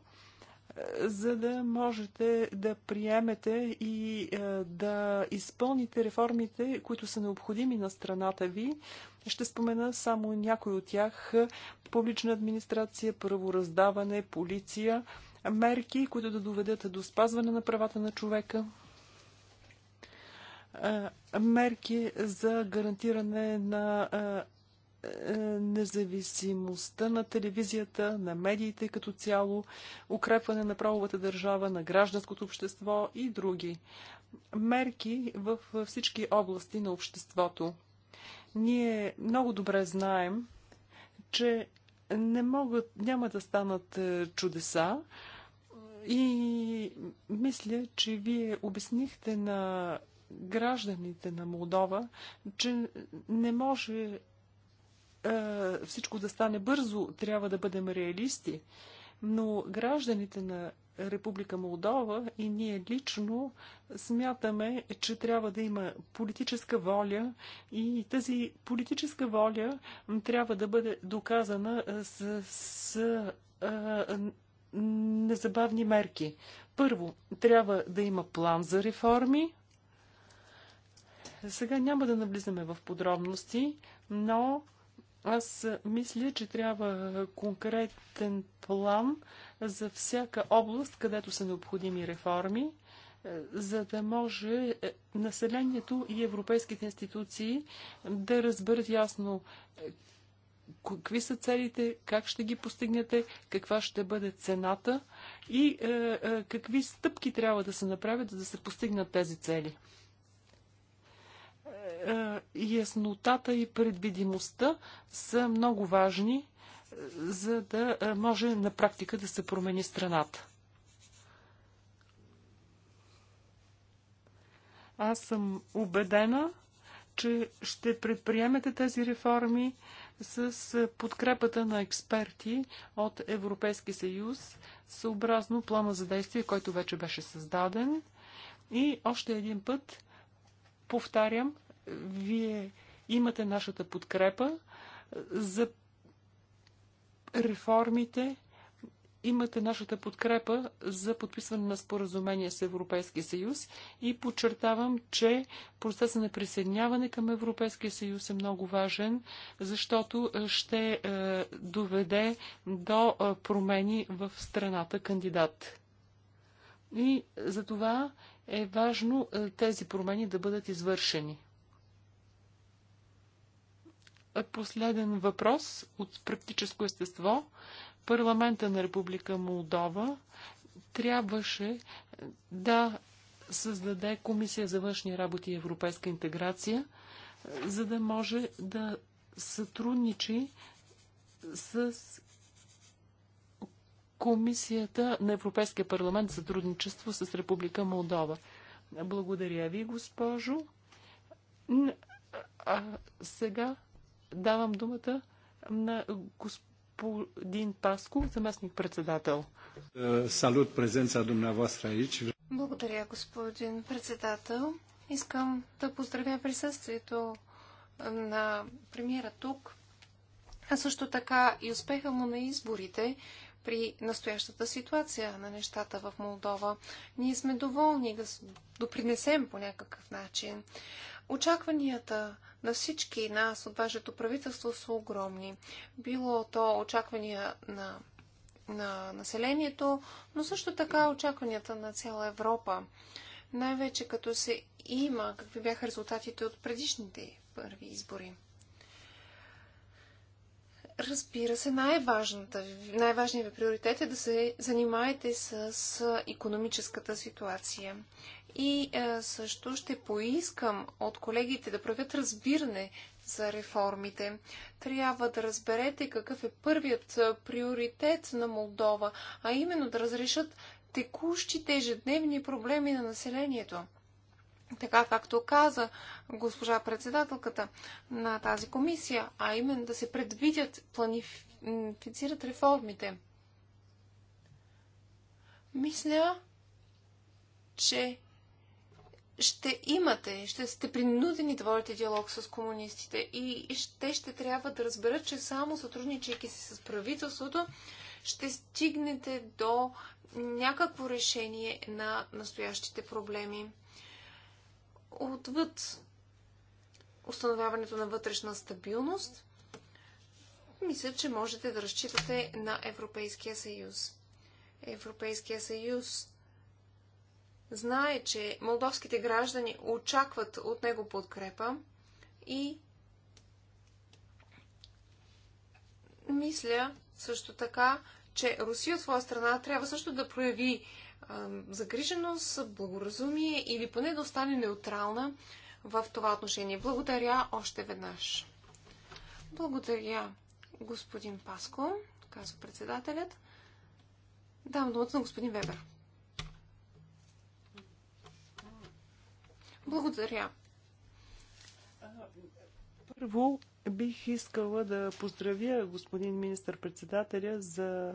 за да можете да приемете и е, да изпълните реформите, които са необходими на страната ви. Ще спомена само някои от тях. Публична администрация, правораздаване, полиция, мерки, които да доведат до спазване на правата на човека е, мерки за гарантиране на е, е, независимостта на телевизията, на медиите като цяло, укрепване на правовата държава, на гражданското общество и други. Мерки в всички области на обществото. Ние много добре знаем, че не могат, няма да станат е, чудеса, и мисля, че вие обяснихте на гражданите на Молдова, че не може е, всичко да стане бързо, трябва да бъдем реалисти. Но гражданите на Република Молдова и ние лично смятаме, че трябва да има политическа воля и тази политическа воля трябва да бъде доказана с, с а, е, незабавни мерки. Първо, трябва да има план за реформи. Сега няма да навлизаме в подробности, но аз мисля, че трябва конкретен план за всяка област, където са необходими реформи, е, за да може е, населението и европейските институции да разберат ясно е, какви са целите, как ще ги постигнете, каква ще бъде цената и какви стъпки трябва да се направят, за да се постигнат тези цели. Е, яснотата и предвидимостта са много важни, е, за да е, може на практика да се промени страната. Аз съм убедена, че ще предприемете тези реформи с подкрепата на експерти от Европейски съюз, съобразно плана за действие, който вече беше създаден. И още един път повтарям, вие имате нашата подкрепа за реформите, имате нашата подкрепа за подписване на споразумение с Европейския съюз и подчертавам, че процесът на присъединяване към Европейския съюз е много важен, защото ще е, доведе до е, промени в страната кандидат. И за това е важно е, тези промени да бъдат извършени. Е последен въпрос от практическо естество. Парламента на Република Молдова трябваше да създаде Комисия за външни работи и европейска интеграция, за да може да сътрудничи с Комисията на Европейския парламент за сътрудничество с Република Молдова. Благодаря ви, госпожо. А сега давам думата на господин Паско, заместник председател. Е, салют, презенца dumneavoastră Благодаря, господин председател. Искам да поздравя присъствието на премиера тук, а също така и успеха му на изборите при настоящата ситуация на нещата в Молдова. Ние сме доволни да допринесем по някакъв начин. Очакванията на всички нас от вашето правителство са огромни. Било то очаквания на, на населението, но също така очакванията на цяла Европа. Най-вече като се има какви бяха резултатите от предишните първи избори. Разбира се, най най-важният ви приоритет е да се занимаете с економическата ситуация. И е, също ще поискам от колегите да правят разбиране за реформите. Трябва да разберете какъв е първият е, приоритет на Молдова, а именно да разрешат текущите ежедневни проблеми на населението. Така както каза госпожа председателката на тази комисия, а именно да се предвидят, планифицират реформите. Мисля, че ще имате, ще сте принудени да водите диалог с комунистите и те ще трябва да разберат, че само сътрудничайки се с правителството, ще стигнете до някакво решение на настоящите проблеми. Отвъд установяването на вътрешна стабилност, мисля, че можете да разчитате на Европейския съюз. Европейския съюз знае, че молдовските граждани очакват от него подкрепа и мисля също така, че Русия от своя страна трябва също да прояви загриженост, благоразумие или поне да остане неутрална в това отношение. Благодаря още веднъж. Благодаря, господин Паско, казва председателят. Дам думата на господин Вебер. Благодаря. Първо бих искала да поздравя господин министър-председателя за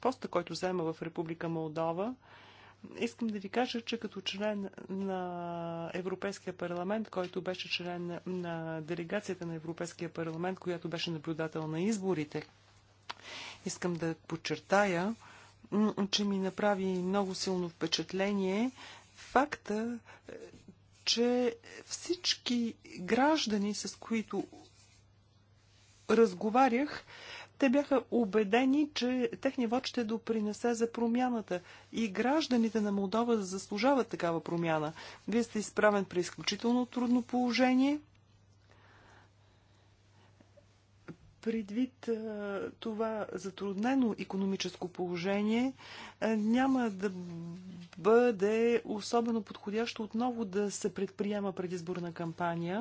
поста, който заема в Република Молдова. Искам да ви кажа, че като член на Европейския парламент, който беше член на делегацията на Европейския парламент, която беше наблюдател на изборите, искам да подчертая, че ми направи много силно впечатление факта, че всички граждани, с които разговарях, те бяха убедени, че техния вод ще допринесе за промяната. И гражданите на Молдова заслужават такава промяна. Вие сте изправен при изключително трудно положение. Предвид това затруднено економическо положение, няма да бъде особено подходящо отново да се предприема предизборна кампания,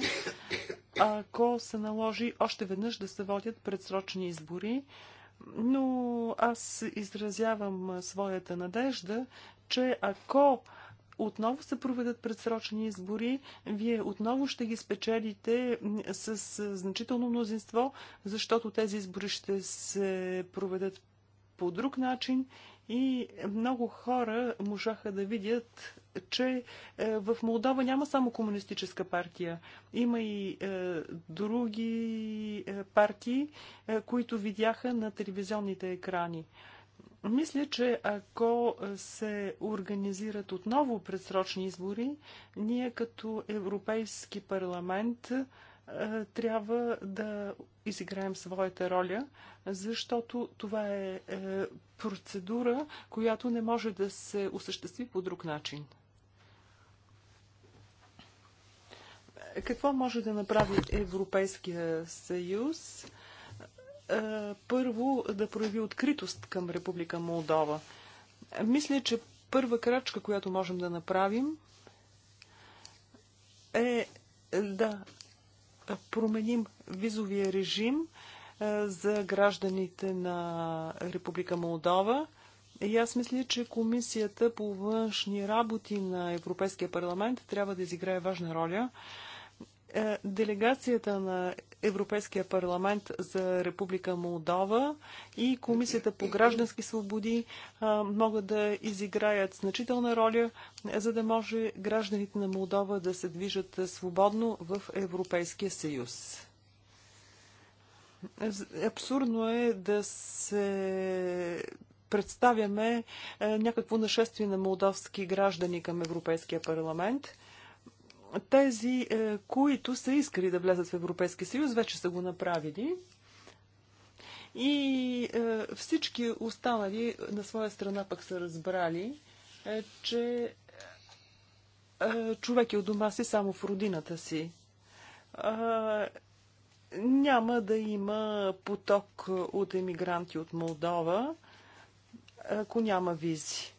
ако се наложи още веднъж да се водят предсрочни избори. Но аз изразявам своята надежда, че ако отново се проведат предсрочни избори, вие отново ще ги спечелите с е, значително мнозинство, защото тези избори ще се проведат по друг начин и много хора можаха да видят, че е, в Молдова няма само комунистическа партия. Има и е, други партии, които видяха на телевизионните екрани. Мисля, че ако се организират отново предсрочни избори, ние като Европейски парламент е, трябва да изиграем своята роля, защото това е, е процедура, която не може да се осъществи по друг начин. Какво може да направи Европейския съюз? Е, първо да прояви откритост към Република Молдова. Мисля, че първа крачка, която можем да направим, е да променим визовия режим е, за гражданите на Република Молдова. И аз мисля, че Комисията по външни работи на Европейския парламент трябва да изиграе важна роля. Е, делегацията на Европейския парламент за Република Молдова и Комисията по граждански свободи могат да изиграят значителна роля, за да може гражданите на Молдова да се движат свободно в Европейския съюз. Абсурдно е да се представяме някакво нашествие на молдовски граждани към Европейския парламент – тези, е, които са искали да влязат в Европейския съюз, вече са го направили. И е, всички останали на своя страна пък са разбрали, е, че човек е от дома си само в родината си. Няма да има поток от емигранти от Молдова, ако няма визи.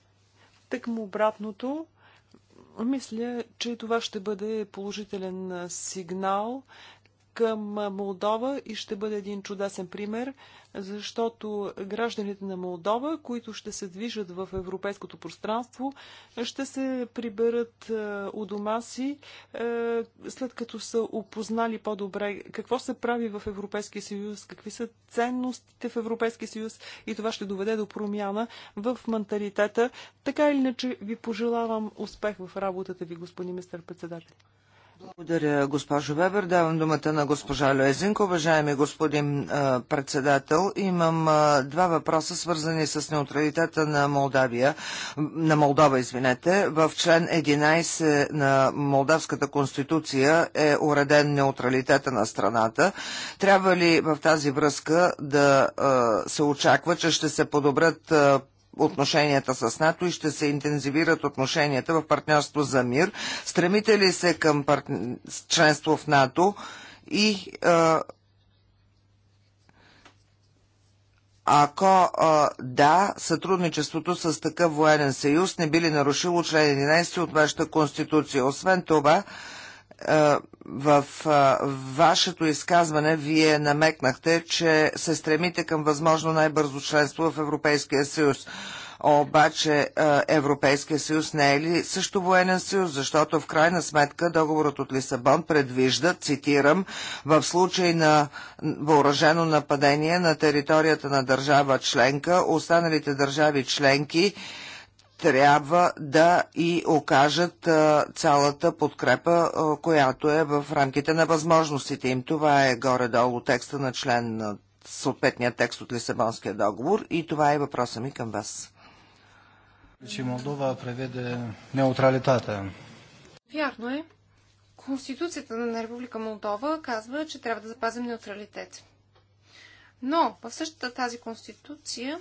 му обратното, мисля, че това ще бъде положителен сигнал към Молдова и ще бъде един чудесен пример, защото гражданите на Молдова, които ще се движат в европейското пространство, ще се приберат е, у дома си, е, след като са опознали по-добре какво се прави в Европейския съюз, какви са ценностите в Европейския съюз и това ще доведе до промяна в менталитета. Така или иначе ви пожелавам успех в работата ви, господин мистер председател. Благодаря, госпожо Вебер. Давам думата на госпожа Лезинко. Уважаеми господин а, председател, имам а, два въпроса, свързани с неутралитета на Молдавия, на Молдова, извинете. В член 11 на Молдавската конституция е уреден неутралитета на страната. Трябва ли в тази връзка да а, се очаква, че ще се подобрят отношенията с НАТО и ще се интензивират отношенията в партньорство за мир? Стремите ли се към пар... членство в НАТО и а, Ако а, да, сътрудничеството с такъв военен съюз не били нарушило член 11 от вашата конституция? Освен това, е, в е, вашето изказване вие намекнахте, че се стремите към възможно най-бързо членство в Европейския съюз. Обаче е, Европейския съюз не е ли също военен съюз, защото в крайна сметка договорът от Лисабон предвижда, цитирам, в случай на въоръжено нападение на територията на държава членка, останалите държави членки трябва да и окажат цялата подкрепа, която е в рамките на възможностите им. Това е горе-долу текста на член на съответния текст от Лисабонския договор и това е въпроса ми към вас. Че Молдова преведе неутралитета. Вярно е. Конституцията на Република Молдова казва, че трябва да запазим неутралитет. Но в същата тази конституция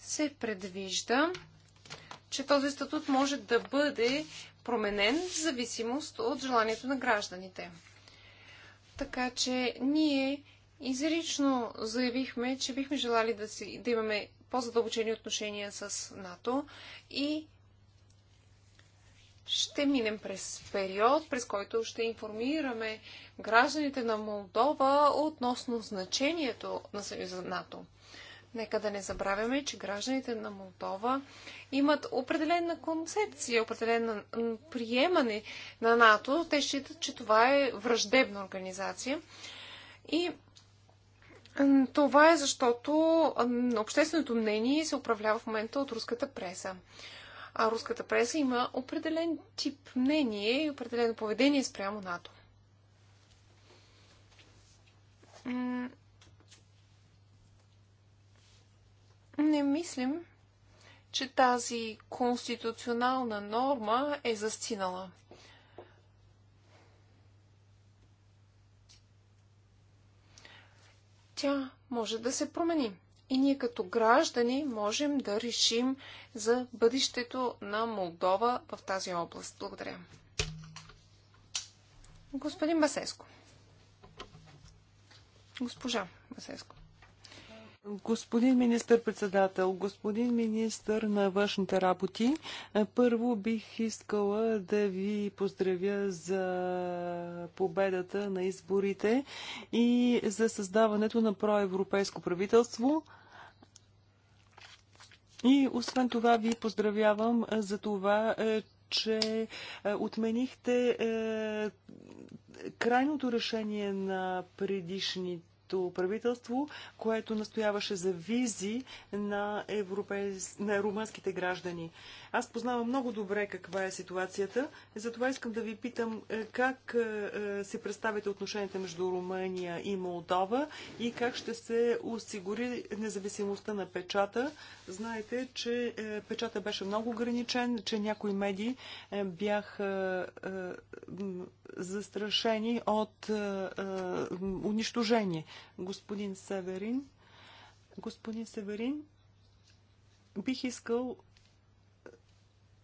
се предвижда че този статут може да бъде променен в зависимост от желанието на гражданите. Така че ние изрично заявихме, че бихме желали да, си, да имаме по-задълбочени отношения с НАТО и ще минем през период, през който ще информираме гражданите на Молдова относно значението на Съюза НАТО. Нека да не забравяме, че гражданите на Молдова имат определена концепция, определено приемане на НАТО. Те считат, че това е враждебна организация. И това е защото общественото мнение се управлява в момента от руската преса. А руската преса има определен тип мнение и определено поведение спрямо НАТО. не мислим, че тази конституционална норма е застинала. Тя може да се промени. И ние като граждани можем да решим за бъдещето на Молдова в тази област. Благодаря. Господин Басеско. Госпожа Басеско. Господин министър-председател, господин министър на външните работи, първо бих искала да ви поздравя за победата на изборите и за създаването на проевропейско правителство. И освен това ви поздравявам за това, че отменихте крайното решение на предишните румънското правителство, което настояваше за визи на, европейс... на румънските граждани. Аз познавам много добре каква е ситуацията, затова искам да ви питам е, как е, е, се представите отношенията между Румъния и Молдова и как ще се осигури независимостта на печата. Знаете, че печата беше много ограничен, че някои медии бяха застрашени от унищожение господин Северин. Господин Северин, бих искал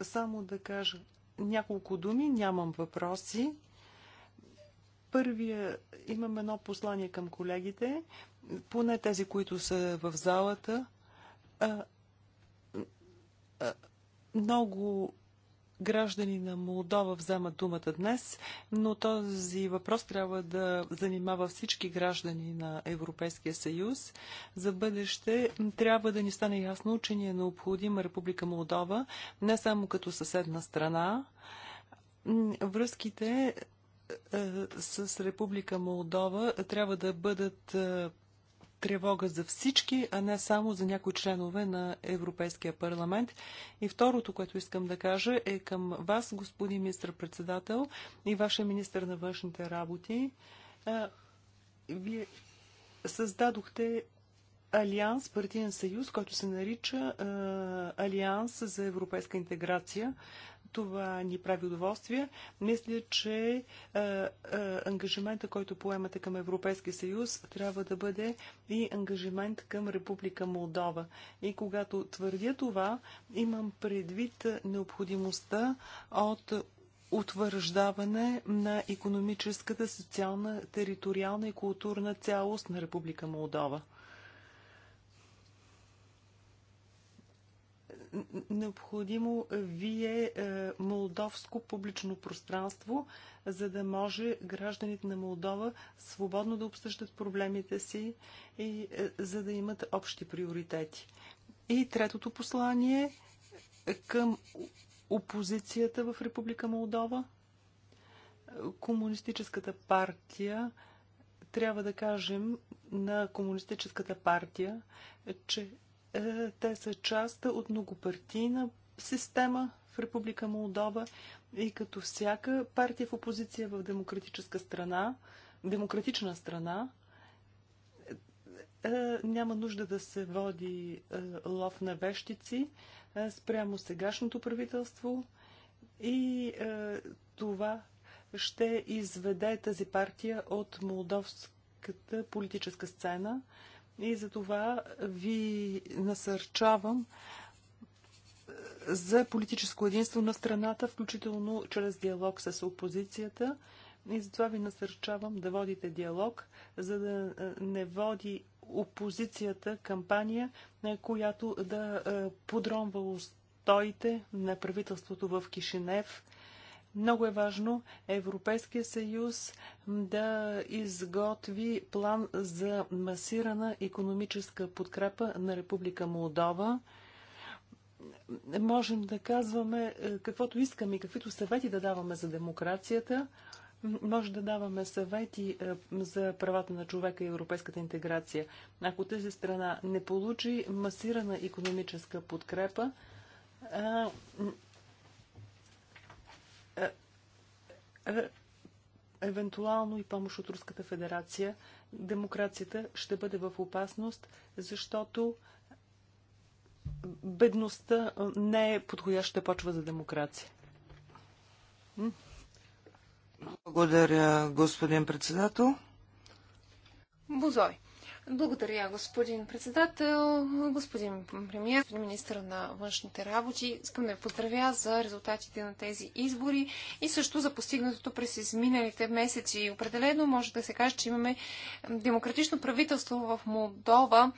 е, само да кажа няколко думи, нямам въпроси. Първия, имам едно послание към колегите, поне тези, които са в залата. А, е, а, е, много граждани на Молдова вземат думата днес, но този въпрос трябва да занимава всички граждани на Европейския съюз. За бъдеще трябва да ни стане ясно, че ни е необходима Република Молдова не само като съседна страна. Връзките е, с Република Молдова трябва да бъдат е, тревога за всички, а не само за някои членове на Европейския парламент. И второто, което искам да кажа е към вас, господин министр-председател и вашия министр на външните работи. Вие създадохте Алианс, партиен съюз, който се нарича Алианс за европейска интеграция. Това ни прави удоволствие. Мисля, че е, е, ангажимента, който поемате към Европейския съюз, трябва да бъде и ангажимент към Република Молдова. И когато твърдя това, имам предвид необходимостта от утвърждаване на економическата, социална, териториална и културна цялост на Република Молдова. необходимо вие е, молдовско публично пространство, за да може гражданите на Молдова свободно да обсъждат проблемите си и е, за да имат общи приоритети. И третото послание към опозицията в Република Молдова. Комунистическата партия трябва да кажем на Комунистическата партия, че е, те са част от многопартийна система в Република Молдова и като всяка партия в опозиция в демократическа страна, демократична страна, е, няма нужда да се води е, лов на вещици спрямо сегашното правителство и това ще изведе тази партия от молдовската политическа сцена. И за това ви насърчавам за политическо единство на страната, включително чрез диалог с опозицията. И затова ви насърчавам да водите диалог, за да е, не води опозицията кампания, е, която да е, подромва устоите на правителството в Кишинев много е важно Европейския съюз да изготви план за масирана економическа подкрепа на Република Молдова. Можем да казваме е, каквото искаме и каквито съвети да даваме за демокрацията. Може да даваме съвети е, за правата на човека и европейската интеграция. Ако тази страна не получи масирана економическа подкрепа, е, Е, евентуално и помощ от Руската федерация, демокрацията ще бъде в опасност, защото бедността не е подходяща почва за демокрация. Благодаря, господин председател. Бузой. Благодаря, господин председател, господин премьер, господин министр на външните работи. Искам да ви поздравя за резултатите на тези избори и също за постигнатото през изминалите месеци. Определено може да се каже, че имаме демократично правителство в Молдова,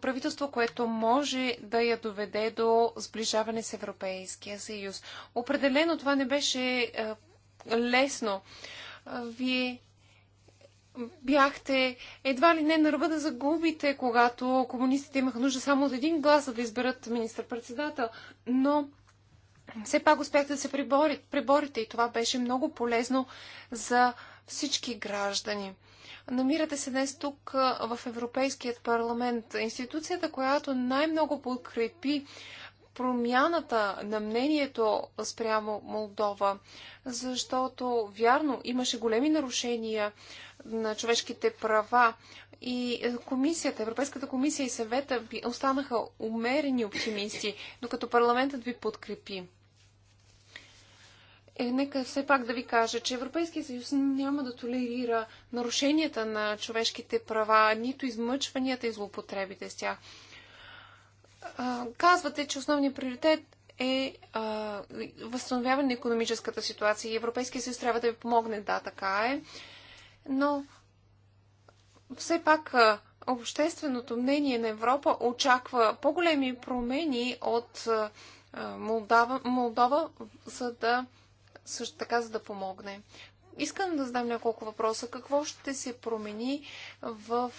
правителство, което може да я доведе до сближаване с Европейския съюз. Определено това не беше е, лесно. Вие бяхте едва ли не на ръба да загубите, когато комунистите имаха нужда само от един глас, за да изберат министър-председател. Но все пак успяхте да се приборите, приборите и това беше много полезно за всички граждани. Намирате се днес тук в Европейският парламент, институцията, която най-много подкрепи промяната на мнението спрямо Молдова, защото, вярно, имаше големи нарушения на човешките права. И е, комисията, Европейската комисия и съвета ви останаха умерени оптимисти, докато парламентът ви подкрепи. Е, нека все пак да ви кажа, че Европейския съюз няма да толерира нарушенията на човешките права, нито измъчванията и злоупотребите с тях. А, казвате, че основният приоритет е а, възстановяване на економическата ситуация и Европейския съюз трябва да ви помогне. Да, така е но все пак общественото мнение на Европа очаква по-големи промени от Молдова, Молдова, за да също така, за да помогне. Искам да задам няколко въпроса. Какво ще се промени в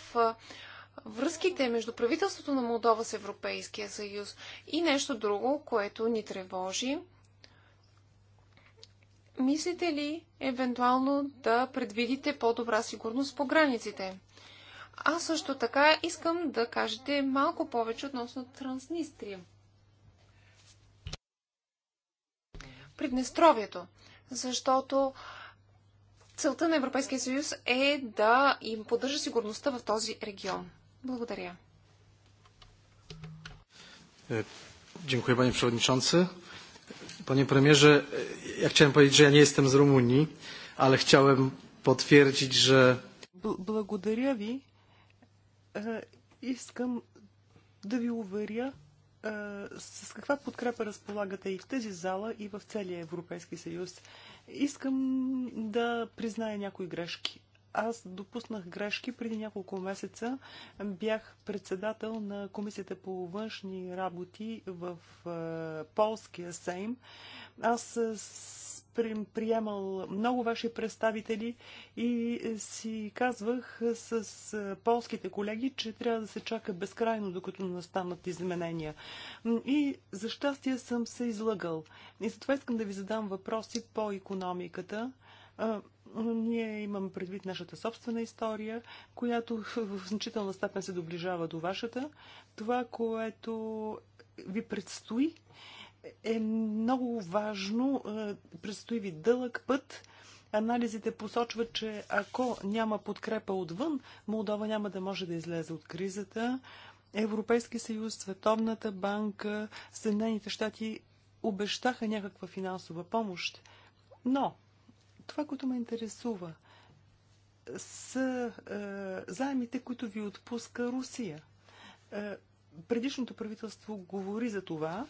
връзките между правителството на Молдова с Европейския съюз и нещо друго, което ни тревожи – Мислите ли евентуално да предвидите по-добра сигурност по границите? А също така искам да кажете малко повече относно Транснистрия. Приднестровието, защото целта на Европейския съюз е да им поддържа сигурността в този регион. Благодаря. Е, Dziękuję panie przewodniczący. Panie premierze, ja chciałem powiedzieć, że ja nie jestem z Rumunii, ale chciałem potwierdzić, że... Благодаря ви. Е, искам да ви уверя, е, с каква подкрепа разполагате и в тази зала, и в целия Европейски съюз. Искам да призная някои грешки. Аз допуснах грешки преди няколко месеца. Бях председател на Комисията по външни работи в е, Полския Сейм. Аз е, приемал много ваши представители и е, си казвах е, с полските колеги, че трябва да се чака безкрайно, докато настанат изменения. И за щастие съм се излъгал. И затова искам да ви задам въпроси по економиката. Ние имам предвид нашата собствена история, която (laughs) в значителна степен се доближава до вашата. Това, което ви предстои, е много важно. Е, предстои ви дълъг път. Анализите посочват, че ако няма подкрепа отвън, Молдова няма да може да излезе от кризата. Европейски съюз, Световната банка, Съединените щати обещаха някаква финансова помощ. Но това, което ме интересува, са е, заемите, които ви отпуска Русия. Е, предишното правителство говори за това.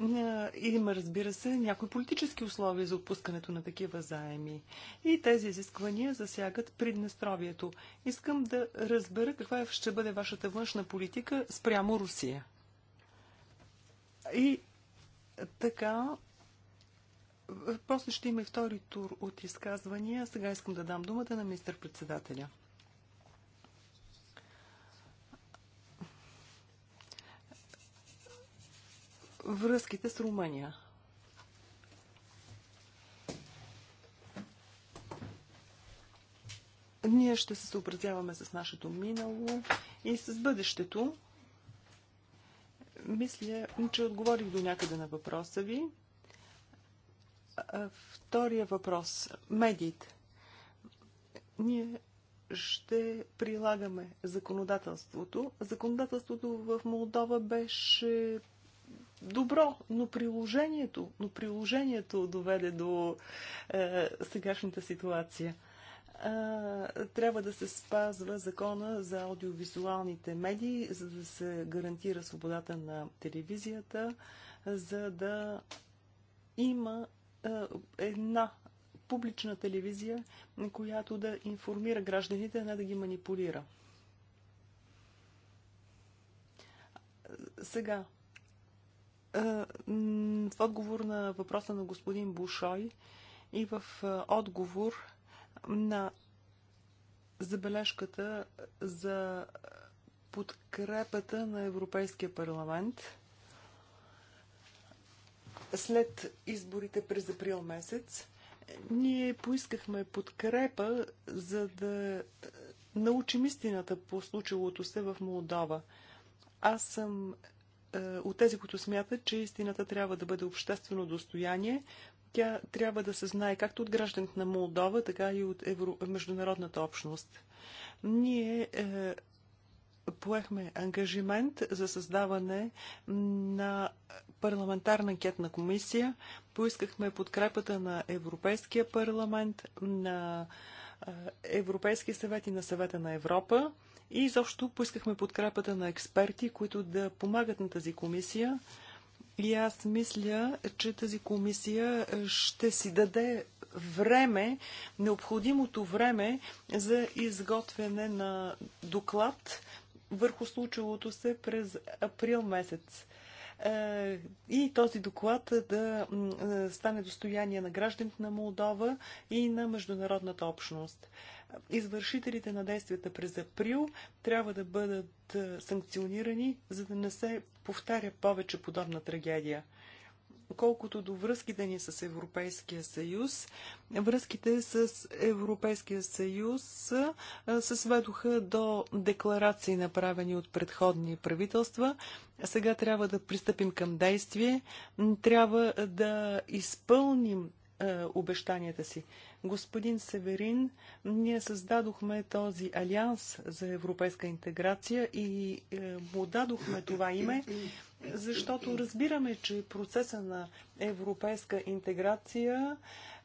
Е, има, разбира се, някои политически условия за отпускането на такива заеми. И тези изисквания засягат Приднестровието. Искам да разбера каква е- ще бъде вашата външна политика спрямо Русия. И така, после ще има и втори тур от изказвания. Сега искам да дам думата на министър-председателя. Връзките с Румъния. Ние ще се съобразяваме с нашето минало и с бъдещето. Мисля, че отговорих до някъде на въпроса ви. Втория въпрос. Медиите. Ние ще прилагаме законодателството. Законодателството в Молдова беше добро, но приложението, но приложението доведе до е, сегашната ситуация. Е, трябва да се спазва закона за аудиовизуалните медии, за да се гарантира свободата на телевизията, за да има е, една публична телевизия, която да информира гражданите, а не да ги манипулира. Сега, е, в отговор на въпроса на господин Бушой и в е, отговор на забележката за подкрепата на Европейския парламент – след изборите през април месец, ние поискахме подкрепа, за да е, научим истината по случилото се в Молдова. Аз съм е, от тези, които смятат, че истината трябва да бъде обществено достояние. Тя трябва да се знае както от гражданите на Молдова, така и от евро... международната общност. Ние е, поехме ангажимент за създаване на е, парламентарна анкетна комисия. Поискахме подкрепата на Европейския парламент, на Европейския съвет и на съвета на Европа. И изобщо поискахме подкрепата на експерти, които да помагат на тази комисия. И аз мисля, че тази комисия ще си даде време, необходимото време за изготвяне на доклад върху случилото се през април месец. Е, и този доклад да е, стане достояние на гражданите на Молдова и на международната общност. Извършителите на действията през април трябва да бъдат е, санкционирани, за да не се повтаря повече подобна трагедия колкото до връзките ни с Европейския съюз, връзките с Европейския съюз се сведоха до декларации, направени от предходни правителства. Сега трябва да пристъпим към действие. Трябва да изпълним обещанията си. Господин Северин, ние създадохме този Алианс за европейска интеграция и е, му дадохме това име защото разбираме, че процеса на европейска интеграция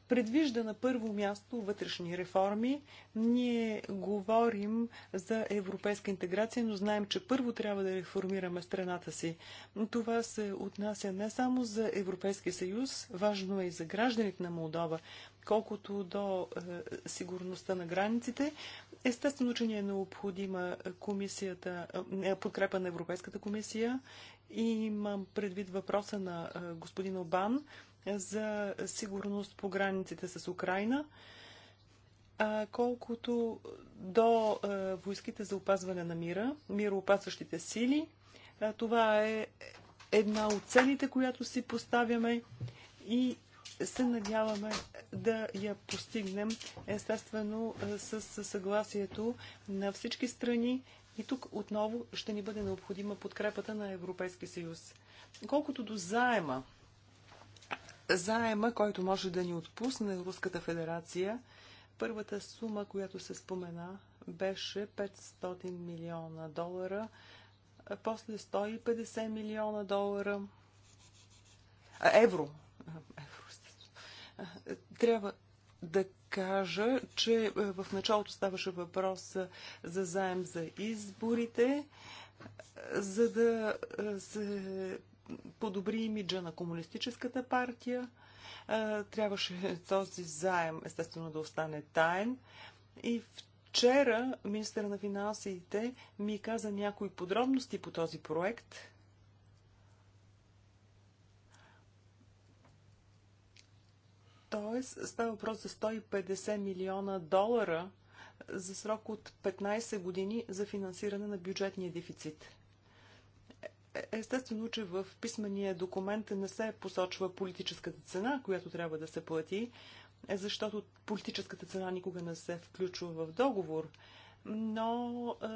предвижда на първо място вътрешни реформи. Ние говорим за европейска интеграция, но знаем, че първо трябва да реформираме страната си. Това се отнася не само за Европейски съюз, важно е и за гражданите на Молдова, колкото до е, сигурността на границите. Естествено, че ни е необходима комисията, е, подкрепа на Европейската комисия и имам предвид въпроса на е, господин Обан за сигурност по границите с Украина. А колкото до е, войските за опазване на мира, мироопасващите сили, това е една от целите, която си поставяме и се надяваме да я постигнем естествено е, с съгласието на всички страни и тук отново ще ни бъде необходима подкрепата на Европейския съюз. Колкото до заема, заема, който може да ни отпусне Руската федерация, първата сума, която се спомена, беше 500 милиона долара, после 150 милиона долара, евро, евро. Трябва да кажа, че е, в началото ставаше въпрос за заем за изборите, е, за да е, се подобри имиджа на Комунистическата партия. Трябваше този заем, естествено, да остане тайн. И вчера министър на финансите ми каза някои подробности по този проект – Тоест, става въпрос за 150 милиона долара за срок от 15 години за финансиране на бюджетния дефицит. Е, естествено, че в писмения документ не се посочва политическата цена, която трябва да се плати, е, защото политическата цена никога не се включва в договор. Но е,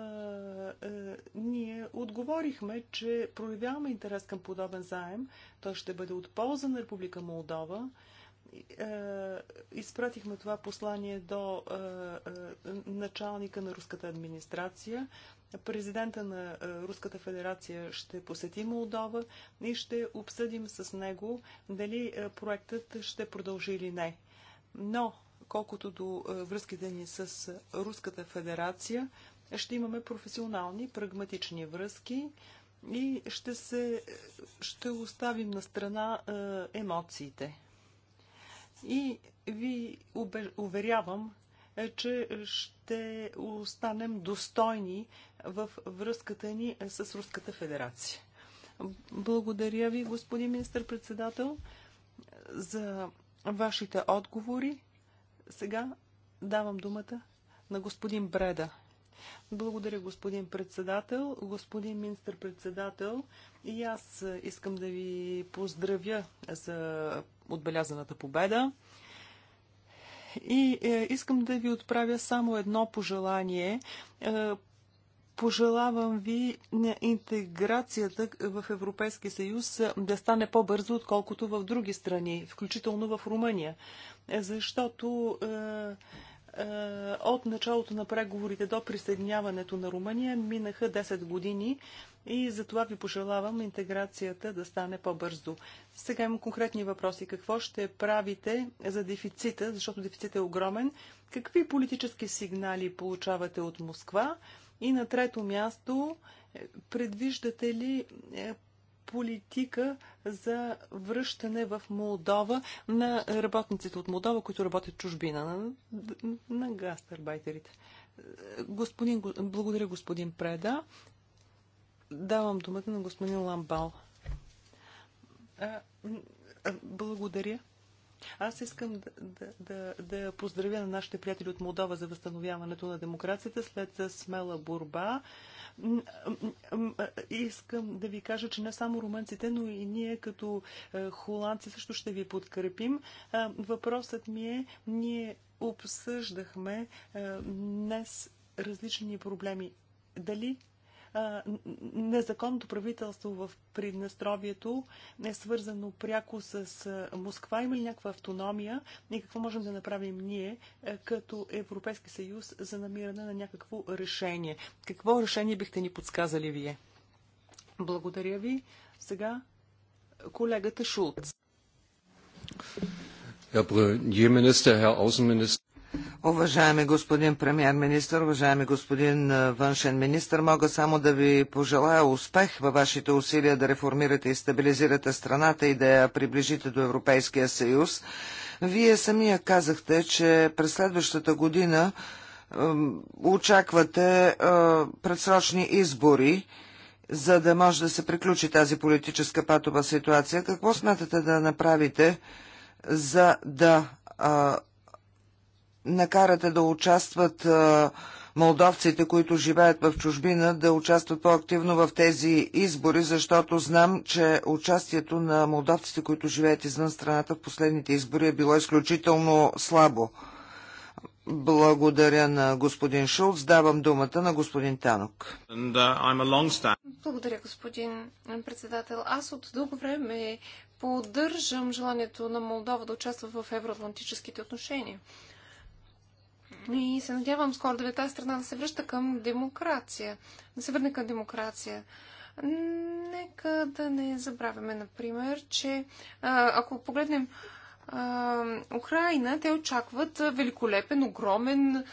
е, ние отговорихме, че проявяваме интерес към подобен заем. Той ще бъде от полза на Република Молдова. Е, изпратихме това послание до е, е, началника на руската администрация. Президента на Руската федерация ще посети Молдова и ще обсъдим с него дали проектът ще продължи или не. Но, колкото до връзките ни с Руската федерация, ще имаме професионални, прагматични връзки и ще, се, ще оставим на страна емоциите и ви уверявам, е, че ще останем достойни в връзката ни е, с Руската федерация. Благодаря ви, господин министр-председател, за вашите отговори. Сега давам думата на господин Бреда. Благодаря, господин председател. Господин министр-председател, и аз е, искам да ви поздравя за отбелязаната победа. И е, искам да ви отправя само едно пожелание. Е, пожелавам ви на интеграцията в Европейския съюз да стане по-бързо, отколкото в други страни, включително в Румъния. Е, защото е, е, от началото на преговорите до присъединяването на Румъния минаха 10 години и за това ви пожелавам интеграцията да стане по-бързо. Сега имам конкретни въпроси. Какво ще правите за дефицита, защото дефицит е огромен? Какви политически сигнали получавате от Москва? И на трето място, предвиждате ли е, политика за връщане в Молдова на работниците от Молдова, които работят чужбина, на, на гастарбайтерите. Господин, благодаря, господин Преда. Давам думата на господин Ламбал. благодаря. Аз искам да, да, да, да поздравя на нашите приятели от Молдова за възстановяването на демокрацията след смела борба. А, Искам да ви кажа, че не само румънците, но и ние като е, холандци също ще ви подкрепим. Е, въпросът ми е, ние обсъждахме е, днес различни проблеми. Дали незаконното правителство в Приднестровието е свързано пряко с Москва? Има ли някаква автономия? И какво можем да направим ние като Европейски съюз за намиране на някакво решение? Какво решение бихте ни подсказали вие? Благодаря ви. Сега колегата Шулц. Herr Premier-Minister, Herr Außenminister, Уважаеми господин премьер-министр, уважаеми господин външен министр, мога само да ви пожелая успех във вашите усилия да реформирате и стабилизирате страната и да я приближите до Европейския съюз. Вие самия казахте, че през следващата година е, очаквате е, предсрочни избори за да може да се приключи тази политическа патова ситуация. Какво смятате да направите, за да накарате да участват молдовците, които живеят в чужбина, да участват по-активно в тези избори, защото знам, че участието на молдовците, които живеят извън страната в последните избори е било изключително слабо. Благодаря на господин Шулц. Давам думата на господин Танок. Uh, Благодаря, господин председател. Аз от дълго време поддържам желанието на Молдова да участва в евроатлантическите отношения. И се надявам скоро да ви е тази страна да се връща към демокрация. Да се върне към демокрация. Нека да не забравяме, например, че ако погледнем а, Украина, те очакват великолепен, огромен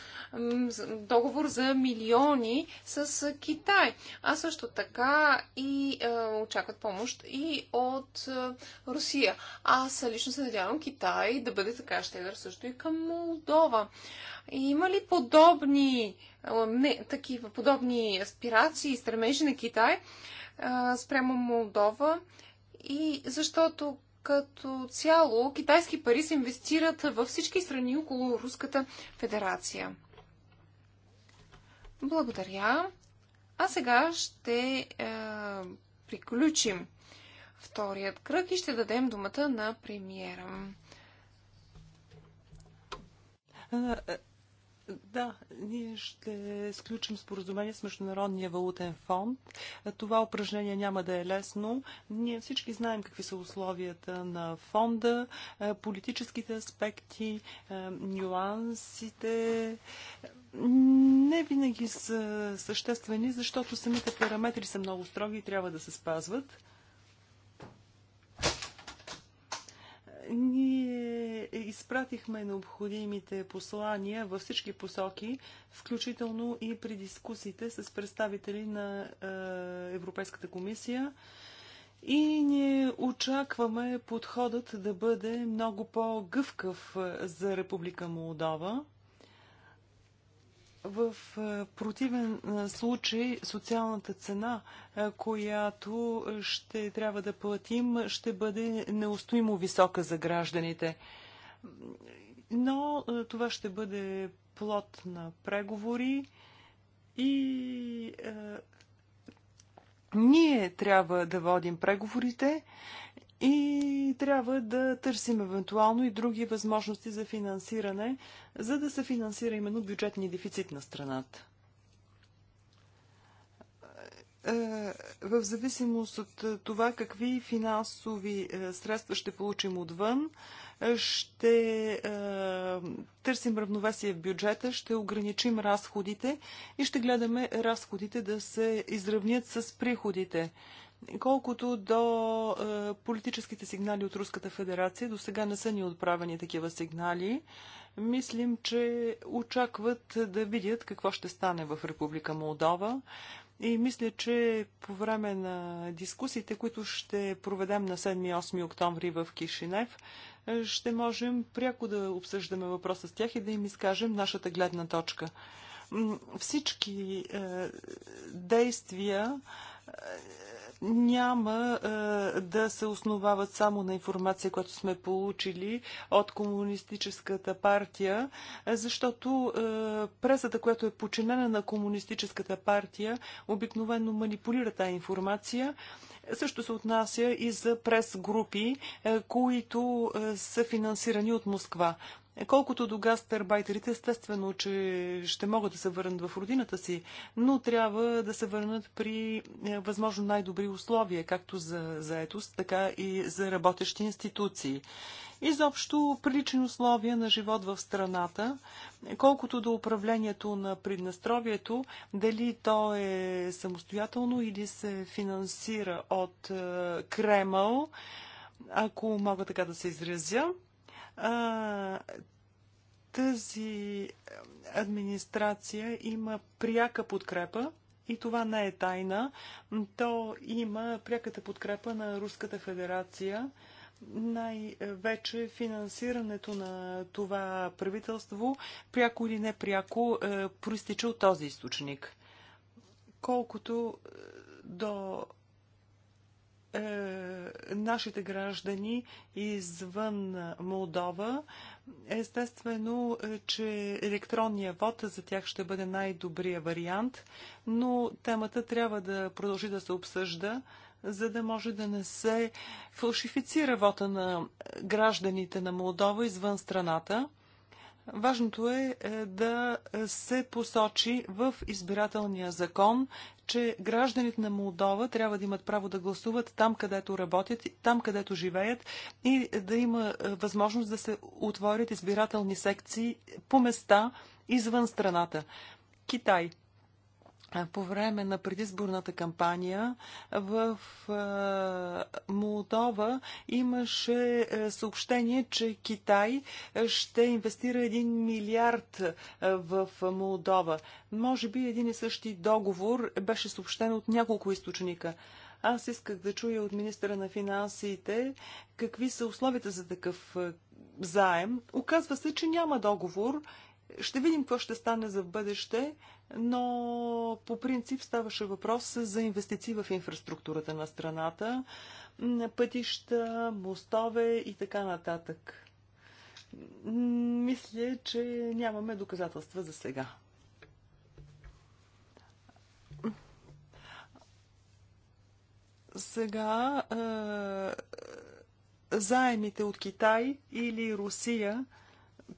договор за милиони с Китай. А също така и а, очакват помощ и от Русия. Аз лично се надявам Китай да бъде така щедър също и към Молдова. Има ли подобни, не, такива, подобни аспирации и стремежи на Китай а, спрямо Молдова? И защото като цяло китайски пари се инвестират във всички страни около Руската федерация. Благодаря. А сега ще е, приключим вторият кръг и ще дадем думата на премиера. Да, ние ще сключим споразумение с Международния валутен фонд. Това упражнение няма да е лесно. Ние всички знаем какви са условията на фонда, е, политическите аспекти, е, нюансите. Е, не винаги са съществени, защото самите параметри са много строги и трябва да се спазват. Ние изпратихме необходимите послания във всички посоки, включително и при дискусиите с представители на Европейската комисия. И ние очакваме подходът да бъде много по-гъвкав за Република Молдова. В противен случай социалната цена, която ще трябва да платим, ще бъде неустоимо висока за гражданите. Но това ще бъде плод на преговори и е, ние трябва да водим преговорите и трябва да търсим евентуално и други възможности за финансиране, за да се финансира именно бюджетния дефицит на страната. Е, в зависимост от това какви финансови е, средства ще получим отвън, е, ще търсим равновесие в бюджета, ще ограничим разходите и ще гледаме разходите да се изравнят с приходите. Колкото до е, политическите сигнали от Руската федерация, до сега не са ни отправени такива сигнали. Мислим, че очакват да видят какво ще стане в Република Молдова. И мисля, че по време на дискусиите, които ще проведем на 7-8 октомври в Кишинев, ще можем пряко да обсъждаме въпроса с тях и да им изкажем нашата гледна точка. Всички е, действия е, няма е, да се основават само на информация, която сме получили от Комунистическата партия, е, защото е, пресата, която е подчинена на Комунистическата партия, обикновено манипулира тази информация. Също се отнася и за прес-групи, е, които е, са финансирани от Москва. Е, колкото до гастарбайтерите, естествено, че ще могат да се върнат в родината си, но трябва да се върнат при е, възможно най-добри условия, както за заетост, така и за работещи институции. Изобщо прилични условия на живот в страната, е, колкото до управлението на Приднестровието, дали то е самостоятелно или се финансира от Кремъл, ако мога така да се изразя тази администрация има пряка подкрепа и това не е тайна. То има пряката подкрепа на Руската федерация най-вече финансирането на това правителство, пряко или непряко, е, проистича от този източник. Колкото е, до е, нашите граждани извън Молдова. Естествено, е, че електронния вод за тях ще бъде най-добрия вариант, но темата трябва да продължи да се обсъжда, за да може да не се фалшифицира вота на гражданите на Молдова извън страната. Важното е, е да се посочи в избирателния закон, че гражданите на Молдова трябва да имат право да гласуват там, където работят, там, където живеят и да има е, възможност да се отворят избирателни секции по места извън страната. Китай – по време на предизборната кампания в Молдова имаше съобщение, че Китай ще инвестира 1 милиард в Молдова. Може би един и същи договор беше съобщен от няколко източника. Аз исках да чуя от министра на финансите какви са условията за такъв заем. Оказва се, че няма договор. Ще видим какво ще стане за бъдеще но по принцип ставаше въпрос за инвестиции в инфраструктурата на страната, пътища, мостове и така нататък. Мисля, че нямаме доказателства за сега. Сега е, заемите от Китай или Русия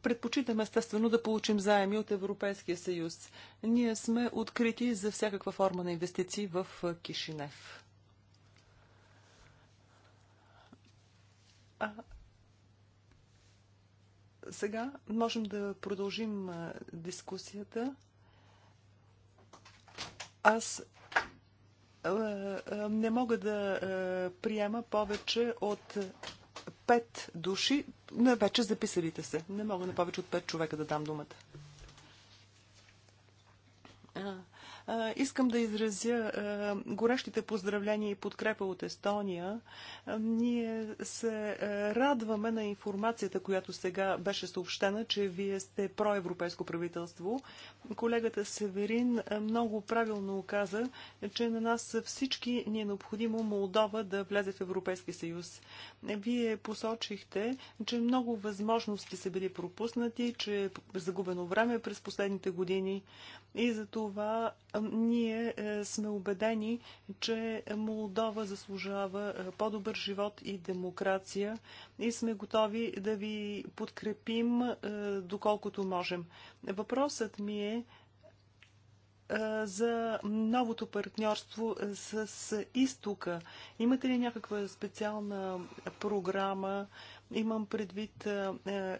Предпочитаме естествено да получим заеми от Европейския съюз. Ние сме открити за всякаква форма на инвестиции в Кишинев. А, сега можем да продължим дискусията. Аз не мога да приема повече от пет души на е вече записалите се. Не мога на повече от 5 човека да дам думата. Искам да изразя горещите поздравления и подкрепа от Естония. Ние се радваме на информацията, която сега беше съобщена, че вие сте проевропейско правителство. Колегата Северин много правилно каза, че на нас всички ни е необходимо Молдова да влезе в Европейския съюз. Вие посочихте, че много възможности са били пропуснати, че е загубено време през последните години. И за това ние е, сме убедени, че Молдова заслужава е, по-добър живот и демокрация и сме готови да ви подкрепим е, доколкото можем. Въпросът ми е за новото партньорство с изтока. Имате ли някаква специална програма? Имам предвид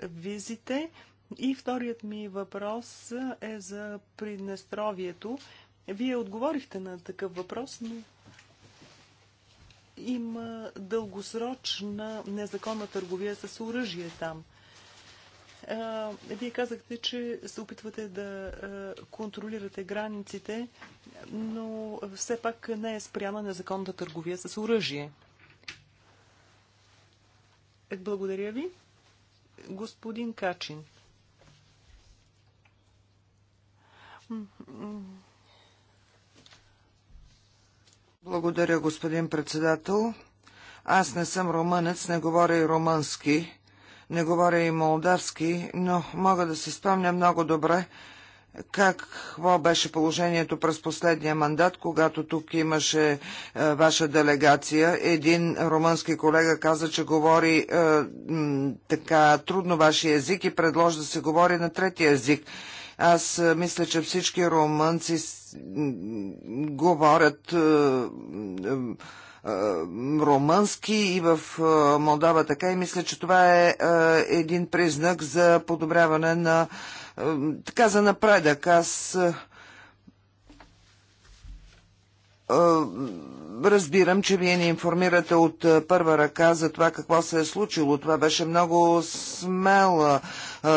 визите и вторият ми въпрос е за Приднестровието. Вие отговорихте на такъв въпрос, но има дългосрочна незаконна търговия с оръжие там. Вие казахте, че се опитвате да контролирате границите, но все пак не е спряна незаконната търговия с оръжие. Благодаря ви. Господин Качин. Благодаря, господин председател. Аз не съм румънец, не говоря и румънски, не говоря и молдавски, но мога да се спомня много добре какво беше положението през последния мандат, когато тук имаше е, ваша делегация. Един румънски колега каза, че говори е, така трудно вашия език и предложи да се говори на трети език. Аз мисля, че всички румънци говорят румънски и в Молдова така и мисля, че това е един признак за подобряване на така за напредък. Аз разбирам, че вие ни информирате от е, първа ръка за това какво се е случило. Това беше много смела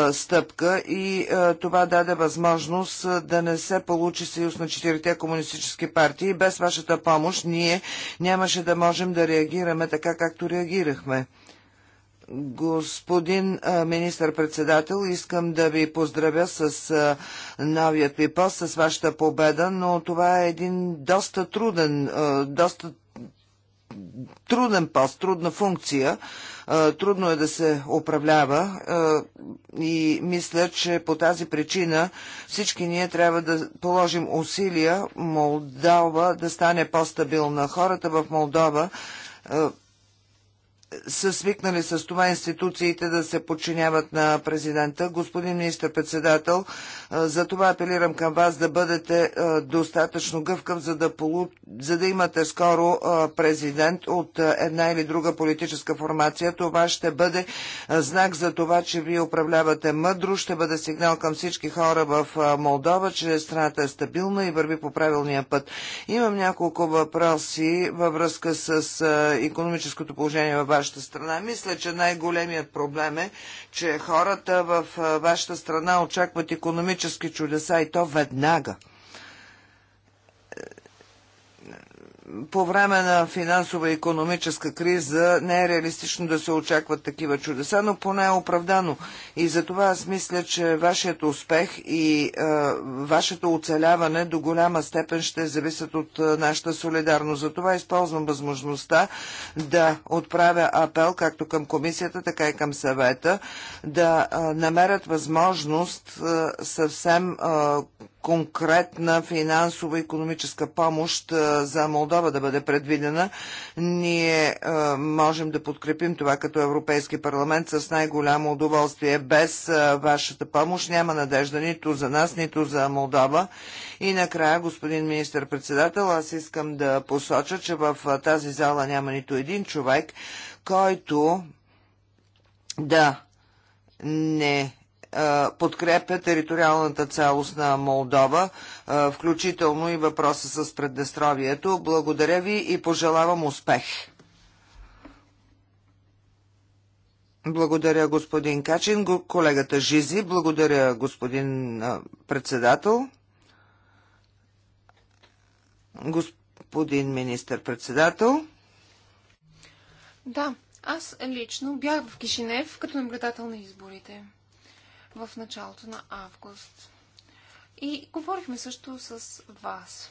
е, стъпка и е, това даде възможност да не се получи съюз на четирите комунистически партии. Без вашата помощ ние нямаше да можем да реагираме така, както реагирахме. Господин министър-председател, искам да ви поздравя с новият ви пост, с вашата победа, но това е един доста труден, доста труден пост, трудна функция. Трудно е да се управлява и мисля, че по тази причина всички ние трябва да положим усилия Молдова да стане по-стабилна. Хората в Молдова са свикнали с това институциите да се подчиняват на президента. Господин министър-председател, за това апелирам към вас да бъдете достатъчно гъвкав, за да, полу... за да имате скоро президент от една или друга политическа формация. Това ще бъде знак за това, че вие управлявате мъдро, ще бъде сигнал към всички хора в Молдова, че страната е стабилна и върви по правилния път. Имам няколко въпроси във връзка с економическото положение в вашата страна. Мисля, че най-големият проблем е, че хората в вашата страна очакват економически чудеса и то веднага. по време на финансова и економическа криза не е реалистично да се очакват такива чудеса, но поне е оправдано. И за това аз мисля, че вашият успех и е, вашето оцеляване до голяма степен ще зависят от е, нашата солидарност. За това използвам възможността да отправя апел както към комисията, така и към съвета да е, намерят възможност е, съвсем е, конкретна финансова и економическа помощ за Молдова да бъде предвидена. Ние можем да подкрепим това като Европейски парламент с най-голямо удоволствие. Без вашата помощ няма надежда нито за нас, нито за Молдова. И накрая, господин министр-председател, аз искам да посоча, че в тази зала няма нито един човек, който да не подкрепя териториалната цялост на Молдова, включително и въпроса с Преднестровието. Благодаря ви и пожелавам успех. Благодаря, господин Качин. Колегата Жизи, благодаря, господин председател. Господин министър-председател. Да, аз лично бях в Кишинев като наблюдател на изборите в началото на август. И говорихме също с вас.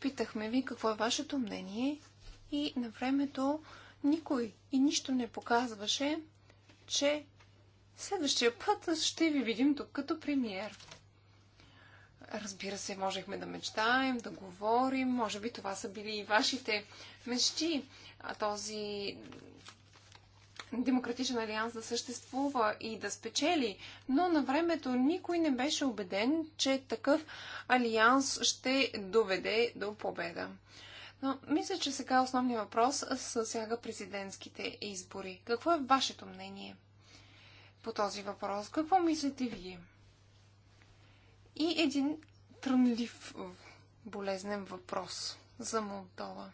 Питахме ви какво е вашето мнение и на времето никой и нищо не показваше, че следващия път ще ви видим тук като премиер. Разбира се, можехме да мечтаем, да говорим, може би това са били и вашите мечти, а този демократичен алианс да съществува и да спечели, но на времето никой не беше убеден, че такъв алианс ще доведе до победа. Но мисля, че сега основният въпрос съсяга президентските избори. Какво е вашето мнение по този въпрос? Какво мислите вие? И един трънлив, болезнен въпрос за Молдова.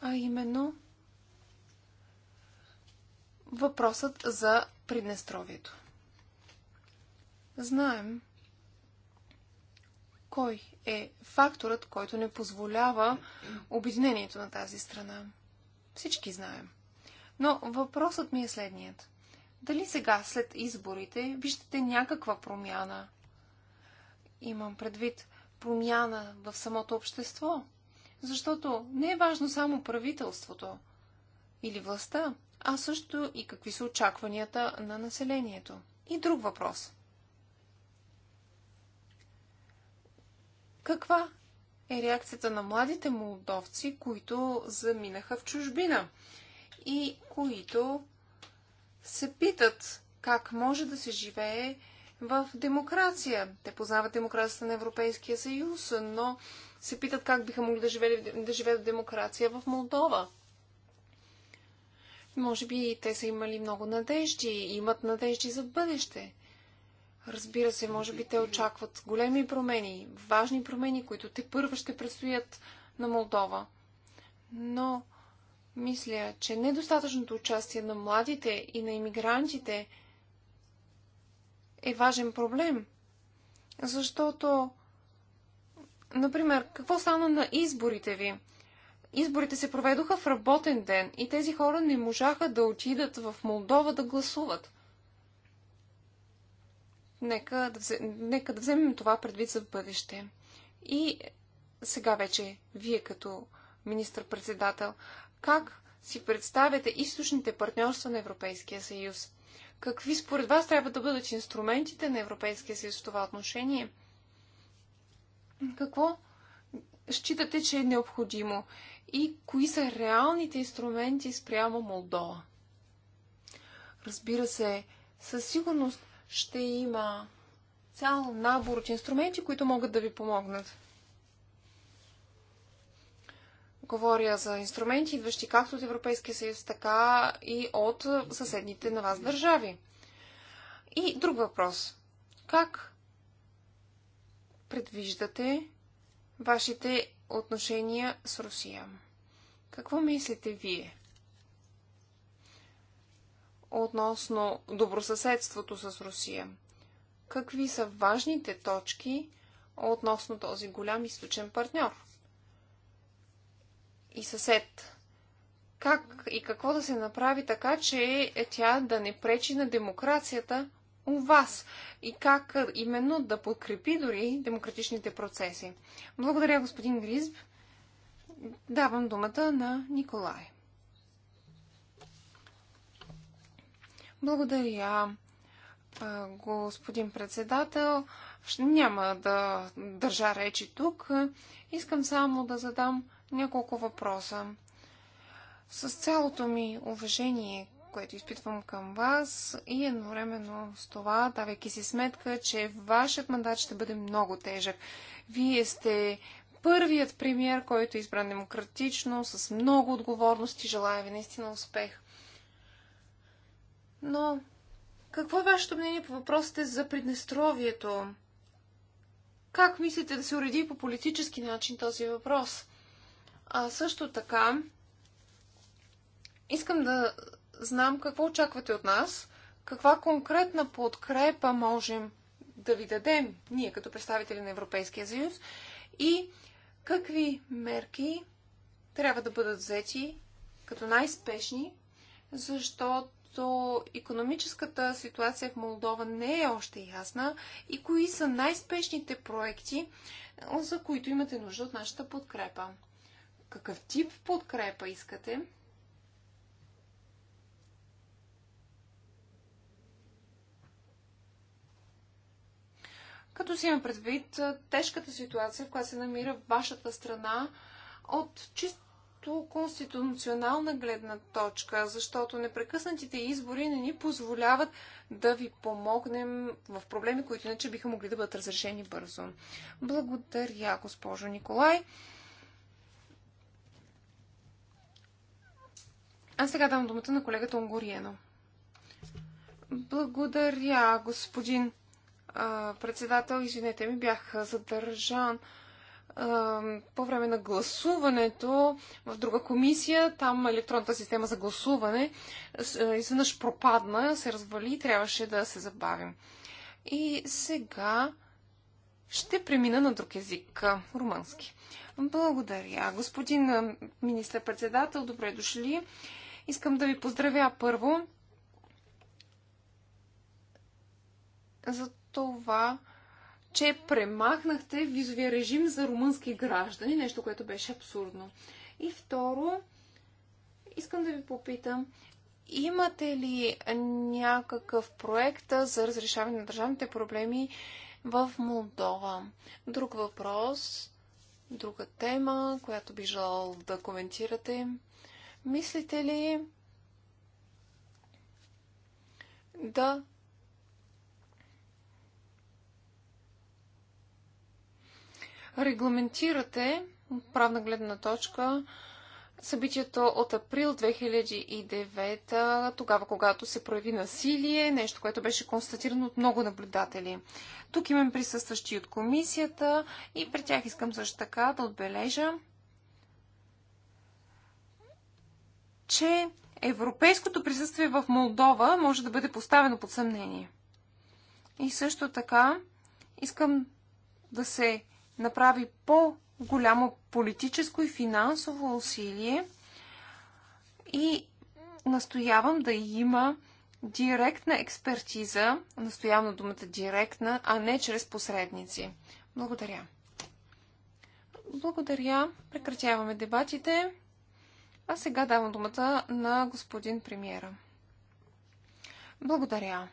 А именно, въпросът за Приднестровието. Знаем кой е факторът, който не позволява обединението на тази страна. Всички знаем. Но въпросът ми е следният. Дали сега, след изборите, виждате някаква промяна? Имам предвид промяна в самото общество. Защото не е важно само правителството или властта, а също и какви са очакванията на населението. И друг въпрос. Каква е реакцията на младите молдовци, които заминаха в чужбина и които се питат как може да се живее в демокрация. Те познават демокрацията на Европейския съюз, но се питат как биха могли да живеят, да живее в демокрация в Молдова. Може би те са имали много надежди, имат надежди за бъдеще. Разбира се, може би те очакват големи промени, важни промени, които те първо ще предстоят на Молдова. Но мисля, че недостатъчното участие на младите и на иммигрантите е важен проблем. Защото, например, какво стана на изборите ви? изборите се проведоха в работен ден и тези хора не можаха да отидат в Молдова да гласуват. Нека да, взем, нека да вземем това предвид за бъдеще. И сега вече, вие като министр-председател, как си представяте източните партньорства на Европейския съюз? Какви според вас трябва да бъдат инструментите на Европейския съюз в това отношение? Какво считате, че е необходимо? и кои са реалните инструменти спрямо Молдова. Разбира се, със сигурност ще има цял набор от инструменти, които могат да ви помогнат. Говоря за инструменти, идващи както от Европейския съюз, така и от съседните на вас държави. И друг въпрос. Как предвиждате вашите отношения с Русия. Какво мислите вие? Относно добросъседството с Русия. Какви са важните точки относно този голям източен партньор? И съсед. Как и какво да се направи така, че тя да не пречи на демокрацията вас и как именно да подкрепи дори демократичните процеси. Благодаря, господин Гризб. Давам думата на Николай. Благодаря, господин председател. Няма да държа речи тук. Искам само да задам няколко въпроса. С цялото ми уважение което изпитвам към вас и едновременно с това, давайки си сметка, че вашият мандат ще бъде много тежък. Вие сте първият премьер, който е избран демократично, с много отговорности. Желая ви наистина успех. Но какво е вашето мнение по въпросите за Приднестровието? Как мислите да се уреди по политически начин този въпрос? А също така, искам да знам какво очаквате от нас, каква конкретна подкрепа можем да ви дадем ние като представители на Европейския съюз и какви мерки трябва да бъдат взети като най-спешни, защото економическата ситуация в Молдова не е още ясна и кои са най-спешните проекти, за които имате нужда от нашата подкрепа. Какъв тип подкрепа искате? като си има предвид тежката ситуация, в която се намира вашата страна от чисто конституционална гледна точка, защото непрекъснатите избори не ни позволяват да ви помогнем в проблеми, които иначе биха могли да бъдат разрешени бързо. Благодаря, госпожо Николай. А сега давам думата на колегата Унгориено. Благодаря, господин председател, извинете ми, бях задържан по време на гласуването в друга комисия. Там електронната система за гласуване изведнъж пропадна, се развали и трябваше да се забавим. И сега ще премина на друг език румънски. Благодаря. Господин министър-председател, добре дошли. Искам да ви поздравя първо за това, че премахнахте визовия режим за румънски граждани, нещо, което беше абсурдно. И второ, искам да ви попитам, имате ли някакъв проект за разрешаване на държавните проблеми в Молдова? Друг въпрос, друга тема, която би желал да коментирате. Мислите ли да регламентирате от правна гледна точка събитието от април 2009, тогава когато се прояви насилие, нещо, което беше констатирано от много наблюдатели. Тук имам присъстващи от комисията и при тях искам също така да отбележа, че европейското присъствие в Молдова може да бъде поставено под съмнение. И също така искам да се направи по-голямо политическо и финансово усилие и настоявам да има директна експертиза, настоявам на думата директна, а не чрез посредници. Благодаря. Благодаря. Прекратяваме дебатите. А сега давам думата на господин премиера. Благодаря.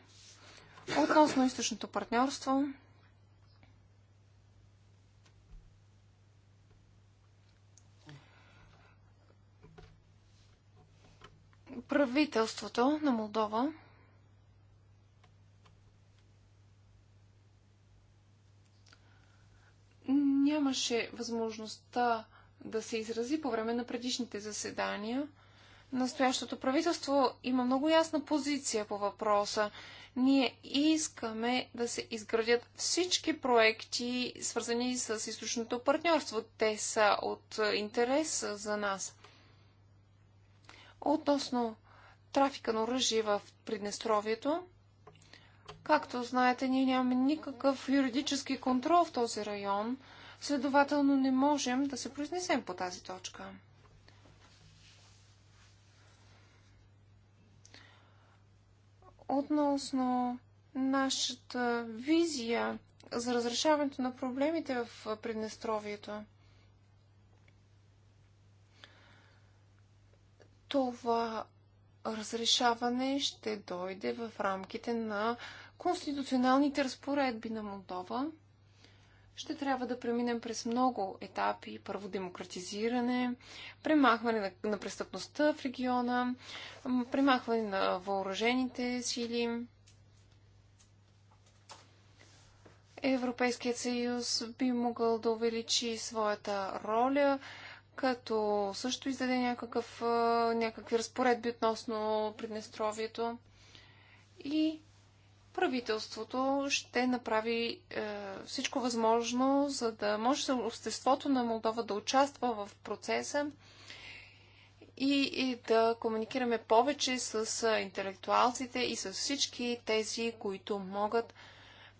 Относно източното партньорство, правителството на Молдова нямаше възможността да се изрази по време на предишните заседания. Настоящото правителство има много ясна позиция по въпроса. Ние искаме да се изградят всички проекти, свързани с източното партньорство. Те са от интерес за нас. Относно трафика на оръжие в Приднестровието, както знаете, ние нямаме никакъв юридически контрол в този район, следователно не можем да се произнесем по тази точка. Относно нашата визия за разрешаването на проблемите в Приднестровието – това разрешаване ще дойде в рамките на конституционалните разпоредби на Молдова. Ще трябва да преминем през много етапи. Първо демократизиране, премахване на, на престъпността в региона, премахване на въоръжените сили. Европейският съюз би могъл да увеличи своята роля като също издаде някакъв, някакви разпоредби относно Приднестровието. И правителството ще направи е, всичко възможно, за да може обществото на Молдова да участва в процеса и, и да комуникираме повече с интелектуалците и с всички тези, които могат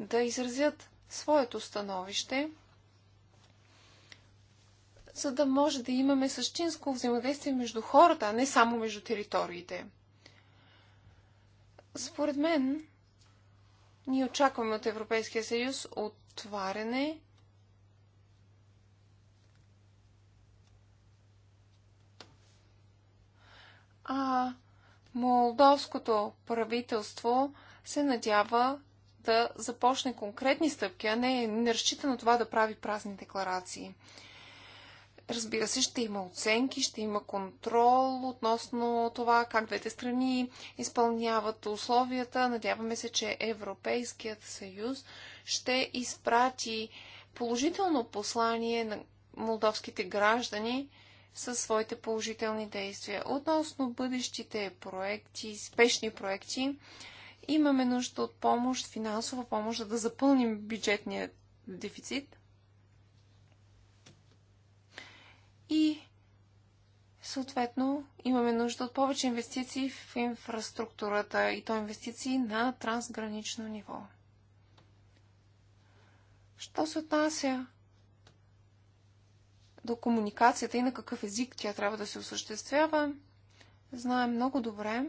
да изразят своето становище за да може да имаме същинско взаимодействие между хората, а не само между териториите. Според мен, ние очакваме от Европейския съюз отваряне а молдовското правителство се надява да започне конкретни стъпки, а не не разчита на това да прави празни декларации. Разбира се, ще има оценки, ще има контрол относно това как двете страни изпълняват условията. Надяваме се, че Европейският съюз ще изпрати положително послание на молдовските граждани със своите положителни действия. Относно бъдещите проекти, спешни проекти, имаме нужда от помощ, финансова помощ, за да запълним бюджетния дефицит. и съответно имаме нужда от повече инвестиции в инфраструктурата и то инвестиции на трансгранично ниво. Що се отнася до комуникацията и на какъв език тя трябва да се осъществява, знаем много добре,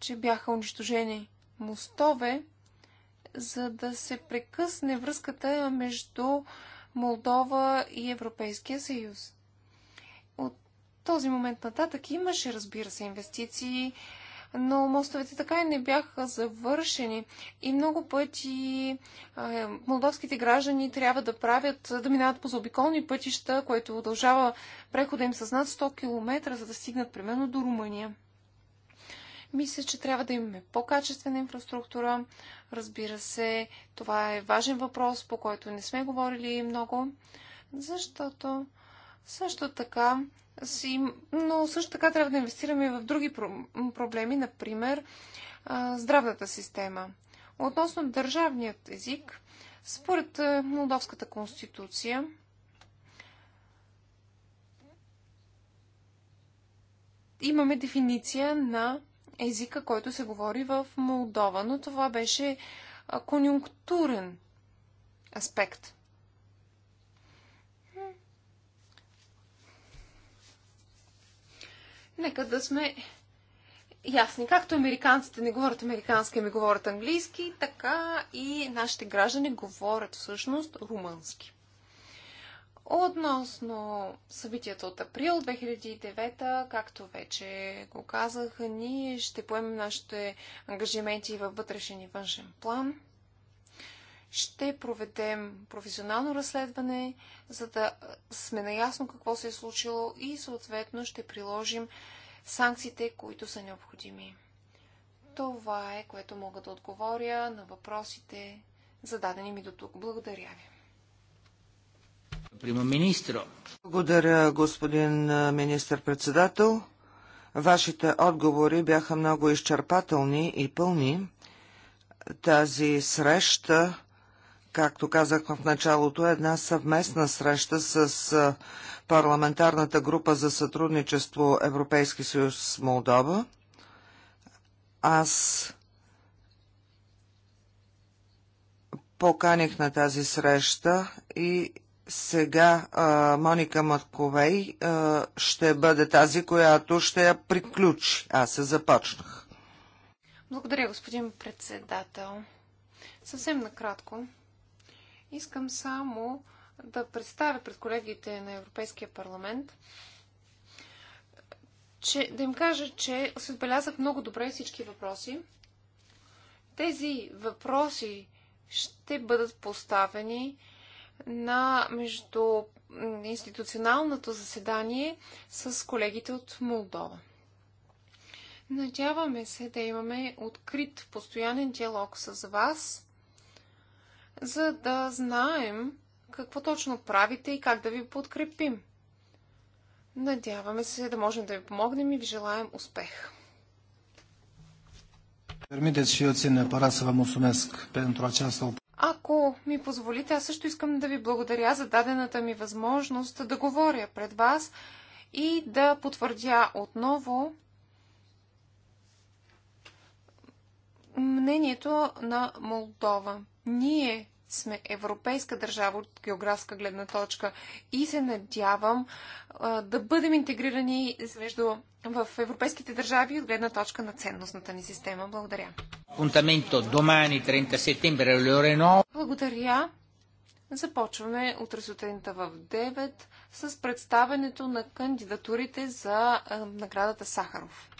че бяха унищожени мостове, за да се прекъсне връзката между Молдова и Европейския съюз. От този момент нататък имаше, разбира се, инвестиции, но мостовете така и не бяха завършени. И много пъти е, молдовските граждани трябва да правят, да минават по заобиколни пътища, което удължава прехода им с над 100 км, за да стигнат примерно до Румъния. Мисля, че трябва да имаме по-качествена инфраструктура. Разбира се, това е важен въпрос, по който не сме говорили много, защото също така си, но също така трябва да инвестираме в други проблеми, например здравната система. Относно държавният език, според Молдовската конституция, имаме дефиниция на езика, който се говори в Молдова, но това беше конюнктурен аспект. Нека да сме ясни. Както американците не говорят американски, ми говорят английски, така и нашите граждани говорят всъщност румънски. Относно събитията от април 2009, както вече го казах, ние ще поемем нашите ангажименти във вътрешен и външен план. Ще проведем професионално разследване, за да сме наясно какво се е случило и съответно ще приложим санкциите, които са необходими. Това е, което мога да отговоря на въпросите, зададени ми до тук. Благодаря ви. Благодаря, господин министр-председател. Вашите отговори бяха много изчерпателни и пълни. Тази среща, както казахме в началото, е една съвместна среща с парламентарната група за сътрудничество Европейски съюз с Молдова. Аз поканих на тази среща и сега а, Моника Матковей а, ще бъде тази, която ще я приключи. Аз се започнах. Благодаря, господин председател. Съвсем накратко. Искам само да представя пред колегите на Европейския парламент, че, да им кажа, че се отбелязах много добре всички въпроси. Тези въпроси ще бъдат поставени на между институционалното заседание с колегите от Молдова. Надяваме се да имаме открит, постоянен диалог с вас, за да знаем какво точно правите и как да ви подкрепим. Надяваме се да можем да ви помогнем и ви желаем успех. Permiteți și eu țin neapărat vă mulțumesc pentru această ако ми позволите, аз също искам да ви благодаря за дадената ми възможност да говоря пред вас и да потвърдя отново мнението на Молдова. Ние сме европейска държава от географска гледна точка и се надявам а, да бъдем интегрирани между, в европейските държави от гледна точка на ценностната ни система. Благодаря. Благодаря. Започваме утре сутринта в 9 с представенето на кандидатурите за наградата Сахаров.